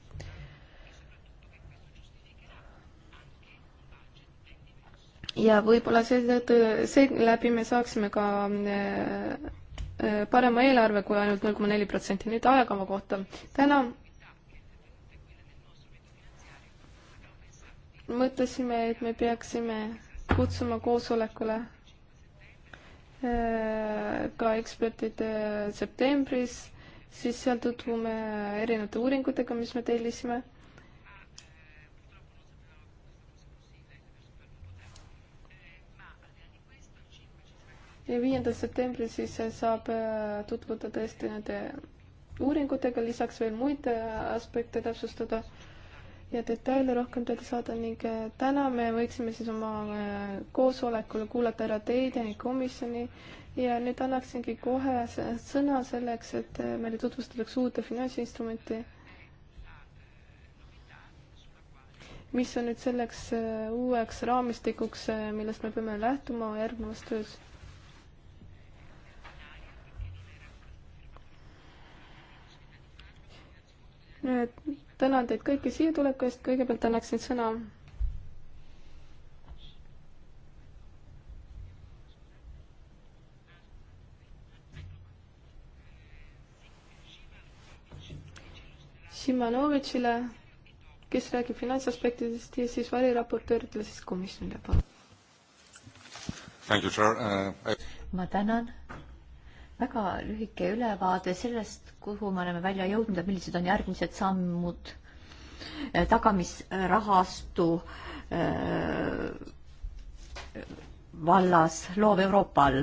ja võib-olla seetõttu, seeläbi me saaksime ka parema eelarve kui ainult null koma neli protsenti. nüüd ajakava kohta. täna mõtlesime, et me peaksime kutsuma koosolekule äh, ka ekspertid äh, septembris, siis seal tutvume erinevate uuringutega, mis me tellisime. ja viiendal septembril siis äh, saab tutvuda tõesti nende uuringutega, lisaks veel muid aspekte täpsustada ja detaile rohkem teada saada ning äh, täna me võiksime siis oma äh, koosolekul kuulata ära teid ja komisjoni ja nüüd annaksingi kohe sõna selleks, et äh, meile tutvustatakse uute finantsinstrumenti, mis on nüüd selleks uueks raamistikuks, millest me peame lähtuma järgnevas töös nüüd tänan teid kõiki siia tuleku eest, kõigepealt annaksin sõna Šimanovitšile, kes räägib finantsaspektidest ja siis variraportööridele, siis komisjonile, palun. Uh, ma tänan, väga lühike ülevaade sellest, kuhu me oleme välja jõudnud ja millised on järgmised sammud eh, tagamisrahastu eh, vallas loov Euroopa all.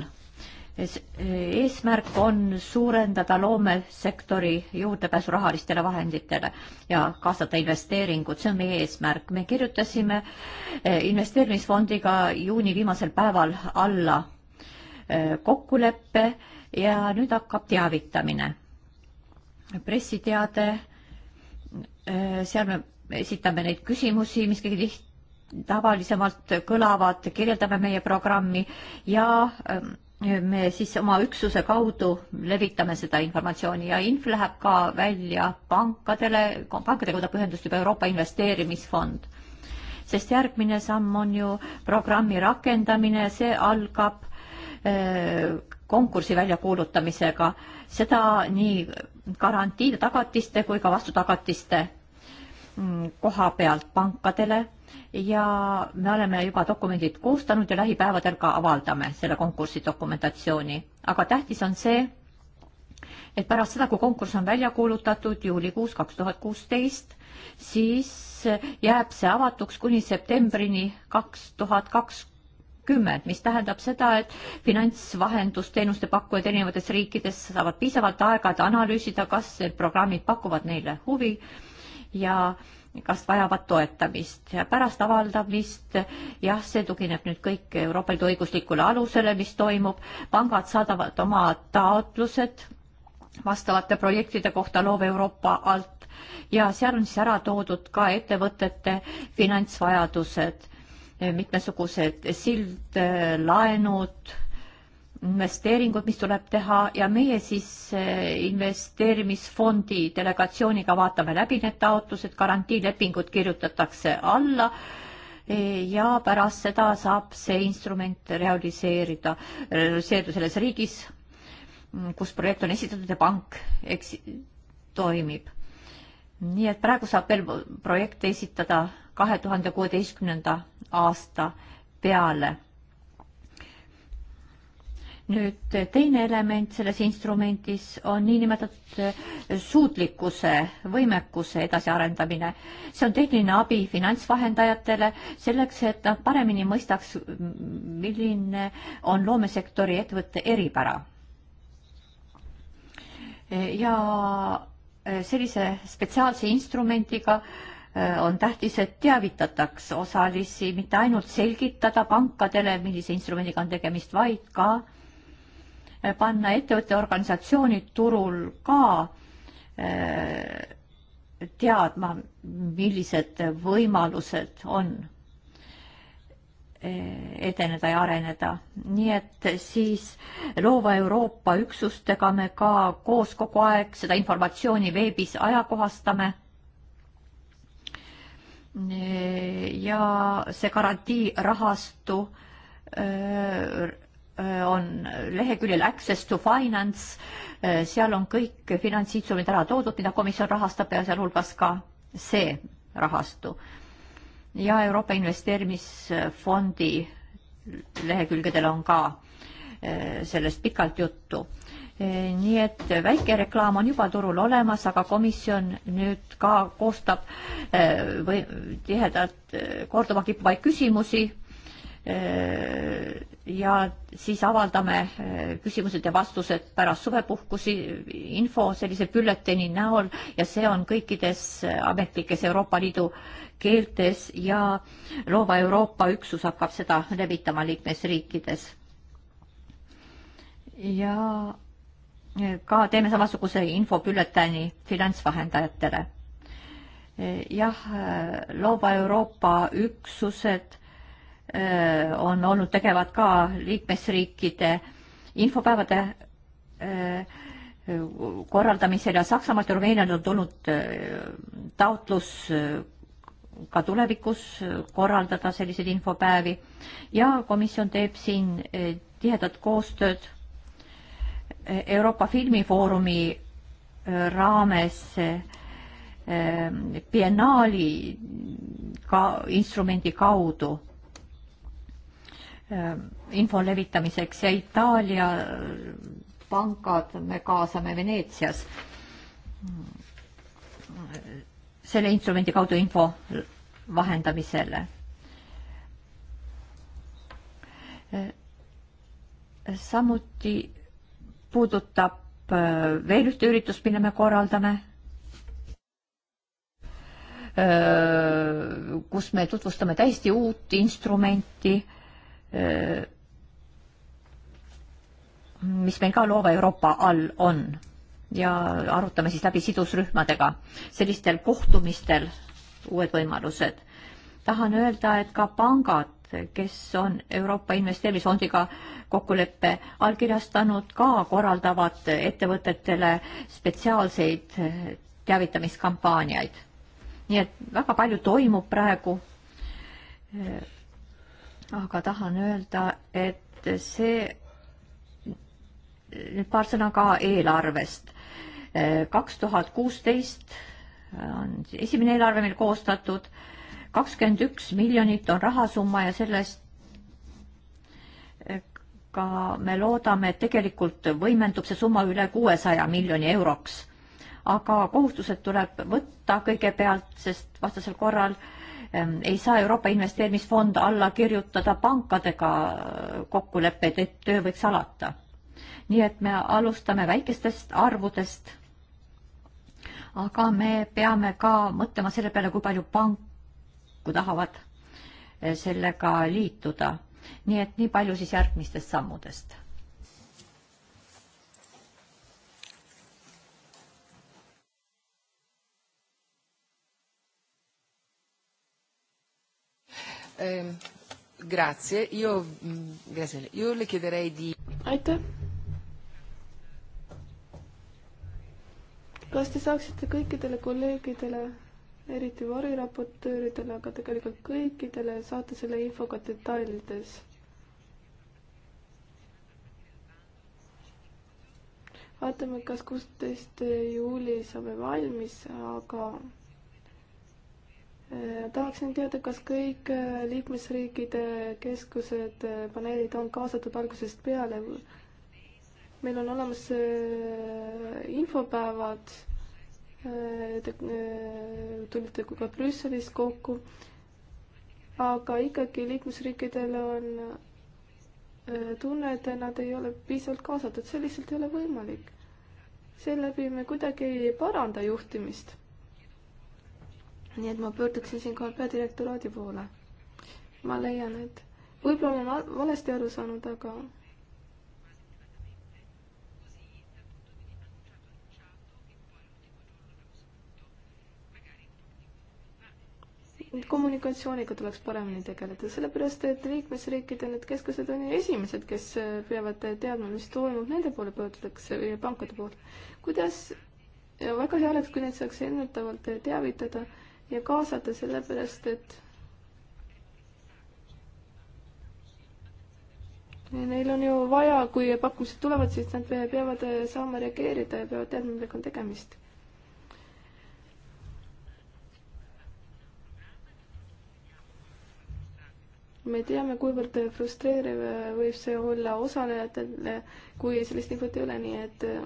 eesmärk on suurendada loomesektori juurdepääsu rahalistele vahenditele ja kaasata investeeringud, see on meie eesmärk. me kirjutasime eh, investeerimisfondiga juuni viimasel päeval alla kokkuleppe ja nüüd hakkab teavitamine. pressiteade, äh, seal me esitame neid küsimusi, mis kõige tiht-, tavalisemalt kõlavad, kirjeldame meie programmi ja ähm, me siis oma üksuse kaudu levitame seda informatsiooni ja inf läheb ka välja pankadele, pankadega võtab ühendust juba Euroopa Investeerimisfond. sest järgmine samm on ju programmi rakendamine, see algab äh, konkursi väljakuulutamisega, seda nii garantiide tagatiste kui ka vastutagatiste mm, koha pealt pankadele ja me oleme juba dokumendid koostanud ja lähipäevadel ka avaldame selle konkursi dokumentatsiooni. aga tähtis on see, et pärast seda, kui konkurss on välja kuulutatud juulikuus kaks tuhat kuusteist, siis jääb see avatuks kuni septembrini kaks tuhat kakskümmend kakskümmend, mis tähendab seda, et finantsvahendusteenuste pakkujad erinevates riikides saavad piisavalt aega, et analüüsida, kas need programmid pakuvad neile huvi ja kas vajavad toetamist ja pärast avaldamist, jah, see tugineb nüüd kõik Euroopa Liidu õiguslikule alusele, mis toimub, pangad saadavad oma taotlused vastavate projektide kohta loov Euroopa alt ja seal on siis ära toodud ka ettevõtete finantsvajadused mitmesugused sild, laenud, investeeringud, mis tuleb teha ja meie siis eh, investeerimisfondi delegatsiooniga vaatame läbi need taotlused, garantiilepingud kirjutatakse alla eh, ja pärast seda saab see instrument realiseerida, realiseerida eh, selles riigis, kus projekt on esitatud ja pank eks toimib. nii et praegu saab veel projekte esitada kahe tuhande kuueteistkümnenda aasta peale. nüüd teine element selles instrumendis on niinimetatud suutlikkuse, võimekuse edasiarendamine. see on tehniline abi finantsvahendajatele selleks, et nad paremini mõistaks, milline on loomesektori ettevõtte eripära ja sellise spetsiaalse instrumendiga Äh, on tähtis, et teavitataks osalisi, mitte ainult selgitada pankadele, millise instrumendiga on tegemist, vaid ka äh, panna ettevõtte organisatsioonid turul ka äh, teadma, millised võimalused on edeneda ja areneda. nii et siis loova Euroopa üksustega me ka koos kogu aeg seda informatsiooni veebis ajakohastame ja see garantiirahastu äh, äh, on leheküljel Access to Finance, äh, seal on kõik finantsinstrumendid ära toodud, mida komisjon rahastab ja sealhulgas ka see rahastu. ja Euroopa Investeerimisfondi lehekülgedel on ka sellest pikalt juttu. Eh, nii et väike reklaam on juba turul olemas, aga komisjon nüüd ka koostab eh, või tihedalt eh, korduma kippuvaid küsimusi. ja siis avaldame küsimused ja vastused pärast suvepuhkusi info sellise bülleteni näol ja see on kõikides ametlikes Euroopa Liidu keeltes ja loova Euroopa üksus hakkab seda levitama liikmesriikides. ja ka teeme samasuguse infobülletääni finantsvahendajatele. jah, Looba Euroopa üksused eh, on olnud tegevad ka liikmesriikide infopäevade eh, korraldamisel ja Saksamaalt ja Rumeenialt on tulnud eh, taotlus ka tulevikus korraldada selliseid infopäevi ja komisjon teeb siin tihedat koostööd Euroopa Filmifoorumi äh, raames äh, biennaali ka instrumendi kaudu äh, info levitamiseks ja Itaalia pangad me kaasame Veneetsias selle instrumendi kaudu info vahendamisele. samuti puudutab äh, veel ühte üritust, mille me korraldame, äh, kus me tutvustame täiesti uut instrumenti, äh, mis meil ka loova Euroopa all on ja arutame siis läbi sidusrühmadega sellistel kohtumistel uued võimalused. tahan öelda, et ka pangad kes on Euroopa Investeerimisfondiga kokkuleppe allkirjastanud, ka korraldavad ettevõtetele spetsiaalseid teavitamiskampaaniaid. nii et väga palju toimub praegu. aga tahan öelda, et see, nüüd paar sõna ka eelarvest. kaks tuhat kuusteist on esimene eelarve meil koostatud kakskümmend üks miljonit on rahasumma ja sellest ka me loodame, et tegelikult võimendub see summa üle kuuesaja miljoni euroks. aga kohustused tuleb võtta kõigepealt, sest vastasel korral ähm, ei saa Euroopa Investeerimisfond alla kirjutada pankadega kokkuleppeid, et töö võiks alata. nii et me alustame väikestest arvudest aga me peame ka mõtlema selle peale, kui palju pank kui tahavad eh, sellega liituda. nii et nii palju siis järgmistest sammudest. Ehm, grazie, io, mm, grazie, io le chiederei di... aitäh. kas te saaksite kõikidele kolleegidele eriti variraportööridele, aga tegelikult kõikidele, saate selle info ka detailides. vaatame, kas kuusteist juuli saame valmis, aga äh, tahaksin teada, kas kõik äh, liikmesriikide keskused, äh, paneelid on kaasatud algusest peale. meil on olemas infopäevad Äh, te äh, tulite ka Brüsselis kokku, aga ikkagi liikmesriikidel on äh, tunne, et nad ei ole piisavalt kaasatud, see lihtsalt ei ole võimalik. seeläbi me kuidagi ei paranda juhtimist. nii et ma pöörduksin siinkohal peadirektoraadi poole. ma leian, et võib-olla olen valesti aru saanud, aga kommunikatsiooniga tuleks paremini tegeleda, sellepärast et liikmesriikide need keskused on ju esimesed, kes äh, peavad teadma, mis toimub, nende poole pöördutakse, pankade poole. kuidas, väga hea oleks, kui neid saaks ennetavalt teavitada ja kaasata, sellepärast et ja neil on ju vaja, kui pakkumised tulevad, siis nad peavad saama reageerida ja peavad teadma, millega on tegemist me teame, kuivõrd frustreeriv võib see olla osalejatele, kui sellist infot ei ole, nii et äh,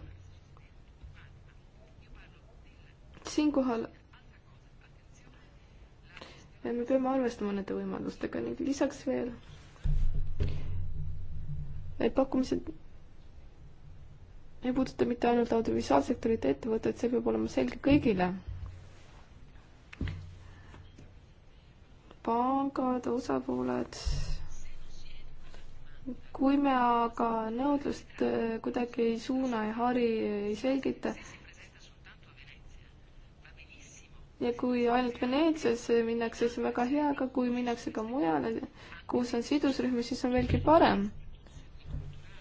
siinkohal me peame arvestama nende võimalustega ning lisaks veel pakkumised ei puuduta mitte ainult audiovisuaalsektorit ja ettevõtet, see peab olema selge kõigile pangad, osapooled. kui me aga nõudlust äh, kuidagi ei suuna, ei hari, ei selgita, ja kui ainult Veneetsiasse minnakse, siis on väga hea, aga kui minnakse ka mujale, kus on sidusrühmi, siis on veelgi parem.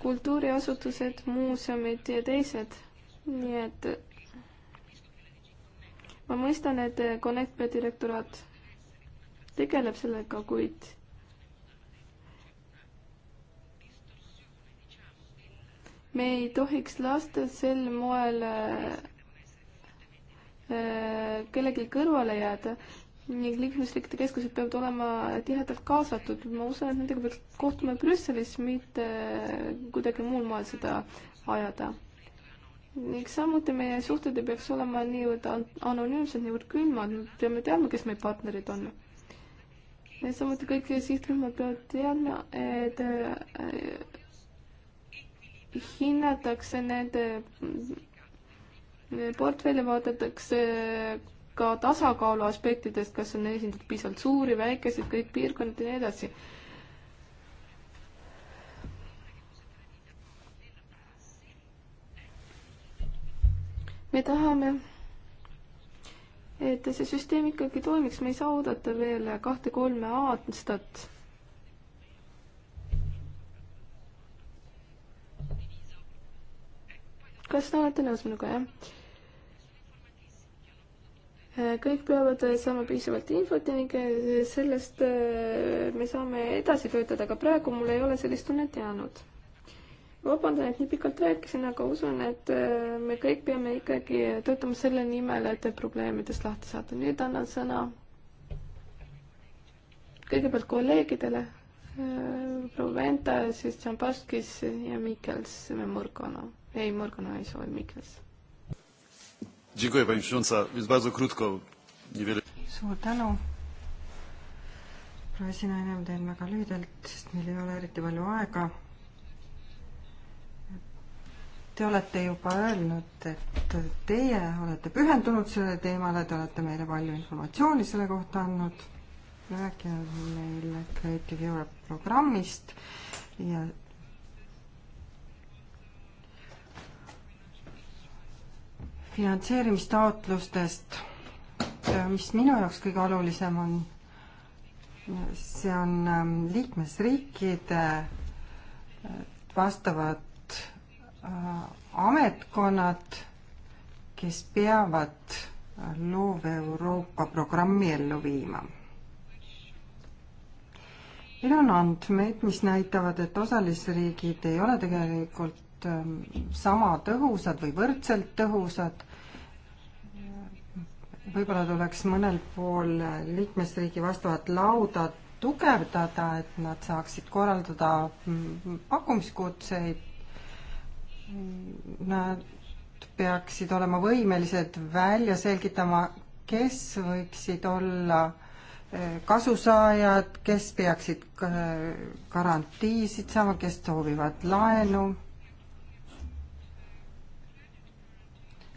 kultuuriasutused, muuseumid ja teised, nii et ma mõistan, et Connectme direktoraat tegeleb sellega, kuid me ei tohiks lasta sel moel äh, äh, kellelgi kõrvale jääda ning liikmesriikide keskused peavad olema tihedalt kaasatud. ma usun, et nendega peaks kohtuma Brüsselis, mitte kuidagi muul moel seda ajada. ning samuti meie suhted ei peaks olema niivõrd anonüümsed, niivõrd külmad, me peame teadma, kes meie partnerid on samuti kõik sihtrühmad peavad teadma, et äh, hinnatakse nende äh, portfelle, vaadatakse äh, ka tasakaalu aspektidest, kas on esindatud piisavalt suuri, väikeseid, kõik piirkonnad ja nii edasi me tahame et see süsteem ikkagi toimiks, me ei saa oodata veel kahte-kolme aastat. kas te olete nõus minuga, jah? kõik peavad saama piisavalt infot ja ning sellest eh, me saame edasi töötada, aga praegu mul ei ole sellist tunnet jäänud vabandan, et nii pikalt rääkisin, aga usun, et äh, me kõik peame ikkagi töötama selle nimel, et probleemidest lahti saada. nüüd annan sõna kõigepealt kolleegidele, äh, proua Venta, siis Tšambaskis ja Mikels Murgano. ei, Murgano ei soovi, Mikels. suur tänu. proua esinaine, ma teen väga lühidalt, sest meil ei ole eriti palju aega Te olete juba öelnud, et teie olete pühendunud sellele teemale, te olete meile palju informatsiooni selle kohta andnud, rääkinud meile Creative Europe programmist ja finantseerimistaotlustest, mis minu jaoks kõige olulisem on, see on ähm, liikmesriikide äh, vastavad Äh, ametkonnad, kes peavad Loov Euroopa programmi ellu viima. meil on andmeid, mis näitavad, et osalisriigid ei ole tegelikult ähm, sama tõhusad või võrdselt tõhusad. võib-olla tuleks mõnel pool liikmesriigi vastavat lauda tugevdada, et nad saaksid korraldada mm, pakkumiskutseid nad peaksid olema võimelised välja selgitama, kes võiksid olla eh, kasusaajad, kes peaksid eh, garantiisid saama, kes soovivad laenu.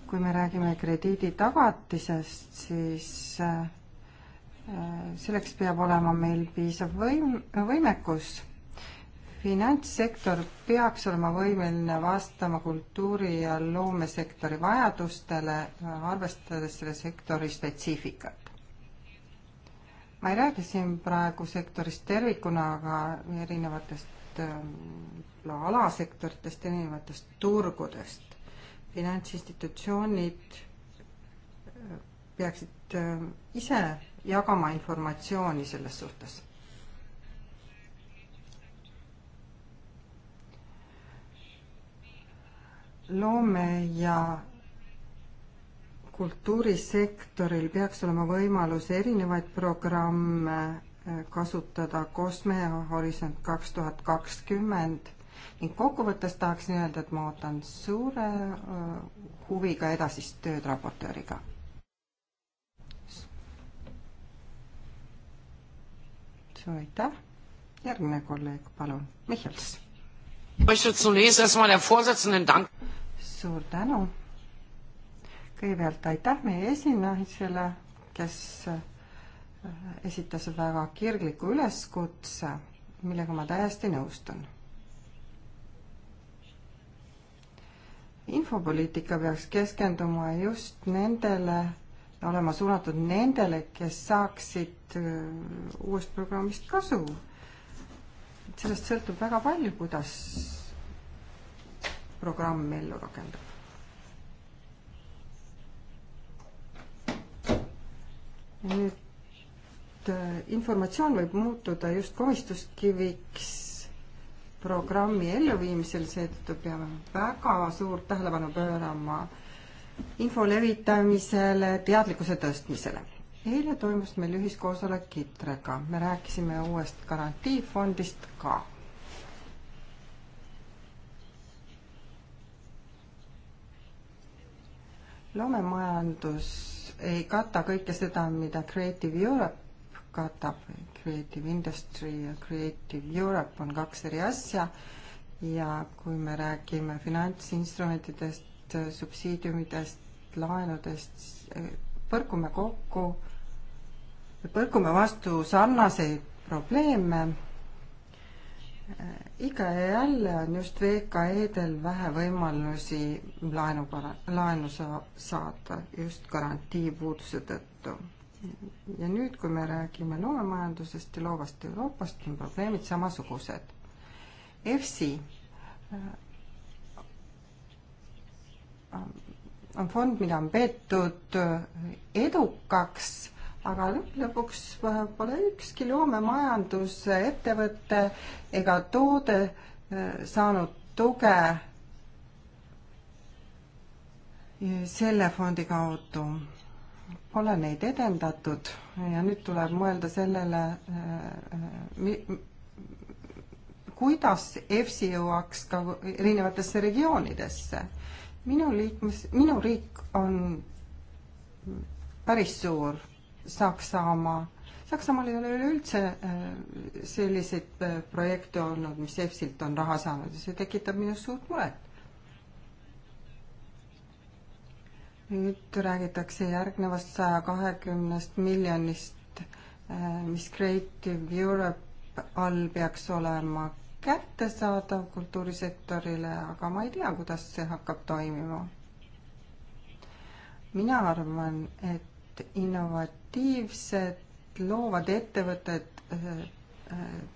kui me räägime krediiditagatisest, siis eh, selleks peab olema meil piisav võim, võimekus finantssektor peaks olema võimeline vastama kultuuri- ja loomesektori vajadustele, arvestades selle sektori spetsiifikat. ma ei räägi siin praegu sektorist tervikuna, aga erinevatest ähm, alasektoritest, erinevatest turgudest. finantsinstitutsioonid äh, peaksid ähm, ise jagama informatsiooni selles suhtes loome- ja kultuurisektoril peaks olema võimalus erinevaid programme äh, kasutada Kosme ja Horisont kaks tuhat kakskümmend ning kokkuvõttes tahaksin öelda, et ma ootan suure äh, huviga edasist tööd raportööriga. suur aitäh, järgmine kolleeg, palun, Michals suur tänu. kõigepealt aitäh meie esinaisele, kes äh, esitas väga kirgliku üleskutse, millega ma täiesti nõustun infopoliitika peaks keskenduma just nendele, olema suunatud nendele, kes saaksid äh, uuest programmist kasu sellest sõltub väga palju, kuidas programm ellu rakendub. nüüd äh, informatsioon võib muutuda just komistuskiviks programmi elluviimisel, seetõttu peame väga suurt tähelepanu pöörama info levitamisele, teadlikkuse tõstmisele eile toimus meil ühiskoosolek Kitrega, me rääkisime uuest garantiifondist ka. loomemajandus ei kata kõike seda, mida Creative Europe katab, Creative Industry ja Creative Europe on kaks eri asja ja kui me räägime finantsinstrumentidest, subsiidiumidest, laenudest, põrkume kokku põrkume vastu sarnaseid probleeme. ikka ja jälle on just VKE-del vähe võimalusi laenu, laenu saada just garantiipuuduse tõttu. ja nüüd, kui me räägime loomemajandusest ja loovast Euroopast, on probleemid samasugused. EFSI äh, äh, on fond, mida on peetud edukaks aga lõpuks pole ükski loomemajanduse ettevõte ega toode äh, saanud tuge selle fondi kaudu. Pole neid edendatud ja nüüd tuleb mõelda sellele, äh, äh, kuidas EFSI jõuaks ka erinevatesse regioonidesse. minu liikmes, minu riik on päris suur Saksamaa. Saksamaal ei ole üleüldse äh, selliseid äh, projekte olnud, mis EFSilt on raha saanud ja see tekitab minus suurt muret. nüüd räägitakse järgnevast saja kahekümnest miljonist, äh, mis Creative Europe all peaks olema kättesaadav kultuurisektorile, aga ma ei tea, kuidas see hakkab toimima. mina arvan, et et innovatiivsed loovad ettevõtted äh, äh,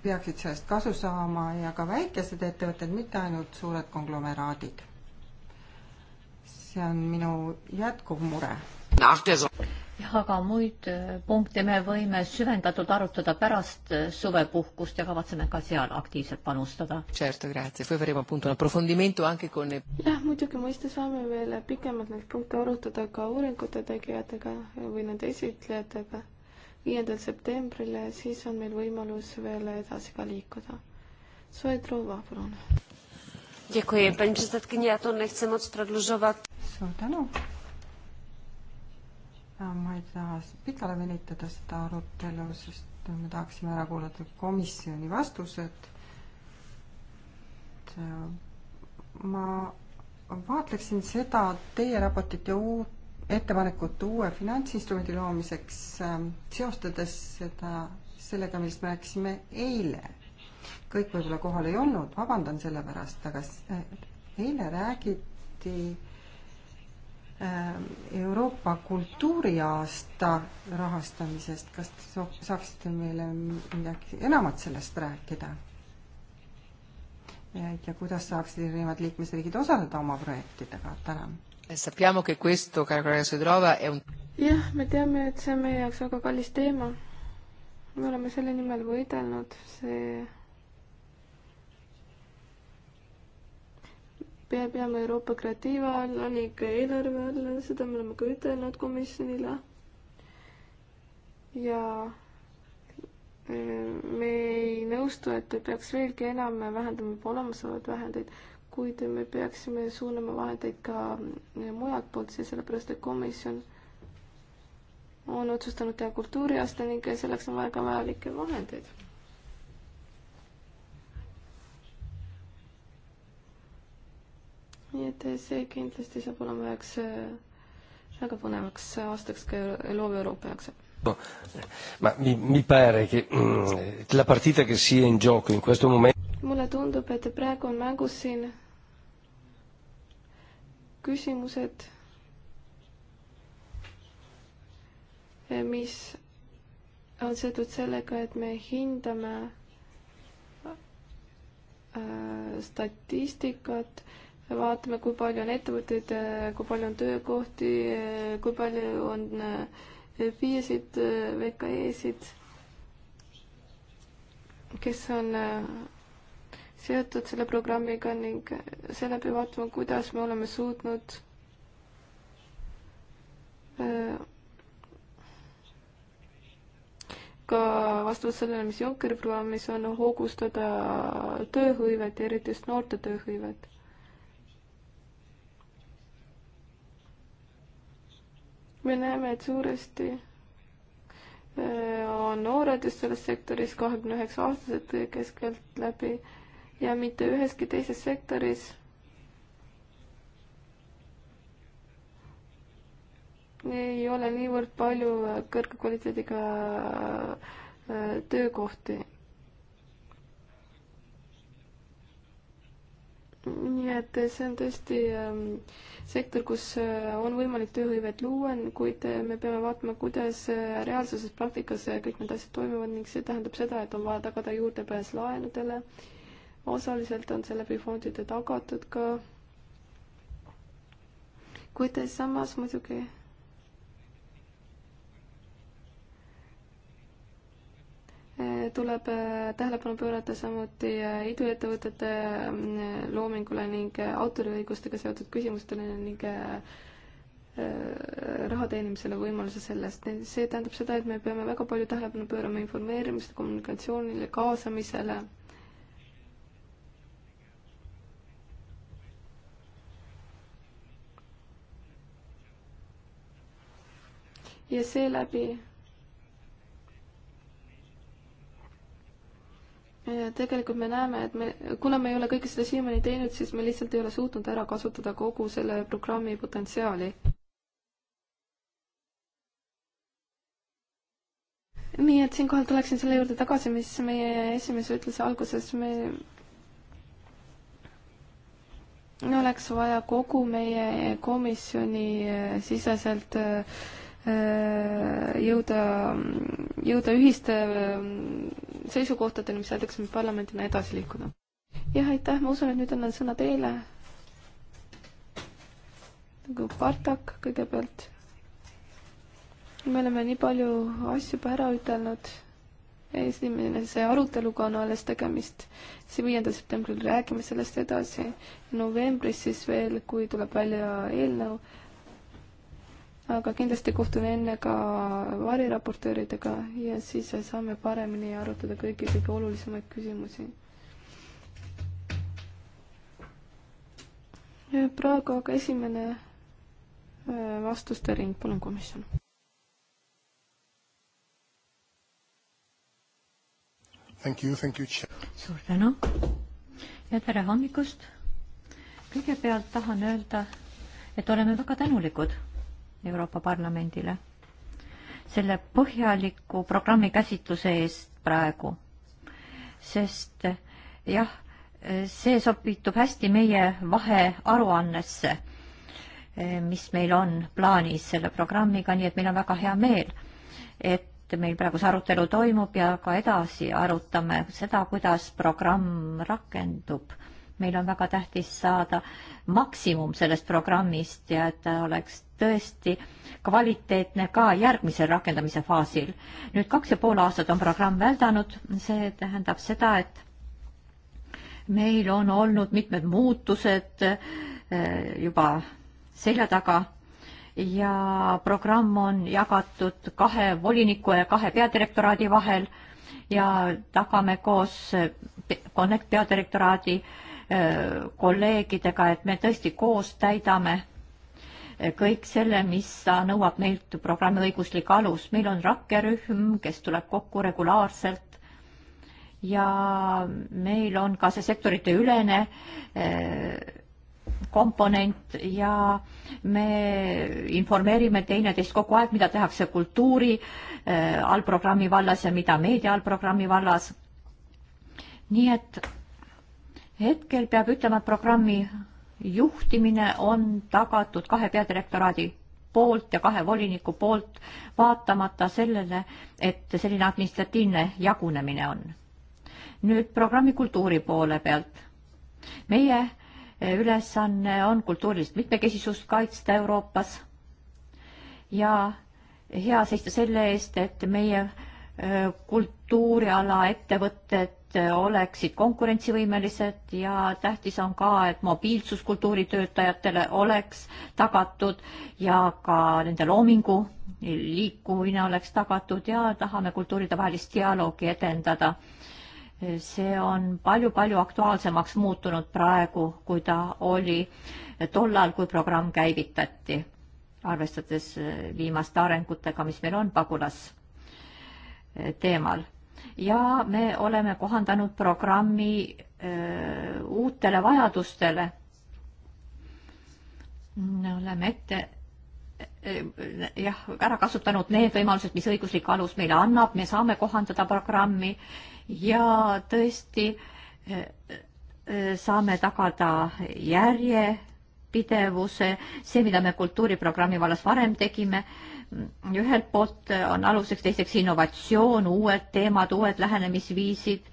peaksid sellest kasu saama ja ka väikesed ettevõtted, mitte ainult suured konglomeraadid. see on minu jätkuv mure ja ka muid äh, punkte me võime süvendatult arutada pärast äh, suvepuhkust ja kavatseme ka seal aktiivselt panustada. jah, muidugi mõista saame veel pikemalt neid punkte arutada ka uuringute tegijatega või nende esitlejatega viiendal septembril ja siis on meil võimalus veel edasi ka liikuda. Soetrova, palun. suur tänu. Äh, ma ei taha pikale venitada seda arutelu, sest me tahaksime ära kuulata komisjoni vastused. Äh, ma vaatleksin seda teie raportit ja uut ettepanekut uue finantsinstrumendi loomiseks äh, seostades seda sellega, millest me rääkisime eile. kõik võib-olla kohal ei olnud, vabandan selle pärast, aga eile räägiti Äh, Euroopa kultuuriaasta rahastamisest, kas te saaksite meile midagi enamat sellest rääkida? ja kuidas saaksid erinevad liikmesriigid osaleda oma projektidega, tänan. E jah, me teame, et see on meie jaoks väga kallis teema. me oleme selle nimel võidelnud, see peab jääma Euroopa kreatiiva alla ning eelarve alla, seda me oleme ka ütelnud komisjonile. ja e, me ei nõustu, et peaks veelgi enam vähendama juba olemasolevaid vahendeid, kuid me peaksime suunama vahendeid ka mujalt poolt, sellepärast et komisjon on otsustanud teha kultuuriaasta ning selleks on väga vajalikke vahendeid nii et see kindlasti saab olema üheks äh, väga põnevaks aastaks ka loova Euroopa jaoks. Ma mi, mi pare che mm, la partita che sia in gioco in questo momento mulle tundub, et praegu on mängus siin küsimused, eh, mis on seotud sellega, et me hindame eh, statistikat äh, vaatame, kui palju on ettevõtteid, kui palju on töökohti, kui palju on eh, FIE-sid, eh, VKE-sid, kes on eh, seotud selle programmiga ning seeläbi vaatama, kuidas me oleme suutnud ka vastavalt sellele, mis Junckeri programmis on, hoogustada tööhõivet ja eriti just noorte tööhõivet me näeme, et suuresti äh, on noored just selles sektoris, kahekümne üheksa aastased keskeltläbi ja mitte üheski teises sektoris ei ole niivõrd palju kõrge kvaliteediga äh, töökohti nii et see on tõesti ähm, sektor, kus äh, on võimalik tööhõivet luua, kuid äh, me peame vaatama, kuidas äh, reaalsuses, praktikas kõik need asjad toimuvad ning see tähendab seda, et on vaja tagada juurdepääs laenudele. osaliselt on see läbi fondide tagatud ka. kuid samas muidugi Eh, tuleb eh, tähelepanu pöörata samuti eh, iduettevõtete mm, loomingule ning autoriõigustega seotud küsimustele ning raha teenimisele võimaluse sellest. see tähendab seda, et me peame väga palju tähelepanu pöörama informeerimisele, kommunikatsioonile, kaasamisele. ja seeläbi tegelikult me näeme, et me, kuna me ei ole kõike seda siiamaani teinud, siis me lihtsalt ei ole suutnud ära kasutada kogu selle programmi potentsiaali. nii et siinkohal tuleksin selle juurde tagasi, mis meie esimees ütles alguses, me oleks vaja kogu meie komisjoni eh, siseselt äh, Äh, jõuda, jõuda ühiste ähm, seisukohtadeni, mis aitaks meil parlamendina edasi liikuda. jah, aitäh, ma usun, et nüüd annan sõna teile. nagu Bartak kõigepealt. me oleme nii palju asju juba ära ütelnud. esimene, see aruteluga on alles tegemist. see viiendal septembril räägime sellest edasi. novembris siis veel, kui tuleb välja eelnõu aga kindlasti kohtun enne ka variraportööridega ja siis saame paremini arutada kõiki kõige olulisemaid küsimusi. praegu aga esimene äh, vastuste ring, palun komisjon. suur tänu ja tere hommikust. kõigepealt tahan öelda, et oleme väga tänulikud Euroopa Parlamendile selle põhjaliku programmi käsitluse eest praegu, sest jah, see sobitub hästi meie vahearuannesse, mis meil on plaanis selle programmiga, nii et meil on väga hea meel, et meil praegu see arutelu toimub ja ka edasi arutame seda, kuidas programm rakendub meil on väga tähtis saada maksimum sellest programmist ja et ta oleks tõesti kvaliteetne ka järgmisel rakendamise faasil. nüüd kaks ja pool aastat on programm väldanud, see tähendab seda, et meil on olnud mitmed muutused eh, juba selja taga ja programm on jagatud kahe voliniku ja kahe peadirektoraadi vahel ja tagame koos Connect peadirektoraadi äh, kolleegidega, et me tõesti koos täidame kõik selle, mis nõuab meilt programmi õiguslik alus. meil on rakkerühm, kes tuleb kokku regulaarselt ja meil on ka see sektorite ülene eh, komponent ja me informeerime teineteist kogu aeg, mida tehakse kultuuri eh, allprogrammi vallas ja mida meedia allprogrammi vallas. nii et hetkel peab ütlema, et programmi juhtimine on tagatud kahe peadirektoraadi poolt ja kahe voliniku poolt, vaatamata sellele, et selline administratiivne jagunemine on. nüüd programmi kultuuri poole pealt. meie eh, ülesanne on kultuurilist mitmekesisust kaitsta Euroopas ja hea seista selle eest, et meie eh, kultuuriala ettevõtted oleksid konkurentsivõimelised ja tähtis on ka, et mobiilsus kultuuritöötajatele oleks tagatud ja ka nende loomingu liikumine oleks tagatud ja tahame kultuuride vahelist dialoogi edendada. see on palju-palju aktuaalsemaks muutunud praegu, kui ta oli tollal, kui programm käivitati, arvestades viimaste arengutega, mis meil on pagulas teemal ja me oleme kohandanud programmi öö, uutele vajadustele. me oleme ette jah, ära kasutanud need võimalused, mis õiguslik alus meile annab, me saame kohandada programmi ja tõesti saame tagada järjepidevuse, see, mida me kultuuriprogrammi vallas varem tegime ühelt poolt on aluseks teiseks innovatsioon, uued teemad, uued lähenemisviisid.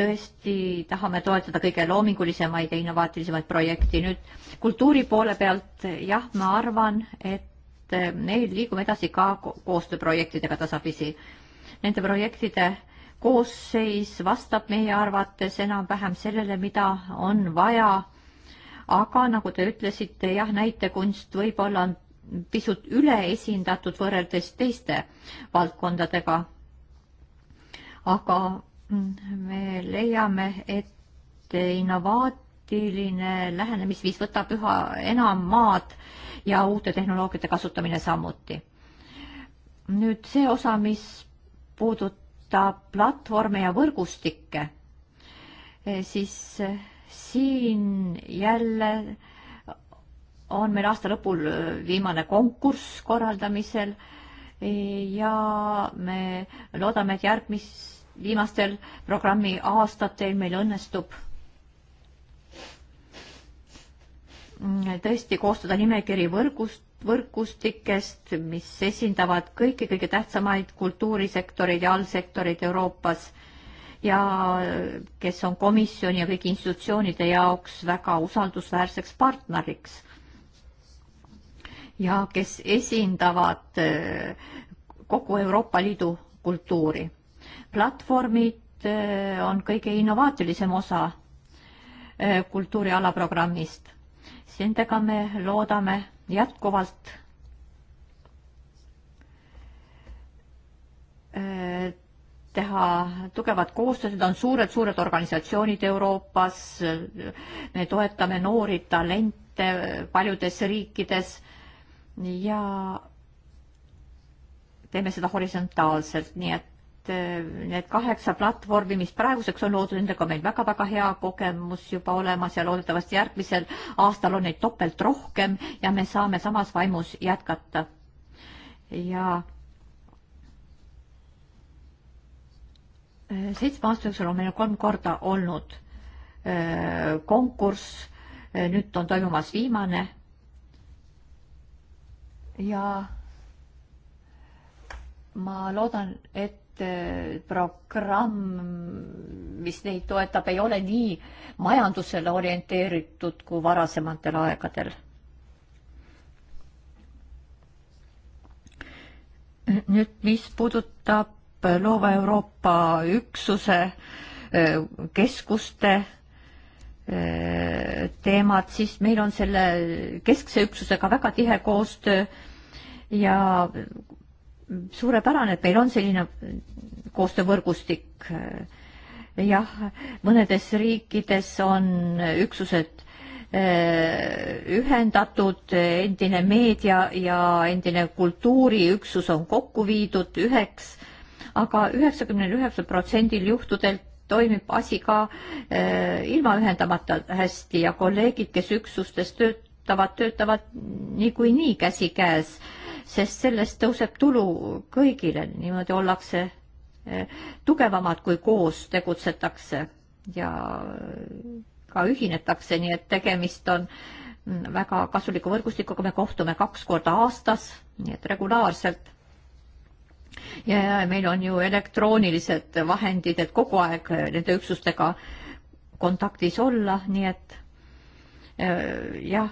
tõesti tahame toetada kõige loomingulisemaid ja innovaatilisemaid projekti. nüüd kultuuri poole pealt, jah, ma arvan, et eh, meil liigume edasi ka koostööprojektidega tasapisi. Nende projektide koosseis vastab meie arvates enam-vähem sellele, mida on vaja aga nagu te ütlesite, jah, näitekunst võib-olla on pisut üleesindatud võrreldes teiste valdkondadega. aga me leiame, et innovaatiline lähenemisviis võtab üha enam maad ja uute tehnoloogiate kasutamine samuti. nüüd see osa, mis puudutab platvorme ja võrgustikke, eh, siis eh, siin jälle on meil aasta lõpul äh, viimane konkurss korraldamisel e, ja me loodame, et järgmis, viimastel programmi aastatel meil õnnestub mm, tõesti koostada nimekiri võrgust, võrgustikest, mis esindavad kõiki kõige tähtsamaid kultuurisektoreid ja allsektoreid Euroopas ja kes on komisjoni ja kõigi institutsioonide jaoks väga usaldusväärseks partneriks ja kes esindavad äh, kogu Euroopa Liidu kultuuri. platvormid äh, on kõige innovaatilisem osa äh, kultuuri alaprogrammist. Nendega me loodame jätkuvalt teha tugevat koostööd, need on suured-suured organisatsioonid Euroopas, me toetame noori talente paljudes riikides ja teeme seda horisontaalselt, nii et äh, need kaheksa platvormi, mis praeguseks on loodud, nendega on meil väga-väga hea kogemus juba olemas ja loodetavasti järgmisel aastal on neid topelt rohkem ja me saame samas vaimus jätkata. ja äh, seitsme aasta jooksul on meil kolm korda olnud äh, konkurss, nüüd on toimumas viimane ja ma loodan, et äh, programm, mis neid toetab, ei ole nii majandusele orienteeritud kui varasematel aegadel. nüüd, mis puudutab loova Euroopa üksuse äh, keskuste Äh, teemat, siis meil on selle keskse üksusega väga tihe koostöö ja suurepärane, et meil on selline koostöövõrgustik. jah, mõnedes riikides on üksused äh, ühendatud, endine meedia ja endine kultuuriüksus on kokku viidud üheks aga, aga üheksakümnel üheksal protsendil juhtudelt toimib asi ka eh, ilma ühendamata hästi ja kolleegid, kes üksustes töötavad, töötavad niikuinii käsikäes, sest sellest tõuseb tulu kõigile, niimoodi ollakse eh, tugevamad, kui koos tegutsetakse ja eh, ka ühinetakse, nii et tegemist on mm, väga kasuliku võrgustikuga, me kohtume kaks korda aastas, nii et regulaarselt ja meil on ju elektroonilised vahendid, et kogu aeg nende üksustega kontaktis olla, nii et äh, jah,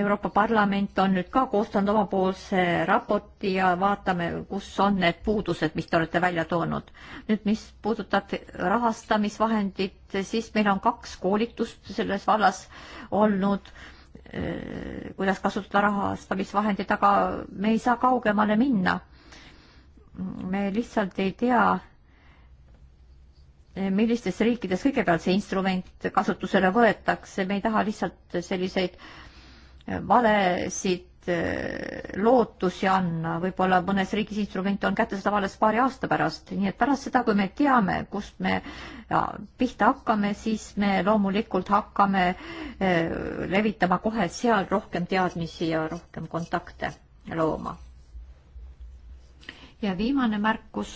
Euroopa Parlament on nüüd ka koostanud omapoolse raporti ja vaatame, kus on need puudused, mis te olete välja toonud. nüüd, mis puudutab rahastamisvahendit, siis meil on kaks koolitust selles vallas olnud äh, kuidas kasutada rahastamisvahendit, aga me ei saa kaugemale minna me lihtsalt ei tea, millistes riikides kõigepealt see instrument kasutusele võetakse, me ei taha lihtsalt selliseid valesid äh, lootusi anna, võib-olla mõnes riigis instrument on kättesaadav alles paari aasta pärast, nii et pärast seda, kui me teame, kust me ja, pihta hakkame, siis me loomulikult hakkame eh, levitama kohe seal rohkem teadmisi ja rohkem kontakte looma ja viimane märkus,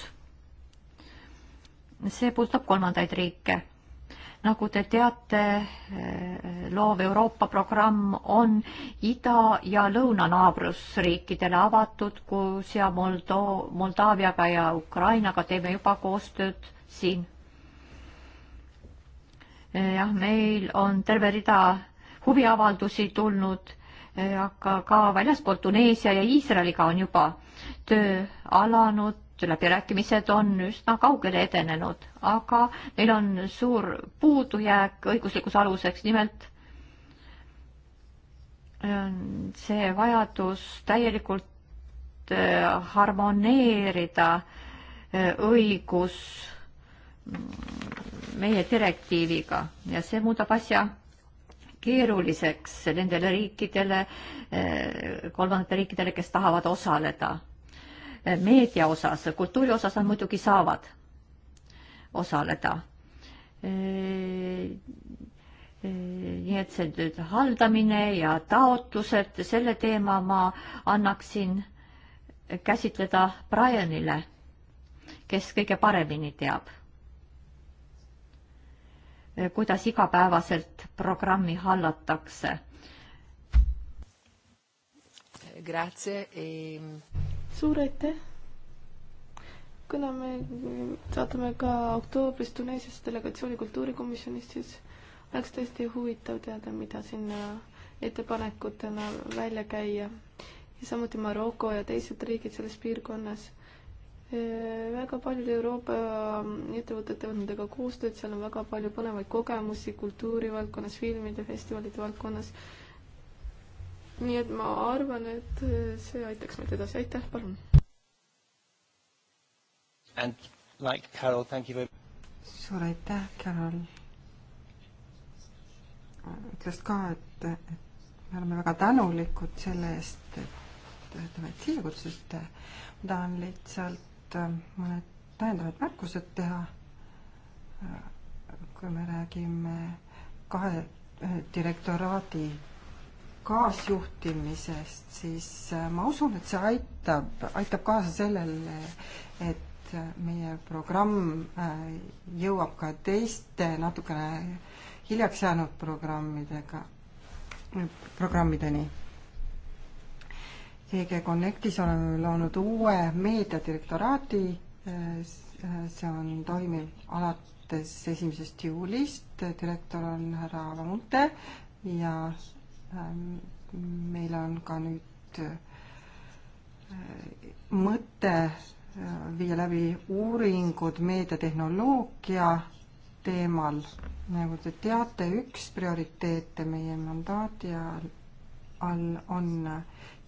see puudutab kolmandaid riike. nagu te teate, loov Euroopa programm on ida- ja lõunanaabrusriikidele avatud, kus ja Moldo-, Moldaaviaga ja Ukrainaga teeme juba koostööd siin. jah, meil on terve rida huviavaldusi tulnud, aga ka väljaspoolt Tuneesia ja Iisraeliga on juba töö alanud, läbirääkimised on üsna kaugele edenenud, aga meil on suur puudujääk õiguslikuks aluseks, nimelt äh, see vajadus täielikult äh, harmoneerida äh, õigus mm, meie direktiiviga ja see muudab asja keeruliseks nendele riikidele, kolmandatele riikidele, kes tahavad osaleda meedia osas, kultuuri osas nad muidugi saavad osaleda. nii et see nüüd haldamine ja taotlused, selle teema ma annaksin käsitleda Brianile, kes kõige paremini teab, kuidas igapäevaselt programmi hallatakse. Grazie e suur aitäh! kuna me saadame ka oktoobris Tuneesias delegatsiooni kultuurikomisjonist, siis oleks tõesti huvitav teada, mida sinna äh, ettepanekutena välja käia. ja samuti Maroko ja teised riigid selles piirkonnas. Äh, väga paljud Euroopa ähm, ettevõtted teevad nendega koostööd, seal on väga palju põnevaid kogemusi kultuurivaldkonnas, filmide, festivalide valdkonnas, valdkonnas nii et ma arvan, et äh, see aitaks meid edasi, aitäh, palun. And like Carol, thank you very suur aitäh, Carol. ütles ka, et, et me oleme väga tänulikud selle eest, et te meid siia kutsusite. ma tahan lihtsalt äh, mõned täiendavad märkused teha. Äh, kui me räägime kahe direktoraadi kaasjuhtimisest, siis äh, ma usun, et see aitab, aitab kaasa sellele, et äh, meie programm äh, jõuab ka teiste natukene hiljaks jäänud programmidega, programmideni. EG Connectis oleme loonud uue meediadirektoraadi, see on toimiv alates esimesest juulist, direktor on härra Aava Munte ja Ähm, meil on ka nüüd äh, mõte äh, viia läbi uuringud meediatehnoloogia teemal. nagu te teate, üks prioriteete meie mandaadi all, all on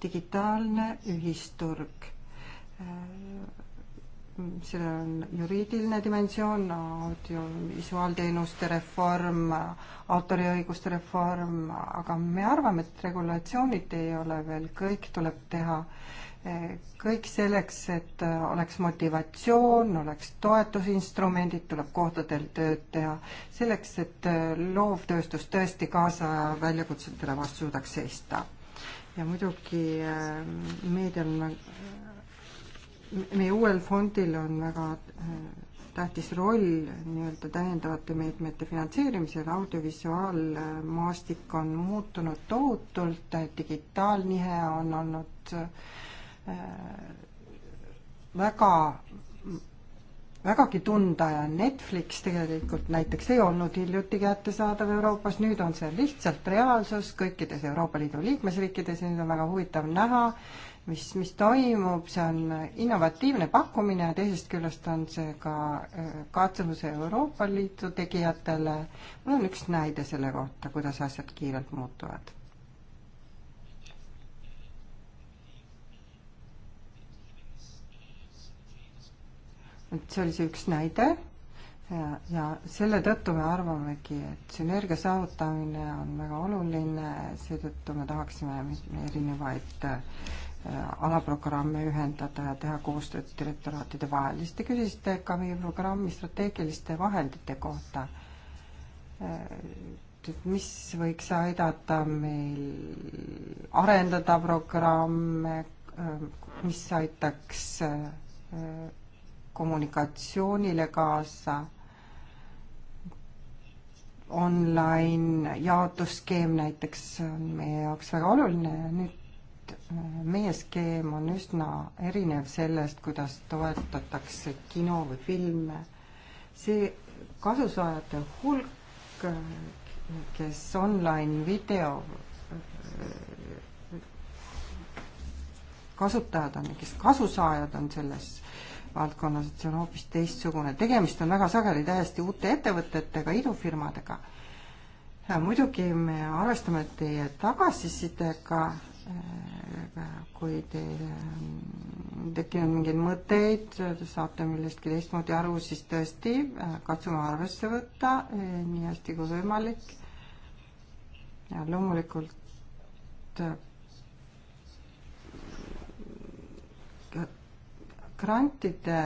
digitaalne ühisturg äh, sellel on juriidiline dimensioon, audiovisuaalteenuste reform, autoriõiguste reform, aga me arvame, et regulatsioonid ei ole veel kõik, tuleb teha eh, kõik selleks, et eh, oleks motivatsioon, oleks toetusinstrumendid, tuleb kohtadel tööd teha, selleks, et eh, loovtööstus tõesti kaasaja väljakutsetele vastu suudaks seista. ja muidugi meedial on meie uuel fondil on väga äh, tähtis roll nii-öelda täiendavate meetmete finantseerimisel, audiovisuaalmaastik on muutunud tohutult, digitaalnihe on olnud äh, väga, vägagi tunda ja Netflix tegelikult näiteks ei olnud hiljuti kättesaadav Euroopas, nüüd on see lihtsalt reaalsus kõikides Euroopa Liidu liikmesriikides ja nüüd on väga huvitav näha, mis, mis toimub, see on innovatiivne pakkumine ja teisest küljest on see ka äh, katsumuse Euroopa Liidu tegijatele. mul on üks näide selle kohta, kuidas asjad kiirelt muutuvad. et see oli see üks näide ja, ja selle tõttu me arvamegi, et sünergia saavutamine on väga oluline, seetõttu me tahaksime erinevaid äh, Äh, alaprogramme ühendada ja teha koostööd direktoraatide vahel. siis te küsisite ka meie programmi strateegiliste vahendite kohta. Äh, et mis võiks aidata meil arendada programme, äh, mis aitaks kommunikatsioonile kaasa online jaotusskeem näiteks on meie jaoks väga oluline ja nüüd meie skeem on üsna erinev sellest, kuidas toetatakse kino või filme. see kasusaajate hulk, kes online video kasutajad on ja kes kasusaajad on selles valdkonnas, et see on hoopis teistsugune. tegemist on väga sageli täiesti uute ettevõtetega, idufirmadega. muidugi me arvestame teie tagasisidega kui teil on ähm, tekkinud mingeid mõtteid, saate millestki teistmoodi aru, siis tõesti äh, katsume arvesse võtta äh, nii hästi kui võimalik. ja loomulikult äh, grantide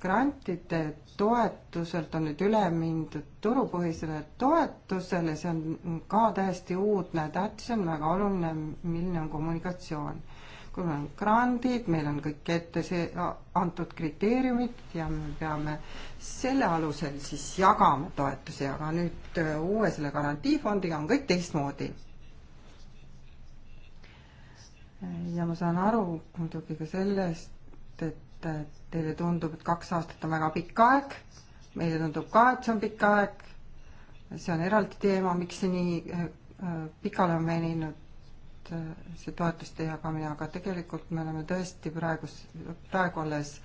grantide toetuselt on nüüd üle mindud turupõhisele toetusele, see on ka täiesti uudne, tähtis on väga oluline, milline on kommunikatsioon. kui meil on grandid, meil on kõik ette see, antud kriteeriumid ja me peame selle alusel siis jagama toetusi, aga nüüd äh, uue selle garantiifondiga on kõik teistmoodi ja ma saan aru muidugi ka sellest, et et teile tundub, et kaks aastat on väga pikk aeg, meile tundub ka, et see on pikk aeg, see on eraldi teema, miks see nii eh, eh, pikale on veninud, eh, see toetuste jagamine, aga tegelikult me oleme tõesti praegus, praegu alles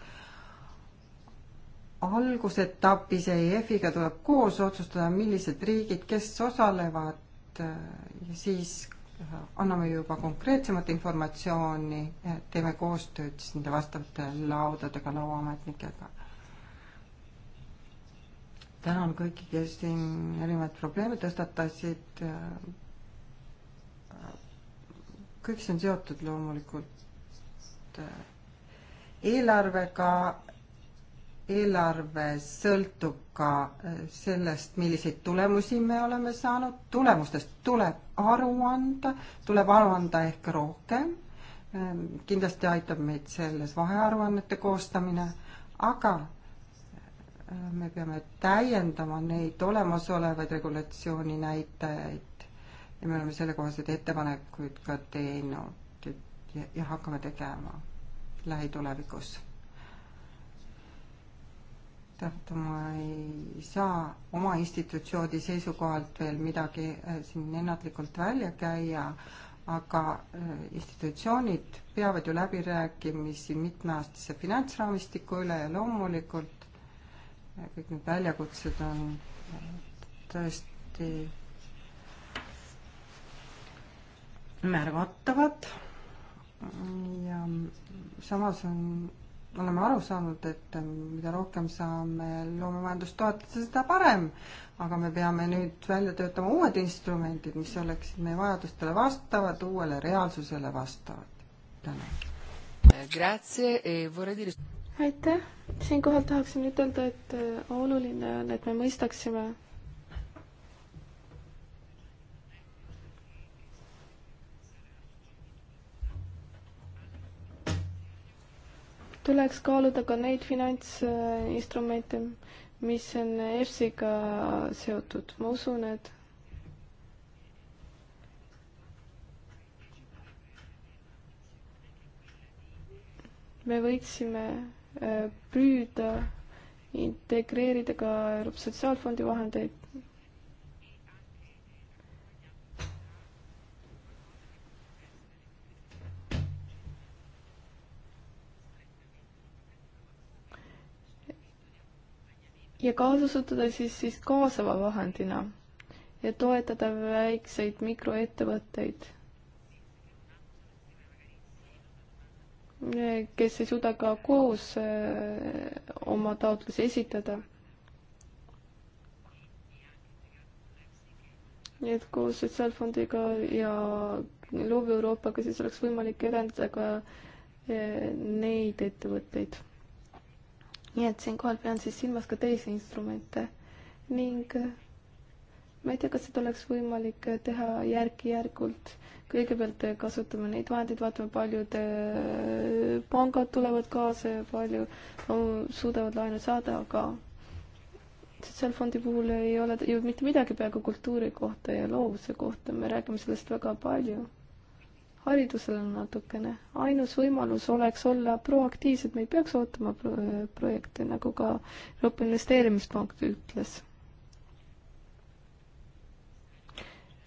algusetapis EIF-iga tuleb koos otsustada, millised riigid, kes osalevad ja siis Äh, anname juba konkreetsemat informatsiooni, teeme koostööd siis nende vastavate laudadega, lauaametnikega. tänan kõiki, kes siin erinevaid probleeme tõstatasid. Äh, kõik see on seotud loomulikult äh, eelarvega eelarve sõltub ka äh, sellest, milliseid tulemusi me oleme saanud, tulemustest tuleb aru anda, tuleb aru anda ehk rohkem, ähm, kindlasti aitab meid selles vahearuannete koostamine, aga äh, me peame täiendama neid olemasolevaid regulatsiooni näitajaid ja me oleme sellekohaseid ettepanekuid ka teinud ja, ja hakkame tegema lähitulevikus tõttu ma ei saa oma institutsiooni seisukohalt veel midagi äh, siin ennatlikult välja käia, aga äh, institutsioonid peavad ju läbirääkimisi mitmeaastase finantsraamistiku üle ja loomulikult äh, kõik need väljakutsed on tõesti märgatavad ja samas on oleme aru saanud, et ähm, mida rohkem saame loomemajandust toetada, seda parem. aga me peame nüüd välja töötama uued instrumendid, mis oleksid meie vajadustele vastavad, uuele reaalsusele vastavad. tänan. E aitäh, siinkohal tahaksin ütelda, et äh, oluline on, et me mõistaksime tuleks kaaluda ka neid finantsinstrumente, mis on EFSiga seotud. ma usun, et me võiksime äh, püüda integreerida ka Euroopa Sotsiaalfondi vahendeid ja kasutada siis, siis kaasava vahendina ja toetada väikseid mikroettevõtteid, kes ei suuda ka koos äh, oma taotlusi esitada. nii et koos Sotsiaalfondiga ja Luubi Euroopaga siis oleks võimalik edendada ka äh, neid ettevõtteid nii et siinkohal pean siis silmas ka teisi instrumente ning äh, ma ei tea, kas seda oleks võimalik äh, teha järk-järgult. kõigepealt äh, kasutame neid vahendeid, vaatame, paljud pangad tulevad kaasa ja palju no, suudavad laenu saada, aga sotsiaalfondi puhul ei ole ju mitte midagi peaaegu kultuuri kohta ja loovuse kohta, me räägime sellest väga palju haridusele natukene. ainus võimalus oleks olla proaktiivsed, me ei peaks ootama pro projekte, nagu ka Euroopa Investeerimispank ütles.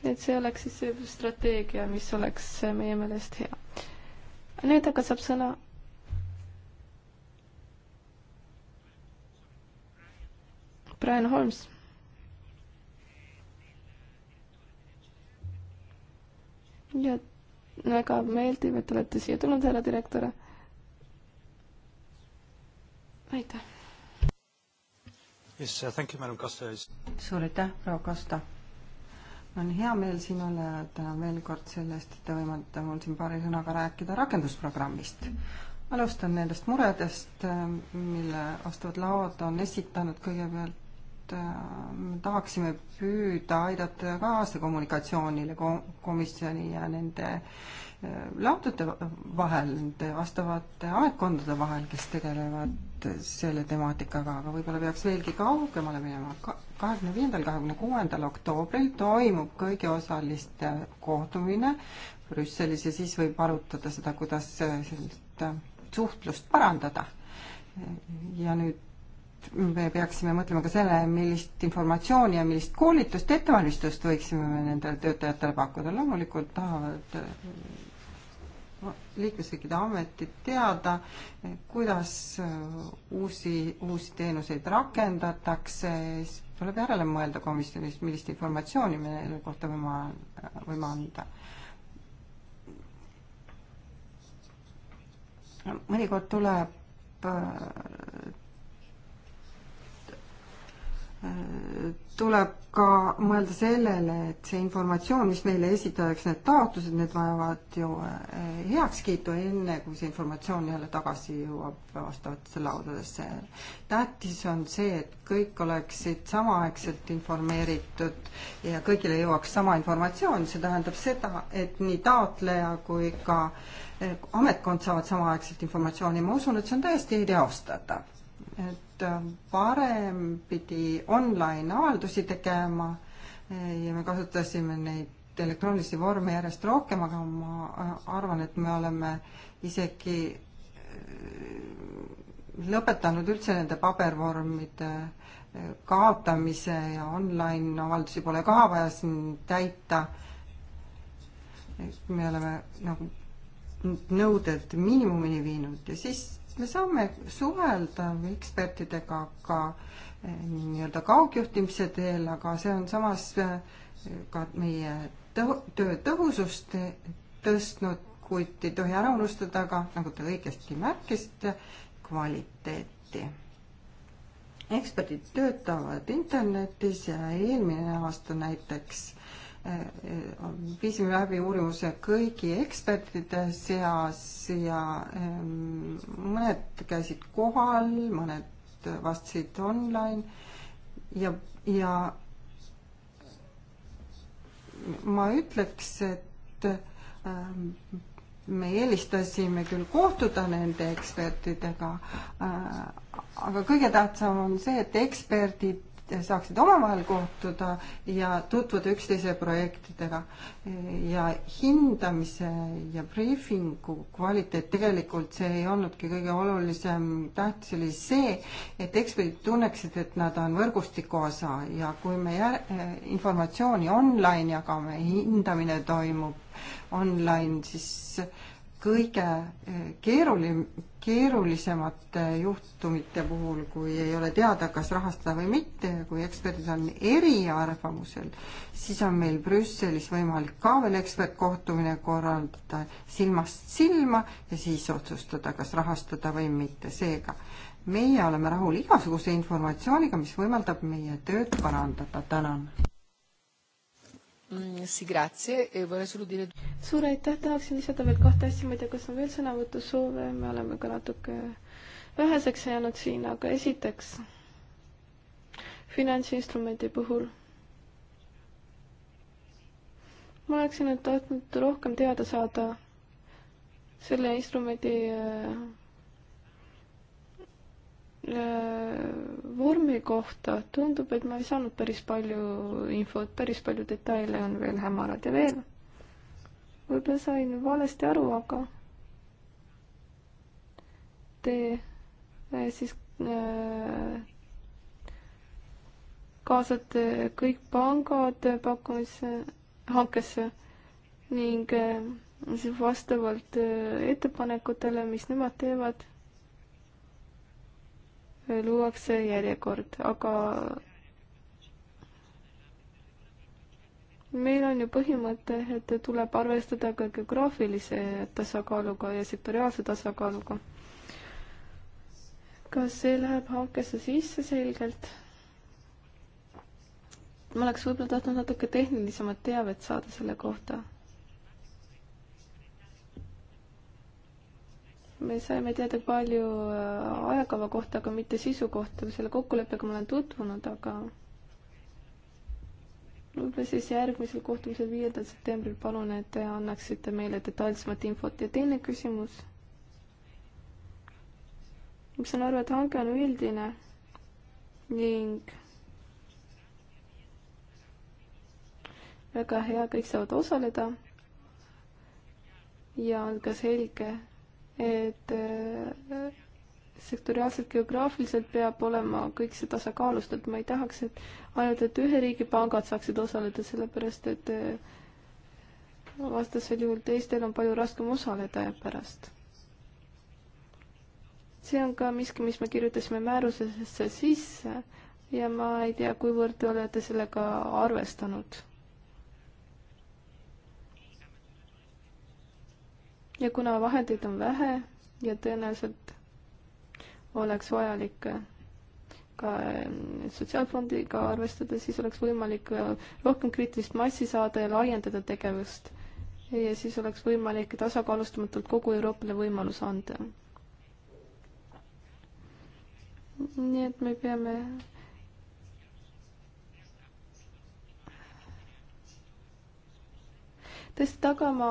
et see oleks siis see strateegia, mis oleks meie meelest hea. nüüd aga saab sõna Brian Holmes ja väga meeldiv, et olete siia tulnud, härra direktor. aitäh. suur aitäh, proua Kasta. on hea meel siin olla ja tänan veel kord selle eest, et te võimaldate mul siin paari sõnaga rääkida rakendusprogrammist. alustan nendest muredest, mille vastavad laod on esitanud kõigepealt Äh, tahaksime püüda aidata kaasa kommunikatsioonile komisjoni ja nende äh, lahtute vahel, nende vastavate ametkondade vahel, kes tegelevad selle temaatikaga, aga võib-olla peaks veelgi kaugemale minema. kahekümne viiendal, kahekümne kuuendal oktoobril toimub kõigi osaliste kohtumine Brüsselis ja siis võib arutada seda, kuidas äh, sellist suhtlust parandada. ja nüüd me peaksime mõtlema ka selle, millist informatsiooni ja millist koolitust, ettevalmistust võiksime me nendele töötajatele pakkuda. loomulikult tahavad äh, liikmesriikide ametid teada, kuidas äh, uusi, uusi teenuseid rakendatakse, siis tuleb järele mõelda komisjonis, millist informatsiooni me neile kohta võime, võime anda. mõnikord tuleb äh, tuleb ka mõelda sellele, et see informatsioon, mis meile esitatakse, need taotlused, need vajavad ju eh, heakskiitu, enne kui see informatsioon jälle tagasi jõuab vastavatesse laudadesse. tähtis on see, et kõik oleksid samaaegselt informeeritud ja kõigile jõuaks sama informatsioon, see tähendab seda, et nii taotleja kui ka eh, ametkond saavad samaaegselt informatsiooni, ma usun, et see on täiesti teostatav et äh, varem pidi online avaldusi tegema eh, ja me kasutasime neid elektroonilisi vorme järjest rohkem, aga ma äh, arvan, et me oleme isegi äh, lõpetanud üldse nende pabervormide kaotamise ja online avaldusi pole ka vaja siin täita. me oleme nagu nõuded miinimumini viinud ja siis sest me saame suhelda ekspertidega ka eh, nii-öelda kaugjuhtimise teel, aga see on samas eh, ka meie tõhu-, töö tõhusust tõstnud, kuid ei tohi ära unustada ka, nagu te õigesti märkisite, kvaliteeti. eksperdid töötavad internetis ja eelmine aasta näiteks Äh, äh, viisime läbi uurimuse kõigi ekspertide seas ja ähm, mõned käisid kohal, mõned vastasid online ja, ja ma ütleks, et ähm, me eelistasime küll kohtuda nende ekspertidega, äh, aga kõige tähtsam on see, et eksperdid saaksid omavahel kohtuda ja tutvuda üksteise projektidega. ja hindamise ja briifingu kvaliteet, tegelikult see ei olnudki kõige olulisem, tähtis oli see, et eksperdid tunneksid, et nad on võrgustiku osa ja kui me jär-, informatsiooni online jagame, hindamine toimub online, siis kõige eh, keerulim, keerulisemate juhtumite puhul, kui ei ole teada, kas rahastada või mitte ja kui eksperdid on eriarvamusel, siis on meil Brüsselis võimalik ka veel ekspertkohtumine korraldada silmast silma ja siis otsustada, kas rahastada või mitte. seega meie oleme rahul igasuguse informatsiooniga, mis võimaldab meie tööd parandada. tänan! Mm, e suur aitäh, tahaksin lisada veel kahte asja, ma ei tea, kas on veel sõnavõtusoove, me oleme ka natuke väheseks jäänud siin, aga esiteks finantsinstrumendi puhul ma oleksin nüüd tahtnud rohkem teada saada selle instrumendi äh, Äh, vormi kohta tundub, et ma ei saanud päris palju infot, päris palju detaile on veel hämarad ja veel. võib-olla sain valesti aru, aga te äh, siis äh, kaasate kõik pangad pakkumisse, hankesse ning siis vastavalt ettepanekutele, mis nemad teevad luuakse järjekord, aga meil on ju põhimõte, et tuleb arvestada ka geograafilise tasakaaluga ja sektoriaalse tasakaaluga. kas see läheb hankesse sisse selgelt? ma oleks võib-olla tahtnud natuke tehnilisemat teavet saada selle kohta me saime teada palju äh, ajakava kohta, aga mitte sisu kohta, selle kokkuleppega ma olen tutvunud, aga võib-olla siis järgmisel kohtumisel, viiendal septembril, palun, et te annaksite meile detailsemat infot ja teine küsimus. ma saan aru, et hange on üldine ning väga hea, kõik saavad osaleda ja on ka selge, et äh, sektoriaalselt, geograafiliselt peab olema kõik see tasakaalustatud, ma ei tahaks, et ainult, et ühe riigi pangad saaksid osaleda, sellepärast et äh, vastasel juhul teistel on palju raskem osaleda pärast. see on ka miski, mis me kirjutasime määrusesse sisse ja ma ei tea, kuivõrd te olete sellega arvestanud ja kuna vahendeid on vähe ja tõenäoliselt oleks vajalik äh, ka ähm, sotsiaalfondiga arvestada, siis oleks võimalik äh, rohkem kriitilist massi saada ja laiendada tegevust. ja siis oleks võimalik tasakaalustamatult kogu Euroopale võimalus anda. nii et me peame tõesti tagama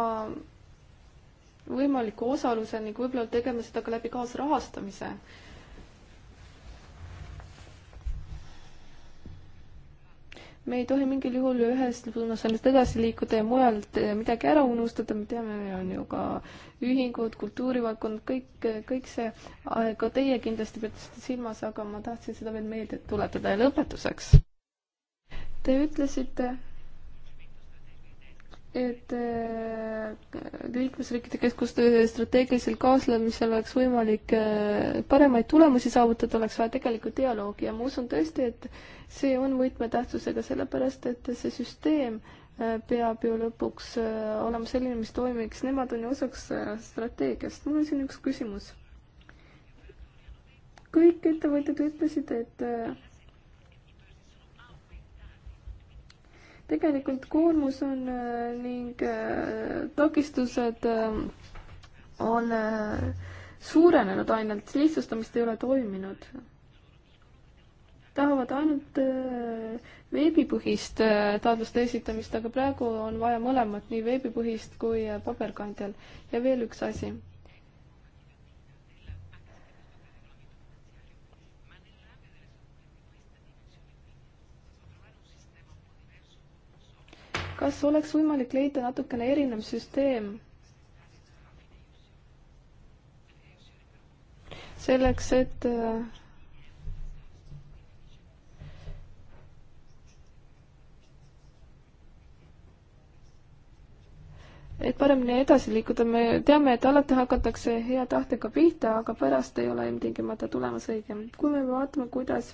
võimaliku osaluse ning võib-olla tegema seda ka läbi kaasrahastamise. me ei tohi mingil juhul ühest suunas ainult edasi liikuda ja mujalt eh, midagi ära unustada, me teame, on ju ka ühingud, kultuurivaldkond, kõik, kõik see, ah, ka teie kindlasti peate seda silmas, aga ma tahtsin seda veel meelde tuletada ja lõpetuseks. Te ütlesite, et äh, liikmesriikide keskuste strateegilisel kaaslemisel oleks võimalik äh, paremaid tulemusi saavutada, oleks vaja tegelikult dialoogi ja ma usun tõesti, et see on võtmetähtsusega, sellepärast et see süsteem äh, peab ju lõpuks olema selline, mis toimiks, nemad on ju osaks strateegiast. mul on siin üks küsimus. kõik ettevõtjad ütlesid, et tegelikult koormus on äh, ning äh, takistused äh, on suurenenud ainult, lihtsustamist ei ole toiminud. tahavad ainult veebipõhist taotluste esitamist, aga praegu on vaja mõlemat, nii veebipõhist kui paberkandjal. ja veel üks asi kas oleks võimalik leida natukene erinev süsteem selleks, et äh, et paremini edasi liikuda, me teame, et alati hakatakse hea tahtega pihta, aga pärast ei ole ilmtingimata tulemus õige. kui me vaatame, kuidas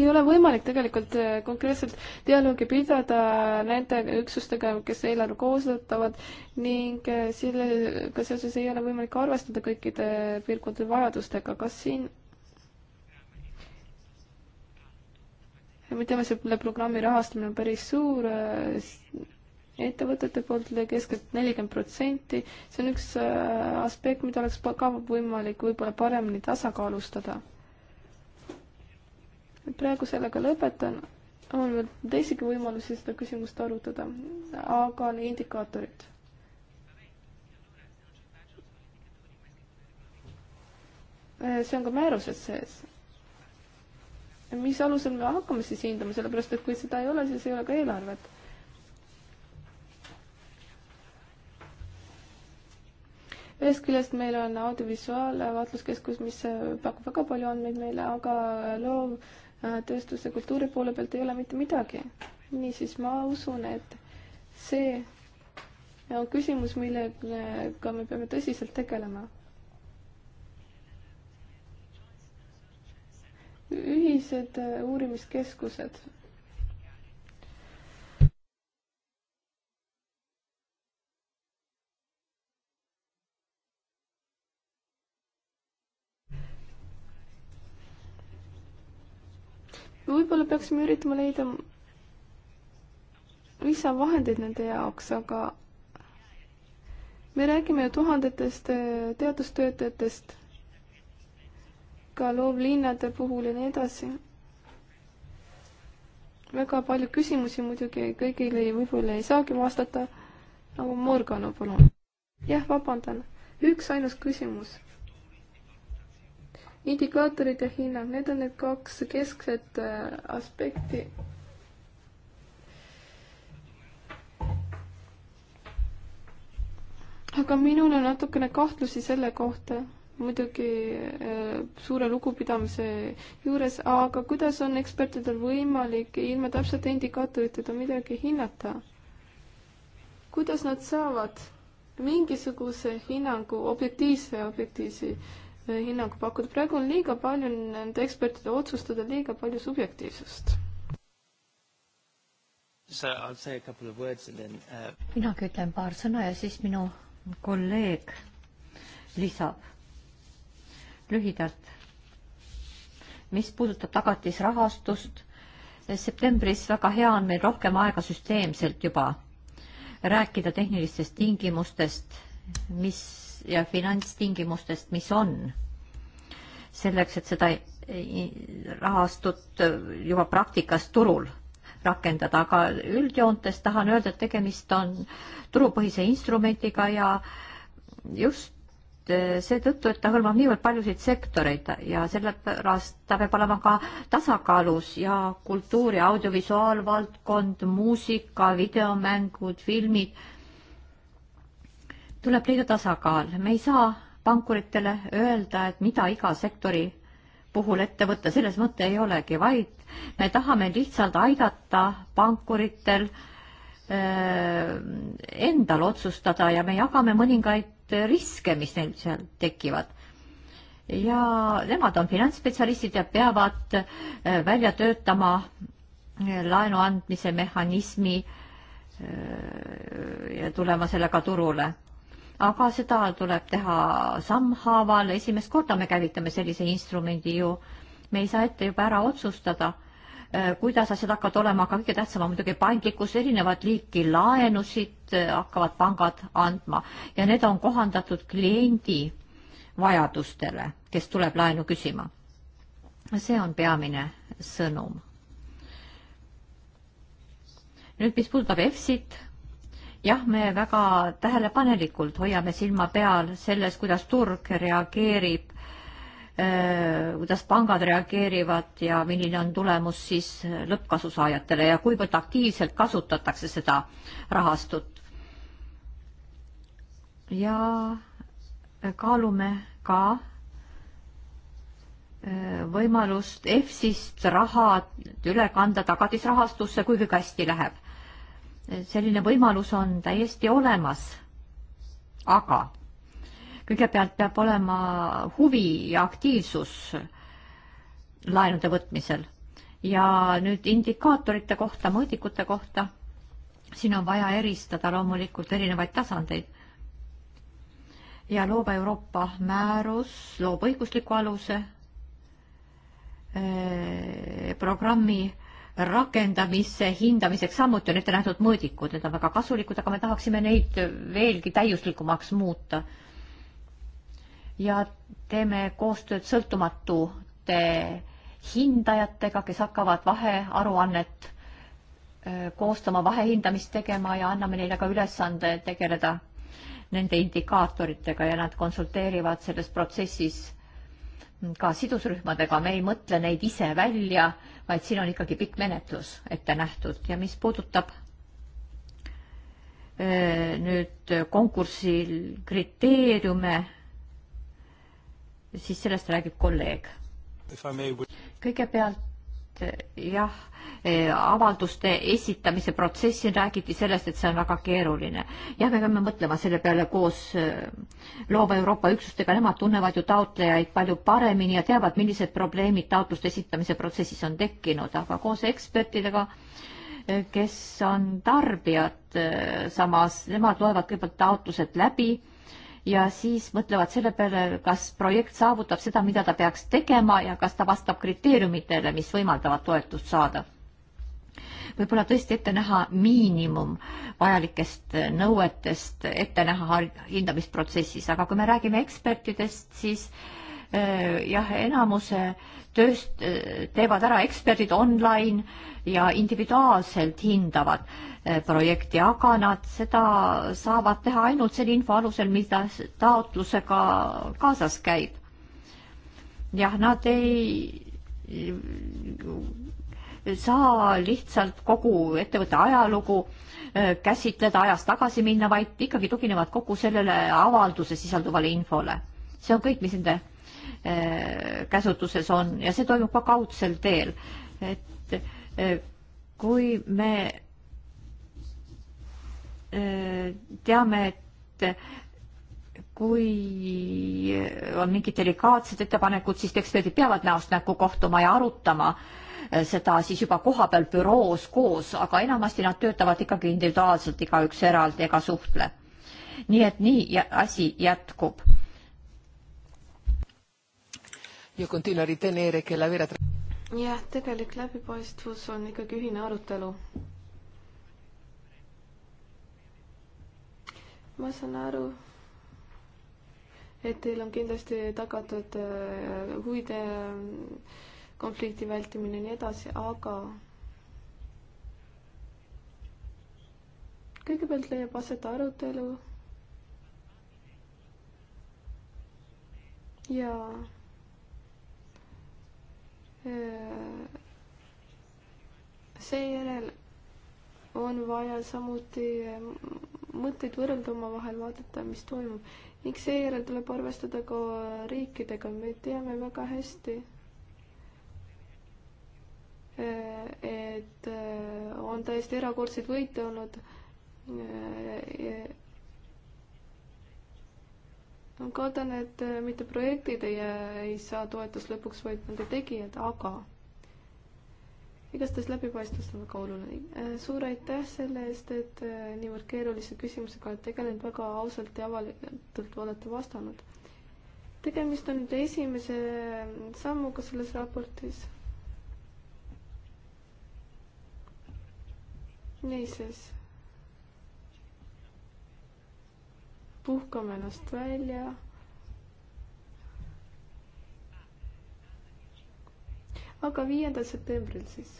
ei ole võimalik tegelikult äh, konkreetselt dialoogi pidada nende üksustega, kes eelarve koostavad ning äh, sellega seoses ei ole võimalik arvestada kõikide äh, piirkondade vajadustega, kas siin me teame, selle programmi rahastamine on päris suur, ettevõtete poolt üle keskelt nelikümmend protsenti, see on üks aspekt, mida oleks ka võimalik võib-olla paremini tasakaalustada praegu sellega lõpetan, on veel teisigi võimalusi seda küsimust arutada, aga indikaatorid. see on ka määruses sees. mis alusel me hakkame siis hindama, sellepärast et kui seda ei ole, siis ei ole ka eelarvet ühest küljest meil on audiovisuaalvaatluskeskus, mis pakub väga palju andmeid meile, aga loov Äh, tööstuse kultuuri poole pealt ei ole mitte midagi. niisiis, ma usun, et see on küsimus, millega me peame tõsiselt tegelema. ühised äh, uurimiskeskused võib-olla peaksime üritama leida lisavahendeid nende jaoks, aga me räägime ju tuhandetest äh, teadustöötajatest, ka loovlinnade puhul ja nii edasi. väga palju küsimusi muidugi kõigile võib-olla ei saagi vastata, aga nagu Morgana, palun. jah, vabandan, üks ainus küsimus indikaatorid ja hinnang, need on need kaks keskset äh, aspekti. aga minul on natukene kahtlusi selle kohta, muidugi äh, suure lugupidamise juures, aga kuidas on ekspertidel võimalik ilma täpsete indikaatoriteta midagi hinnata? kuidas nad saavad mingisuguse hinnangu objektiivse objektiivsi hinnangu pakkuda. praegu on liiga palju nende ekspertide otsustada, liiga palju subjektiivsust. Uh, minagi ütlen paar sõna ja siis minu kolleeg lisab lühidalt, mis puudutab tagatisrahastust. septembris väga hea on meil rohkem aega süsteemselt juba rääkida tehnilistest tingimustest, mis ja finantstingimustest, mis on. selleks, et seda rahastut juba praktikas turul rakendada, aga üldjoontes tahan öelda, et tegemist on turupõhise instrumendiga ja just seetõttu, et ta hõlmab niivõrd paljusid sektoreid ja sellepärast ta peab olema ka tasakaalus ja kultuuri, audiovisuaalvaldkond, muusika, videomängud, filmid tuleb leida tasakaal, me ei saa pankuritele öelda, et mida iga sektori puhul ette võtta, selles mõte ei olegi, vaid me tahame lihtsalt aidata pankuritel öö, äh, endal otsustada ja me jagame mõningaid riske, mis neil seal tekivad. ja nemad on finantsspetsialistid ja peavad äh, välja töötama äh, laenu andmise mehhanismi öö, ja tulema sellega turule aga seda tuleb teha sammhaaval, esimest korda me käivitame sellise instrumendi ju. me ei saa ette juba ära otsustada, eh, kuidas asjad hakkavad olema, aga kõige tähtsam on muidugi paindlikkus, erinevat liiki laenusid eh, hakkavad pangad andma ja need on kohandatud kliendi vajadustele, kes tuleb laenu küsima. see on peamine sõnum. nüüd, mis puudutab EFSit jah, me väga tähelepanelikult hoiame silma peal selles, kuidas turg reageerib, äh, kuidas pangad reageerivad ja milline on tulemus siis lõppkasusaajatele ja kuivõrd aktiivselt kasutatakse seda rahastut. ja kaalume ka äh, võimalust EFSist raha üle kanda tagatisrahastusse, kui kõik hästi läheb selline võimalus on täiesti olemas. aga kõigepealt peab olema huvi ja aktiivsus laenude võtmisel ja nüüd indikaatorite kohta, mõõdikute kohta, siin on vaja eristada loomulikult erinevaid tasandeid. ja loova Euroopa määrus loob õigusliku aluse eh, programmi rakendamisse hindamiseks samuti on ette nähtud mõõdikud, need on väga kasulikud, aga me tahaksime neid veelgi täiuslikumaks muuta. ja teeme koostööd sõltumatute hindajatega, kes hakkavad vahearuannet äh, koostama, vahehindamist tegema ja anname neile ka ülesande tegeleda nende indikaatoritega ja nad konsulteerivad selles protsessis ka sidusrühmadega, me ei mõtle neid ise välja vaid siin on ikkagi pikk menetlus ette nähtud ja mis puudutab äh, nüüd konkursil kriteeriume, siis sellest räägib kolleeg. kõigepealt Eh, jah, eh, avalduste esitamise protsessi räägiti sellest, et see on väga keeruline. jah, me peame mõtlema selle peale koos eh, loova Euroopa üksustega, nemad tunnevad ju taotlejaid palju paremini ja teavad, millised probleemid taotluste esitamise protsessis on tekkinud, aga koos ekspertidega kes on tarbijad, samas nemad loevad kõigepealt taotlused läbi ja siis mõtlevad selle peale, kas projekt saavutab seda, mida ta peaks tegema ja kas ta vastab kriteeriumitele, mis võimaldavad toetust saada. võib-olla tõesti ette näha miinimum vajalikest nõuetest ette näha hindamisprotsessis, aga kui me räägime ekspertidest, siis äh, Äh, jah, enamuse tööst äh, teevad ära eksperdid online ja individuaalselt hindavad äh, projekti, aga nad seda saavad teha ainult selle info alusel, mida taotlusega kaasas käib. jah, nad ei saa lihtsalt kogu ettevõtte ajalugu käsitleda, ajas tagasi minna, vaid ikkagi tuginevad kogu sellele avalduse sisalduvale infole. see on kõik, mis nende Äh, käsutuses on ja see toimub ka kaudsel teel. et äh, kui me äh, teame, et kui on mingid delikaatsed ettepanekud, siis eksperdid peavad näost näkku kohtuma ja arutama seda siis juba kohapeal büroos koos, aga enamasti nad töötavad ikkagi individuaalselt, igaüks eraldi ega suhtle. nii et nii asi jätkub Io continuo a ritenere che la vera jah, tegelik läbipaistvus on ikkagi ühine arutelu. ma saan aru, et teil on kindlasti tagatud äh, huvide äh, konflikti vältimine ja nii edasi, aga kõigepealt leiab aset arutelu ja seejärel on vaja samuti mõtteid võrrelda omavahel, vaadata, mis toimub. ning seejärel tuleb arvestada ka riikidega, me teame väga hästi, et on täiesti erakordseid võite olnud ma kardan, et äh, mitte projektid ei, äh, ei saa toetust lõpuks, vaid nende tegijad, aga igastahes läbipaistvus on väga oluline. Äh, suur aitäh selle eest, et niivõrd keerulise küsimusega olete tegelenud, väga ausalt ja avalikult olete vastanud. tegemist on nüüd esimese sammuga selles raportis. niisiis puhkame ennast välja. aga viiendal septembril siis.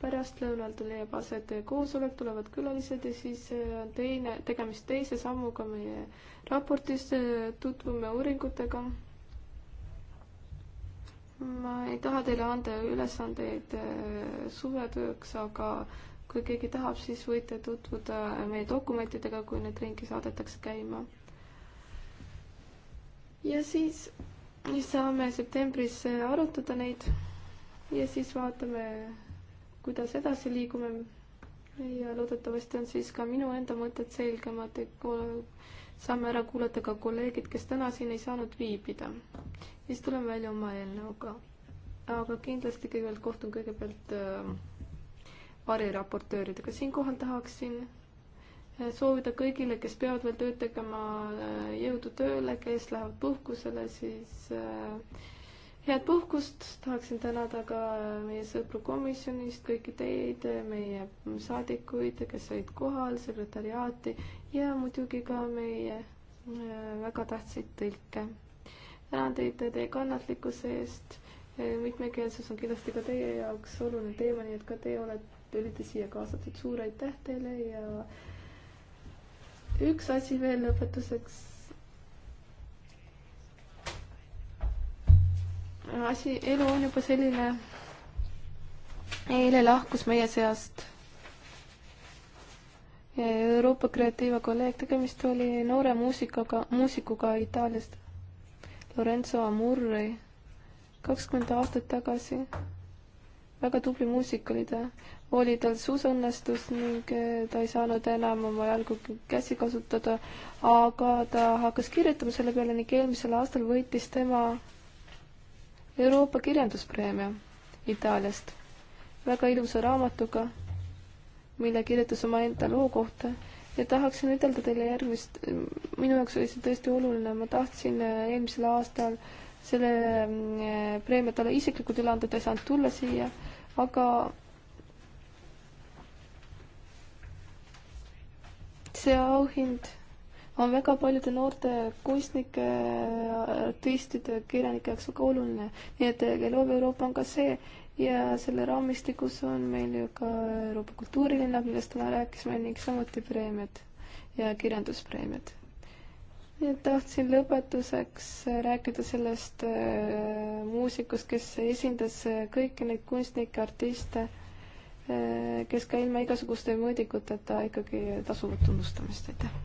pärastlõunal leiab aset koosolek, tulevad külalised ja siis on äh, teine, tegemist teise sammuga meie raportis, äh, tutvume uuringutega. ma ei taha teile anda ülesandeid äh, suvetööks, aga äh, kui keegi tahab, siis võite tutvuda meie dokumentidega, kui need ringi saadetakse käima. ja siis saame septembris arutada neid ja siis vaatame, kuidas edasi liigume. ja loodetavasti on siis ka minu enda mõtted selgemad, et saame ära kuulata ka kolleegid, kes täna siin ei saanud viibida. siis tuleme välja oma eelnõuga. aga kindlasti kõigepealt kohtun kõigepealt äh, variraportööridega. siinkohal tahaksin eh, soovida kõigile, kes peavad veel tööd tegema, eh, jõudu tööle, kes lähevad puhkusele, siis eh, head puhkust, tahaksin tänada ka meie sõpru komisjonist, kõiki teid, meie saadikuid, kes olid kohal, sekretäriaati ja muidugi ka meie väga tähtsaid tõlke. tänan teid teie kannatlikkuse eest, mitmekeelsus on kindlasti ka teie jaoks oluline teema, nii et ka teie olete Te olite siia kaasatud, suur aitäh teile ja üks asi veel lõpetuseks. asi, elu on juba selline. eile lahkus meie seast Euroopa Kreatiiva kolleeg, tegemist oli noore muusikaga, muusikuga Itaaliast, Lorenzo Amurri, kakskümmend aastat tagasi. väga tubli muusik oli ta, oli tal suusõnnestus ning äh, ta ei saanud enam oma jalgu käsi kasutada, aga ta hakkas kirjutama selle peale ning eelmisel aastal võitis tema Euroopa kirjanduspreemia Itaaliast väga ilusa raamatuga, mille kirjutas omaenda loo kohta ja tahaksin ütelda teile järgmist, äh, minu jaoks oli see tõesti oluline, ma tahtsin äh, eelmisel aastal selle mm, preemia talle isiklikult üle anda, ta ei saanud tulla siia, aga see auhind on väga paljude noorte kunstnike, artistide, kirjanike jaoks väga oluline. nii et eh, Loov Euroopa on ka see ja selle raamistikus on meil ju ka Euroopa kultuurilinna, millest täna rääkisime, ning samuti preemiad ja kirjanduspreemiad. nii et tahtsin lõpetuseks rääkida sellest eh, muusikust, kes esindas eh, kõiki neid kunstnikke, artiste Äh, kes ka ilma igasuguste mõõdikuteta ikkagi tasuvad tunnustamist, aitäh!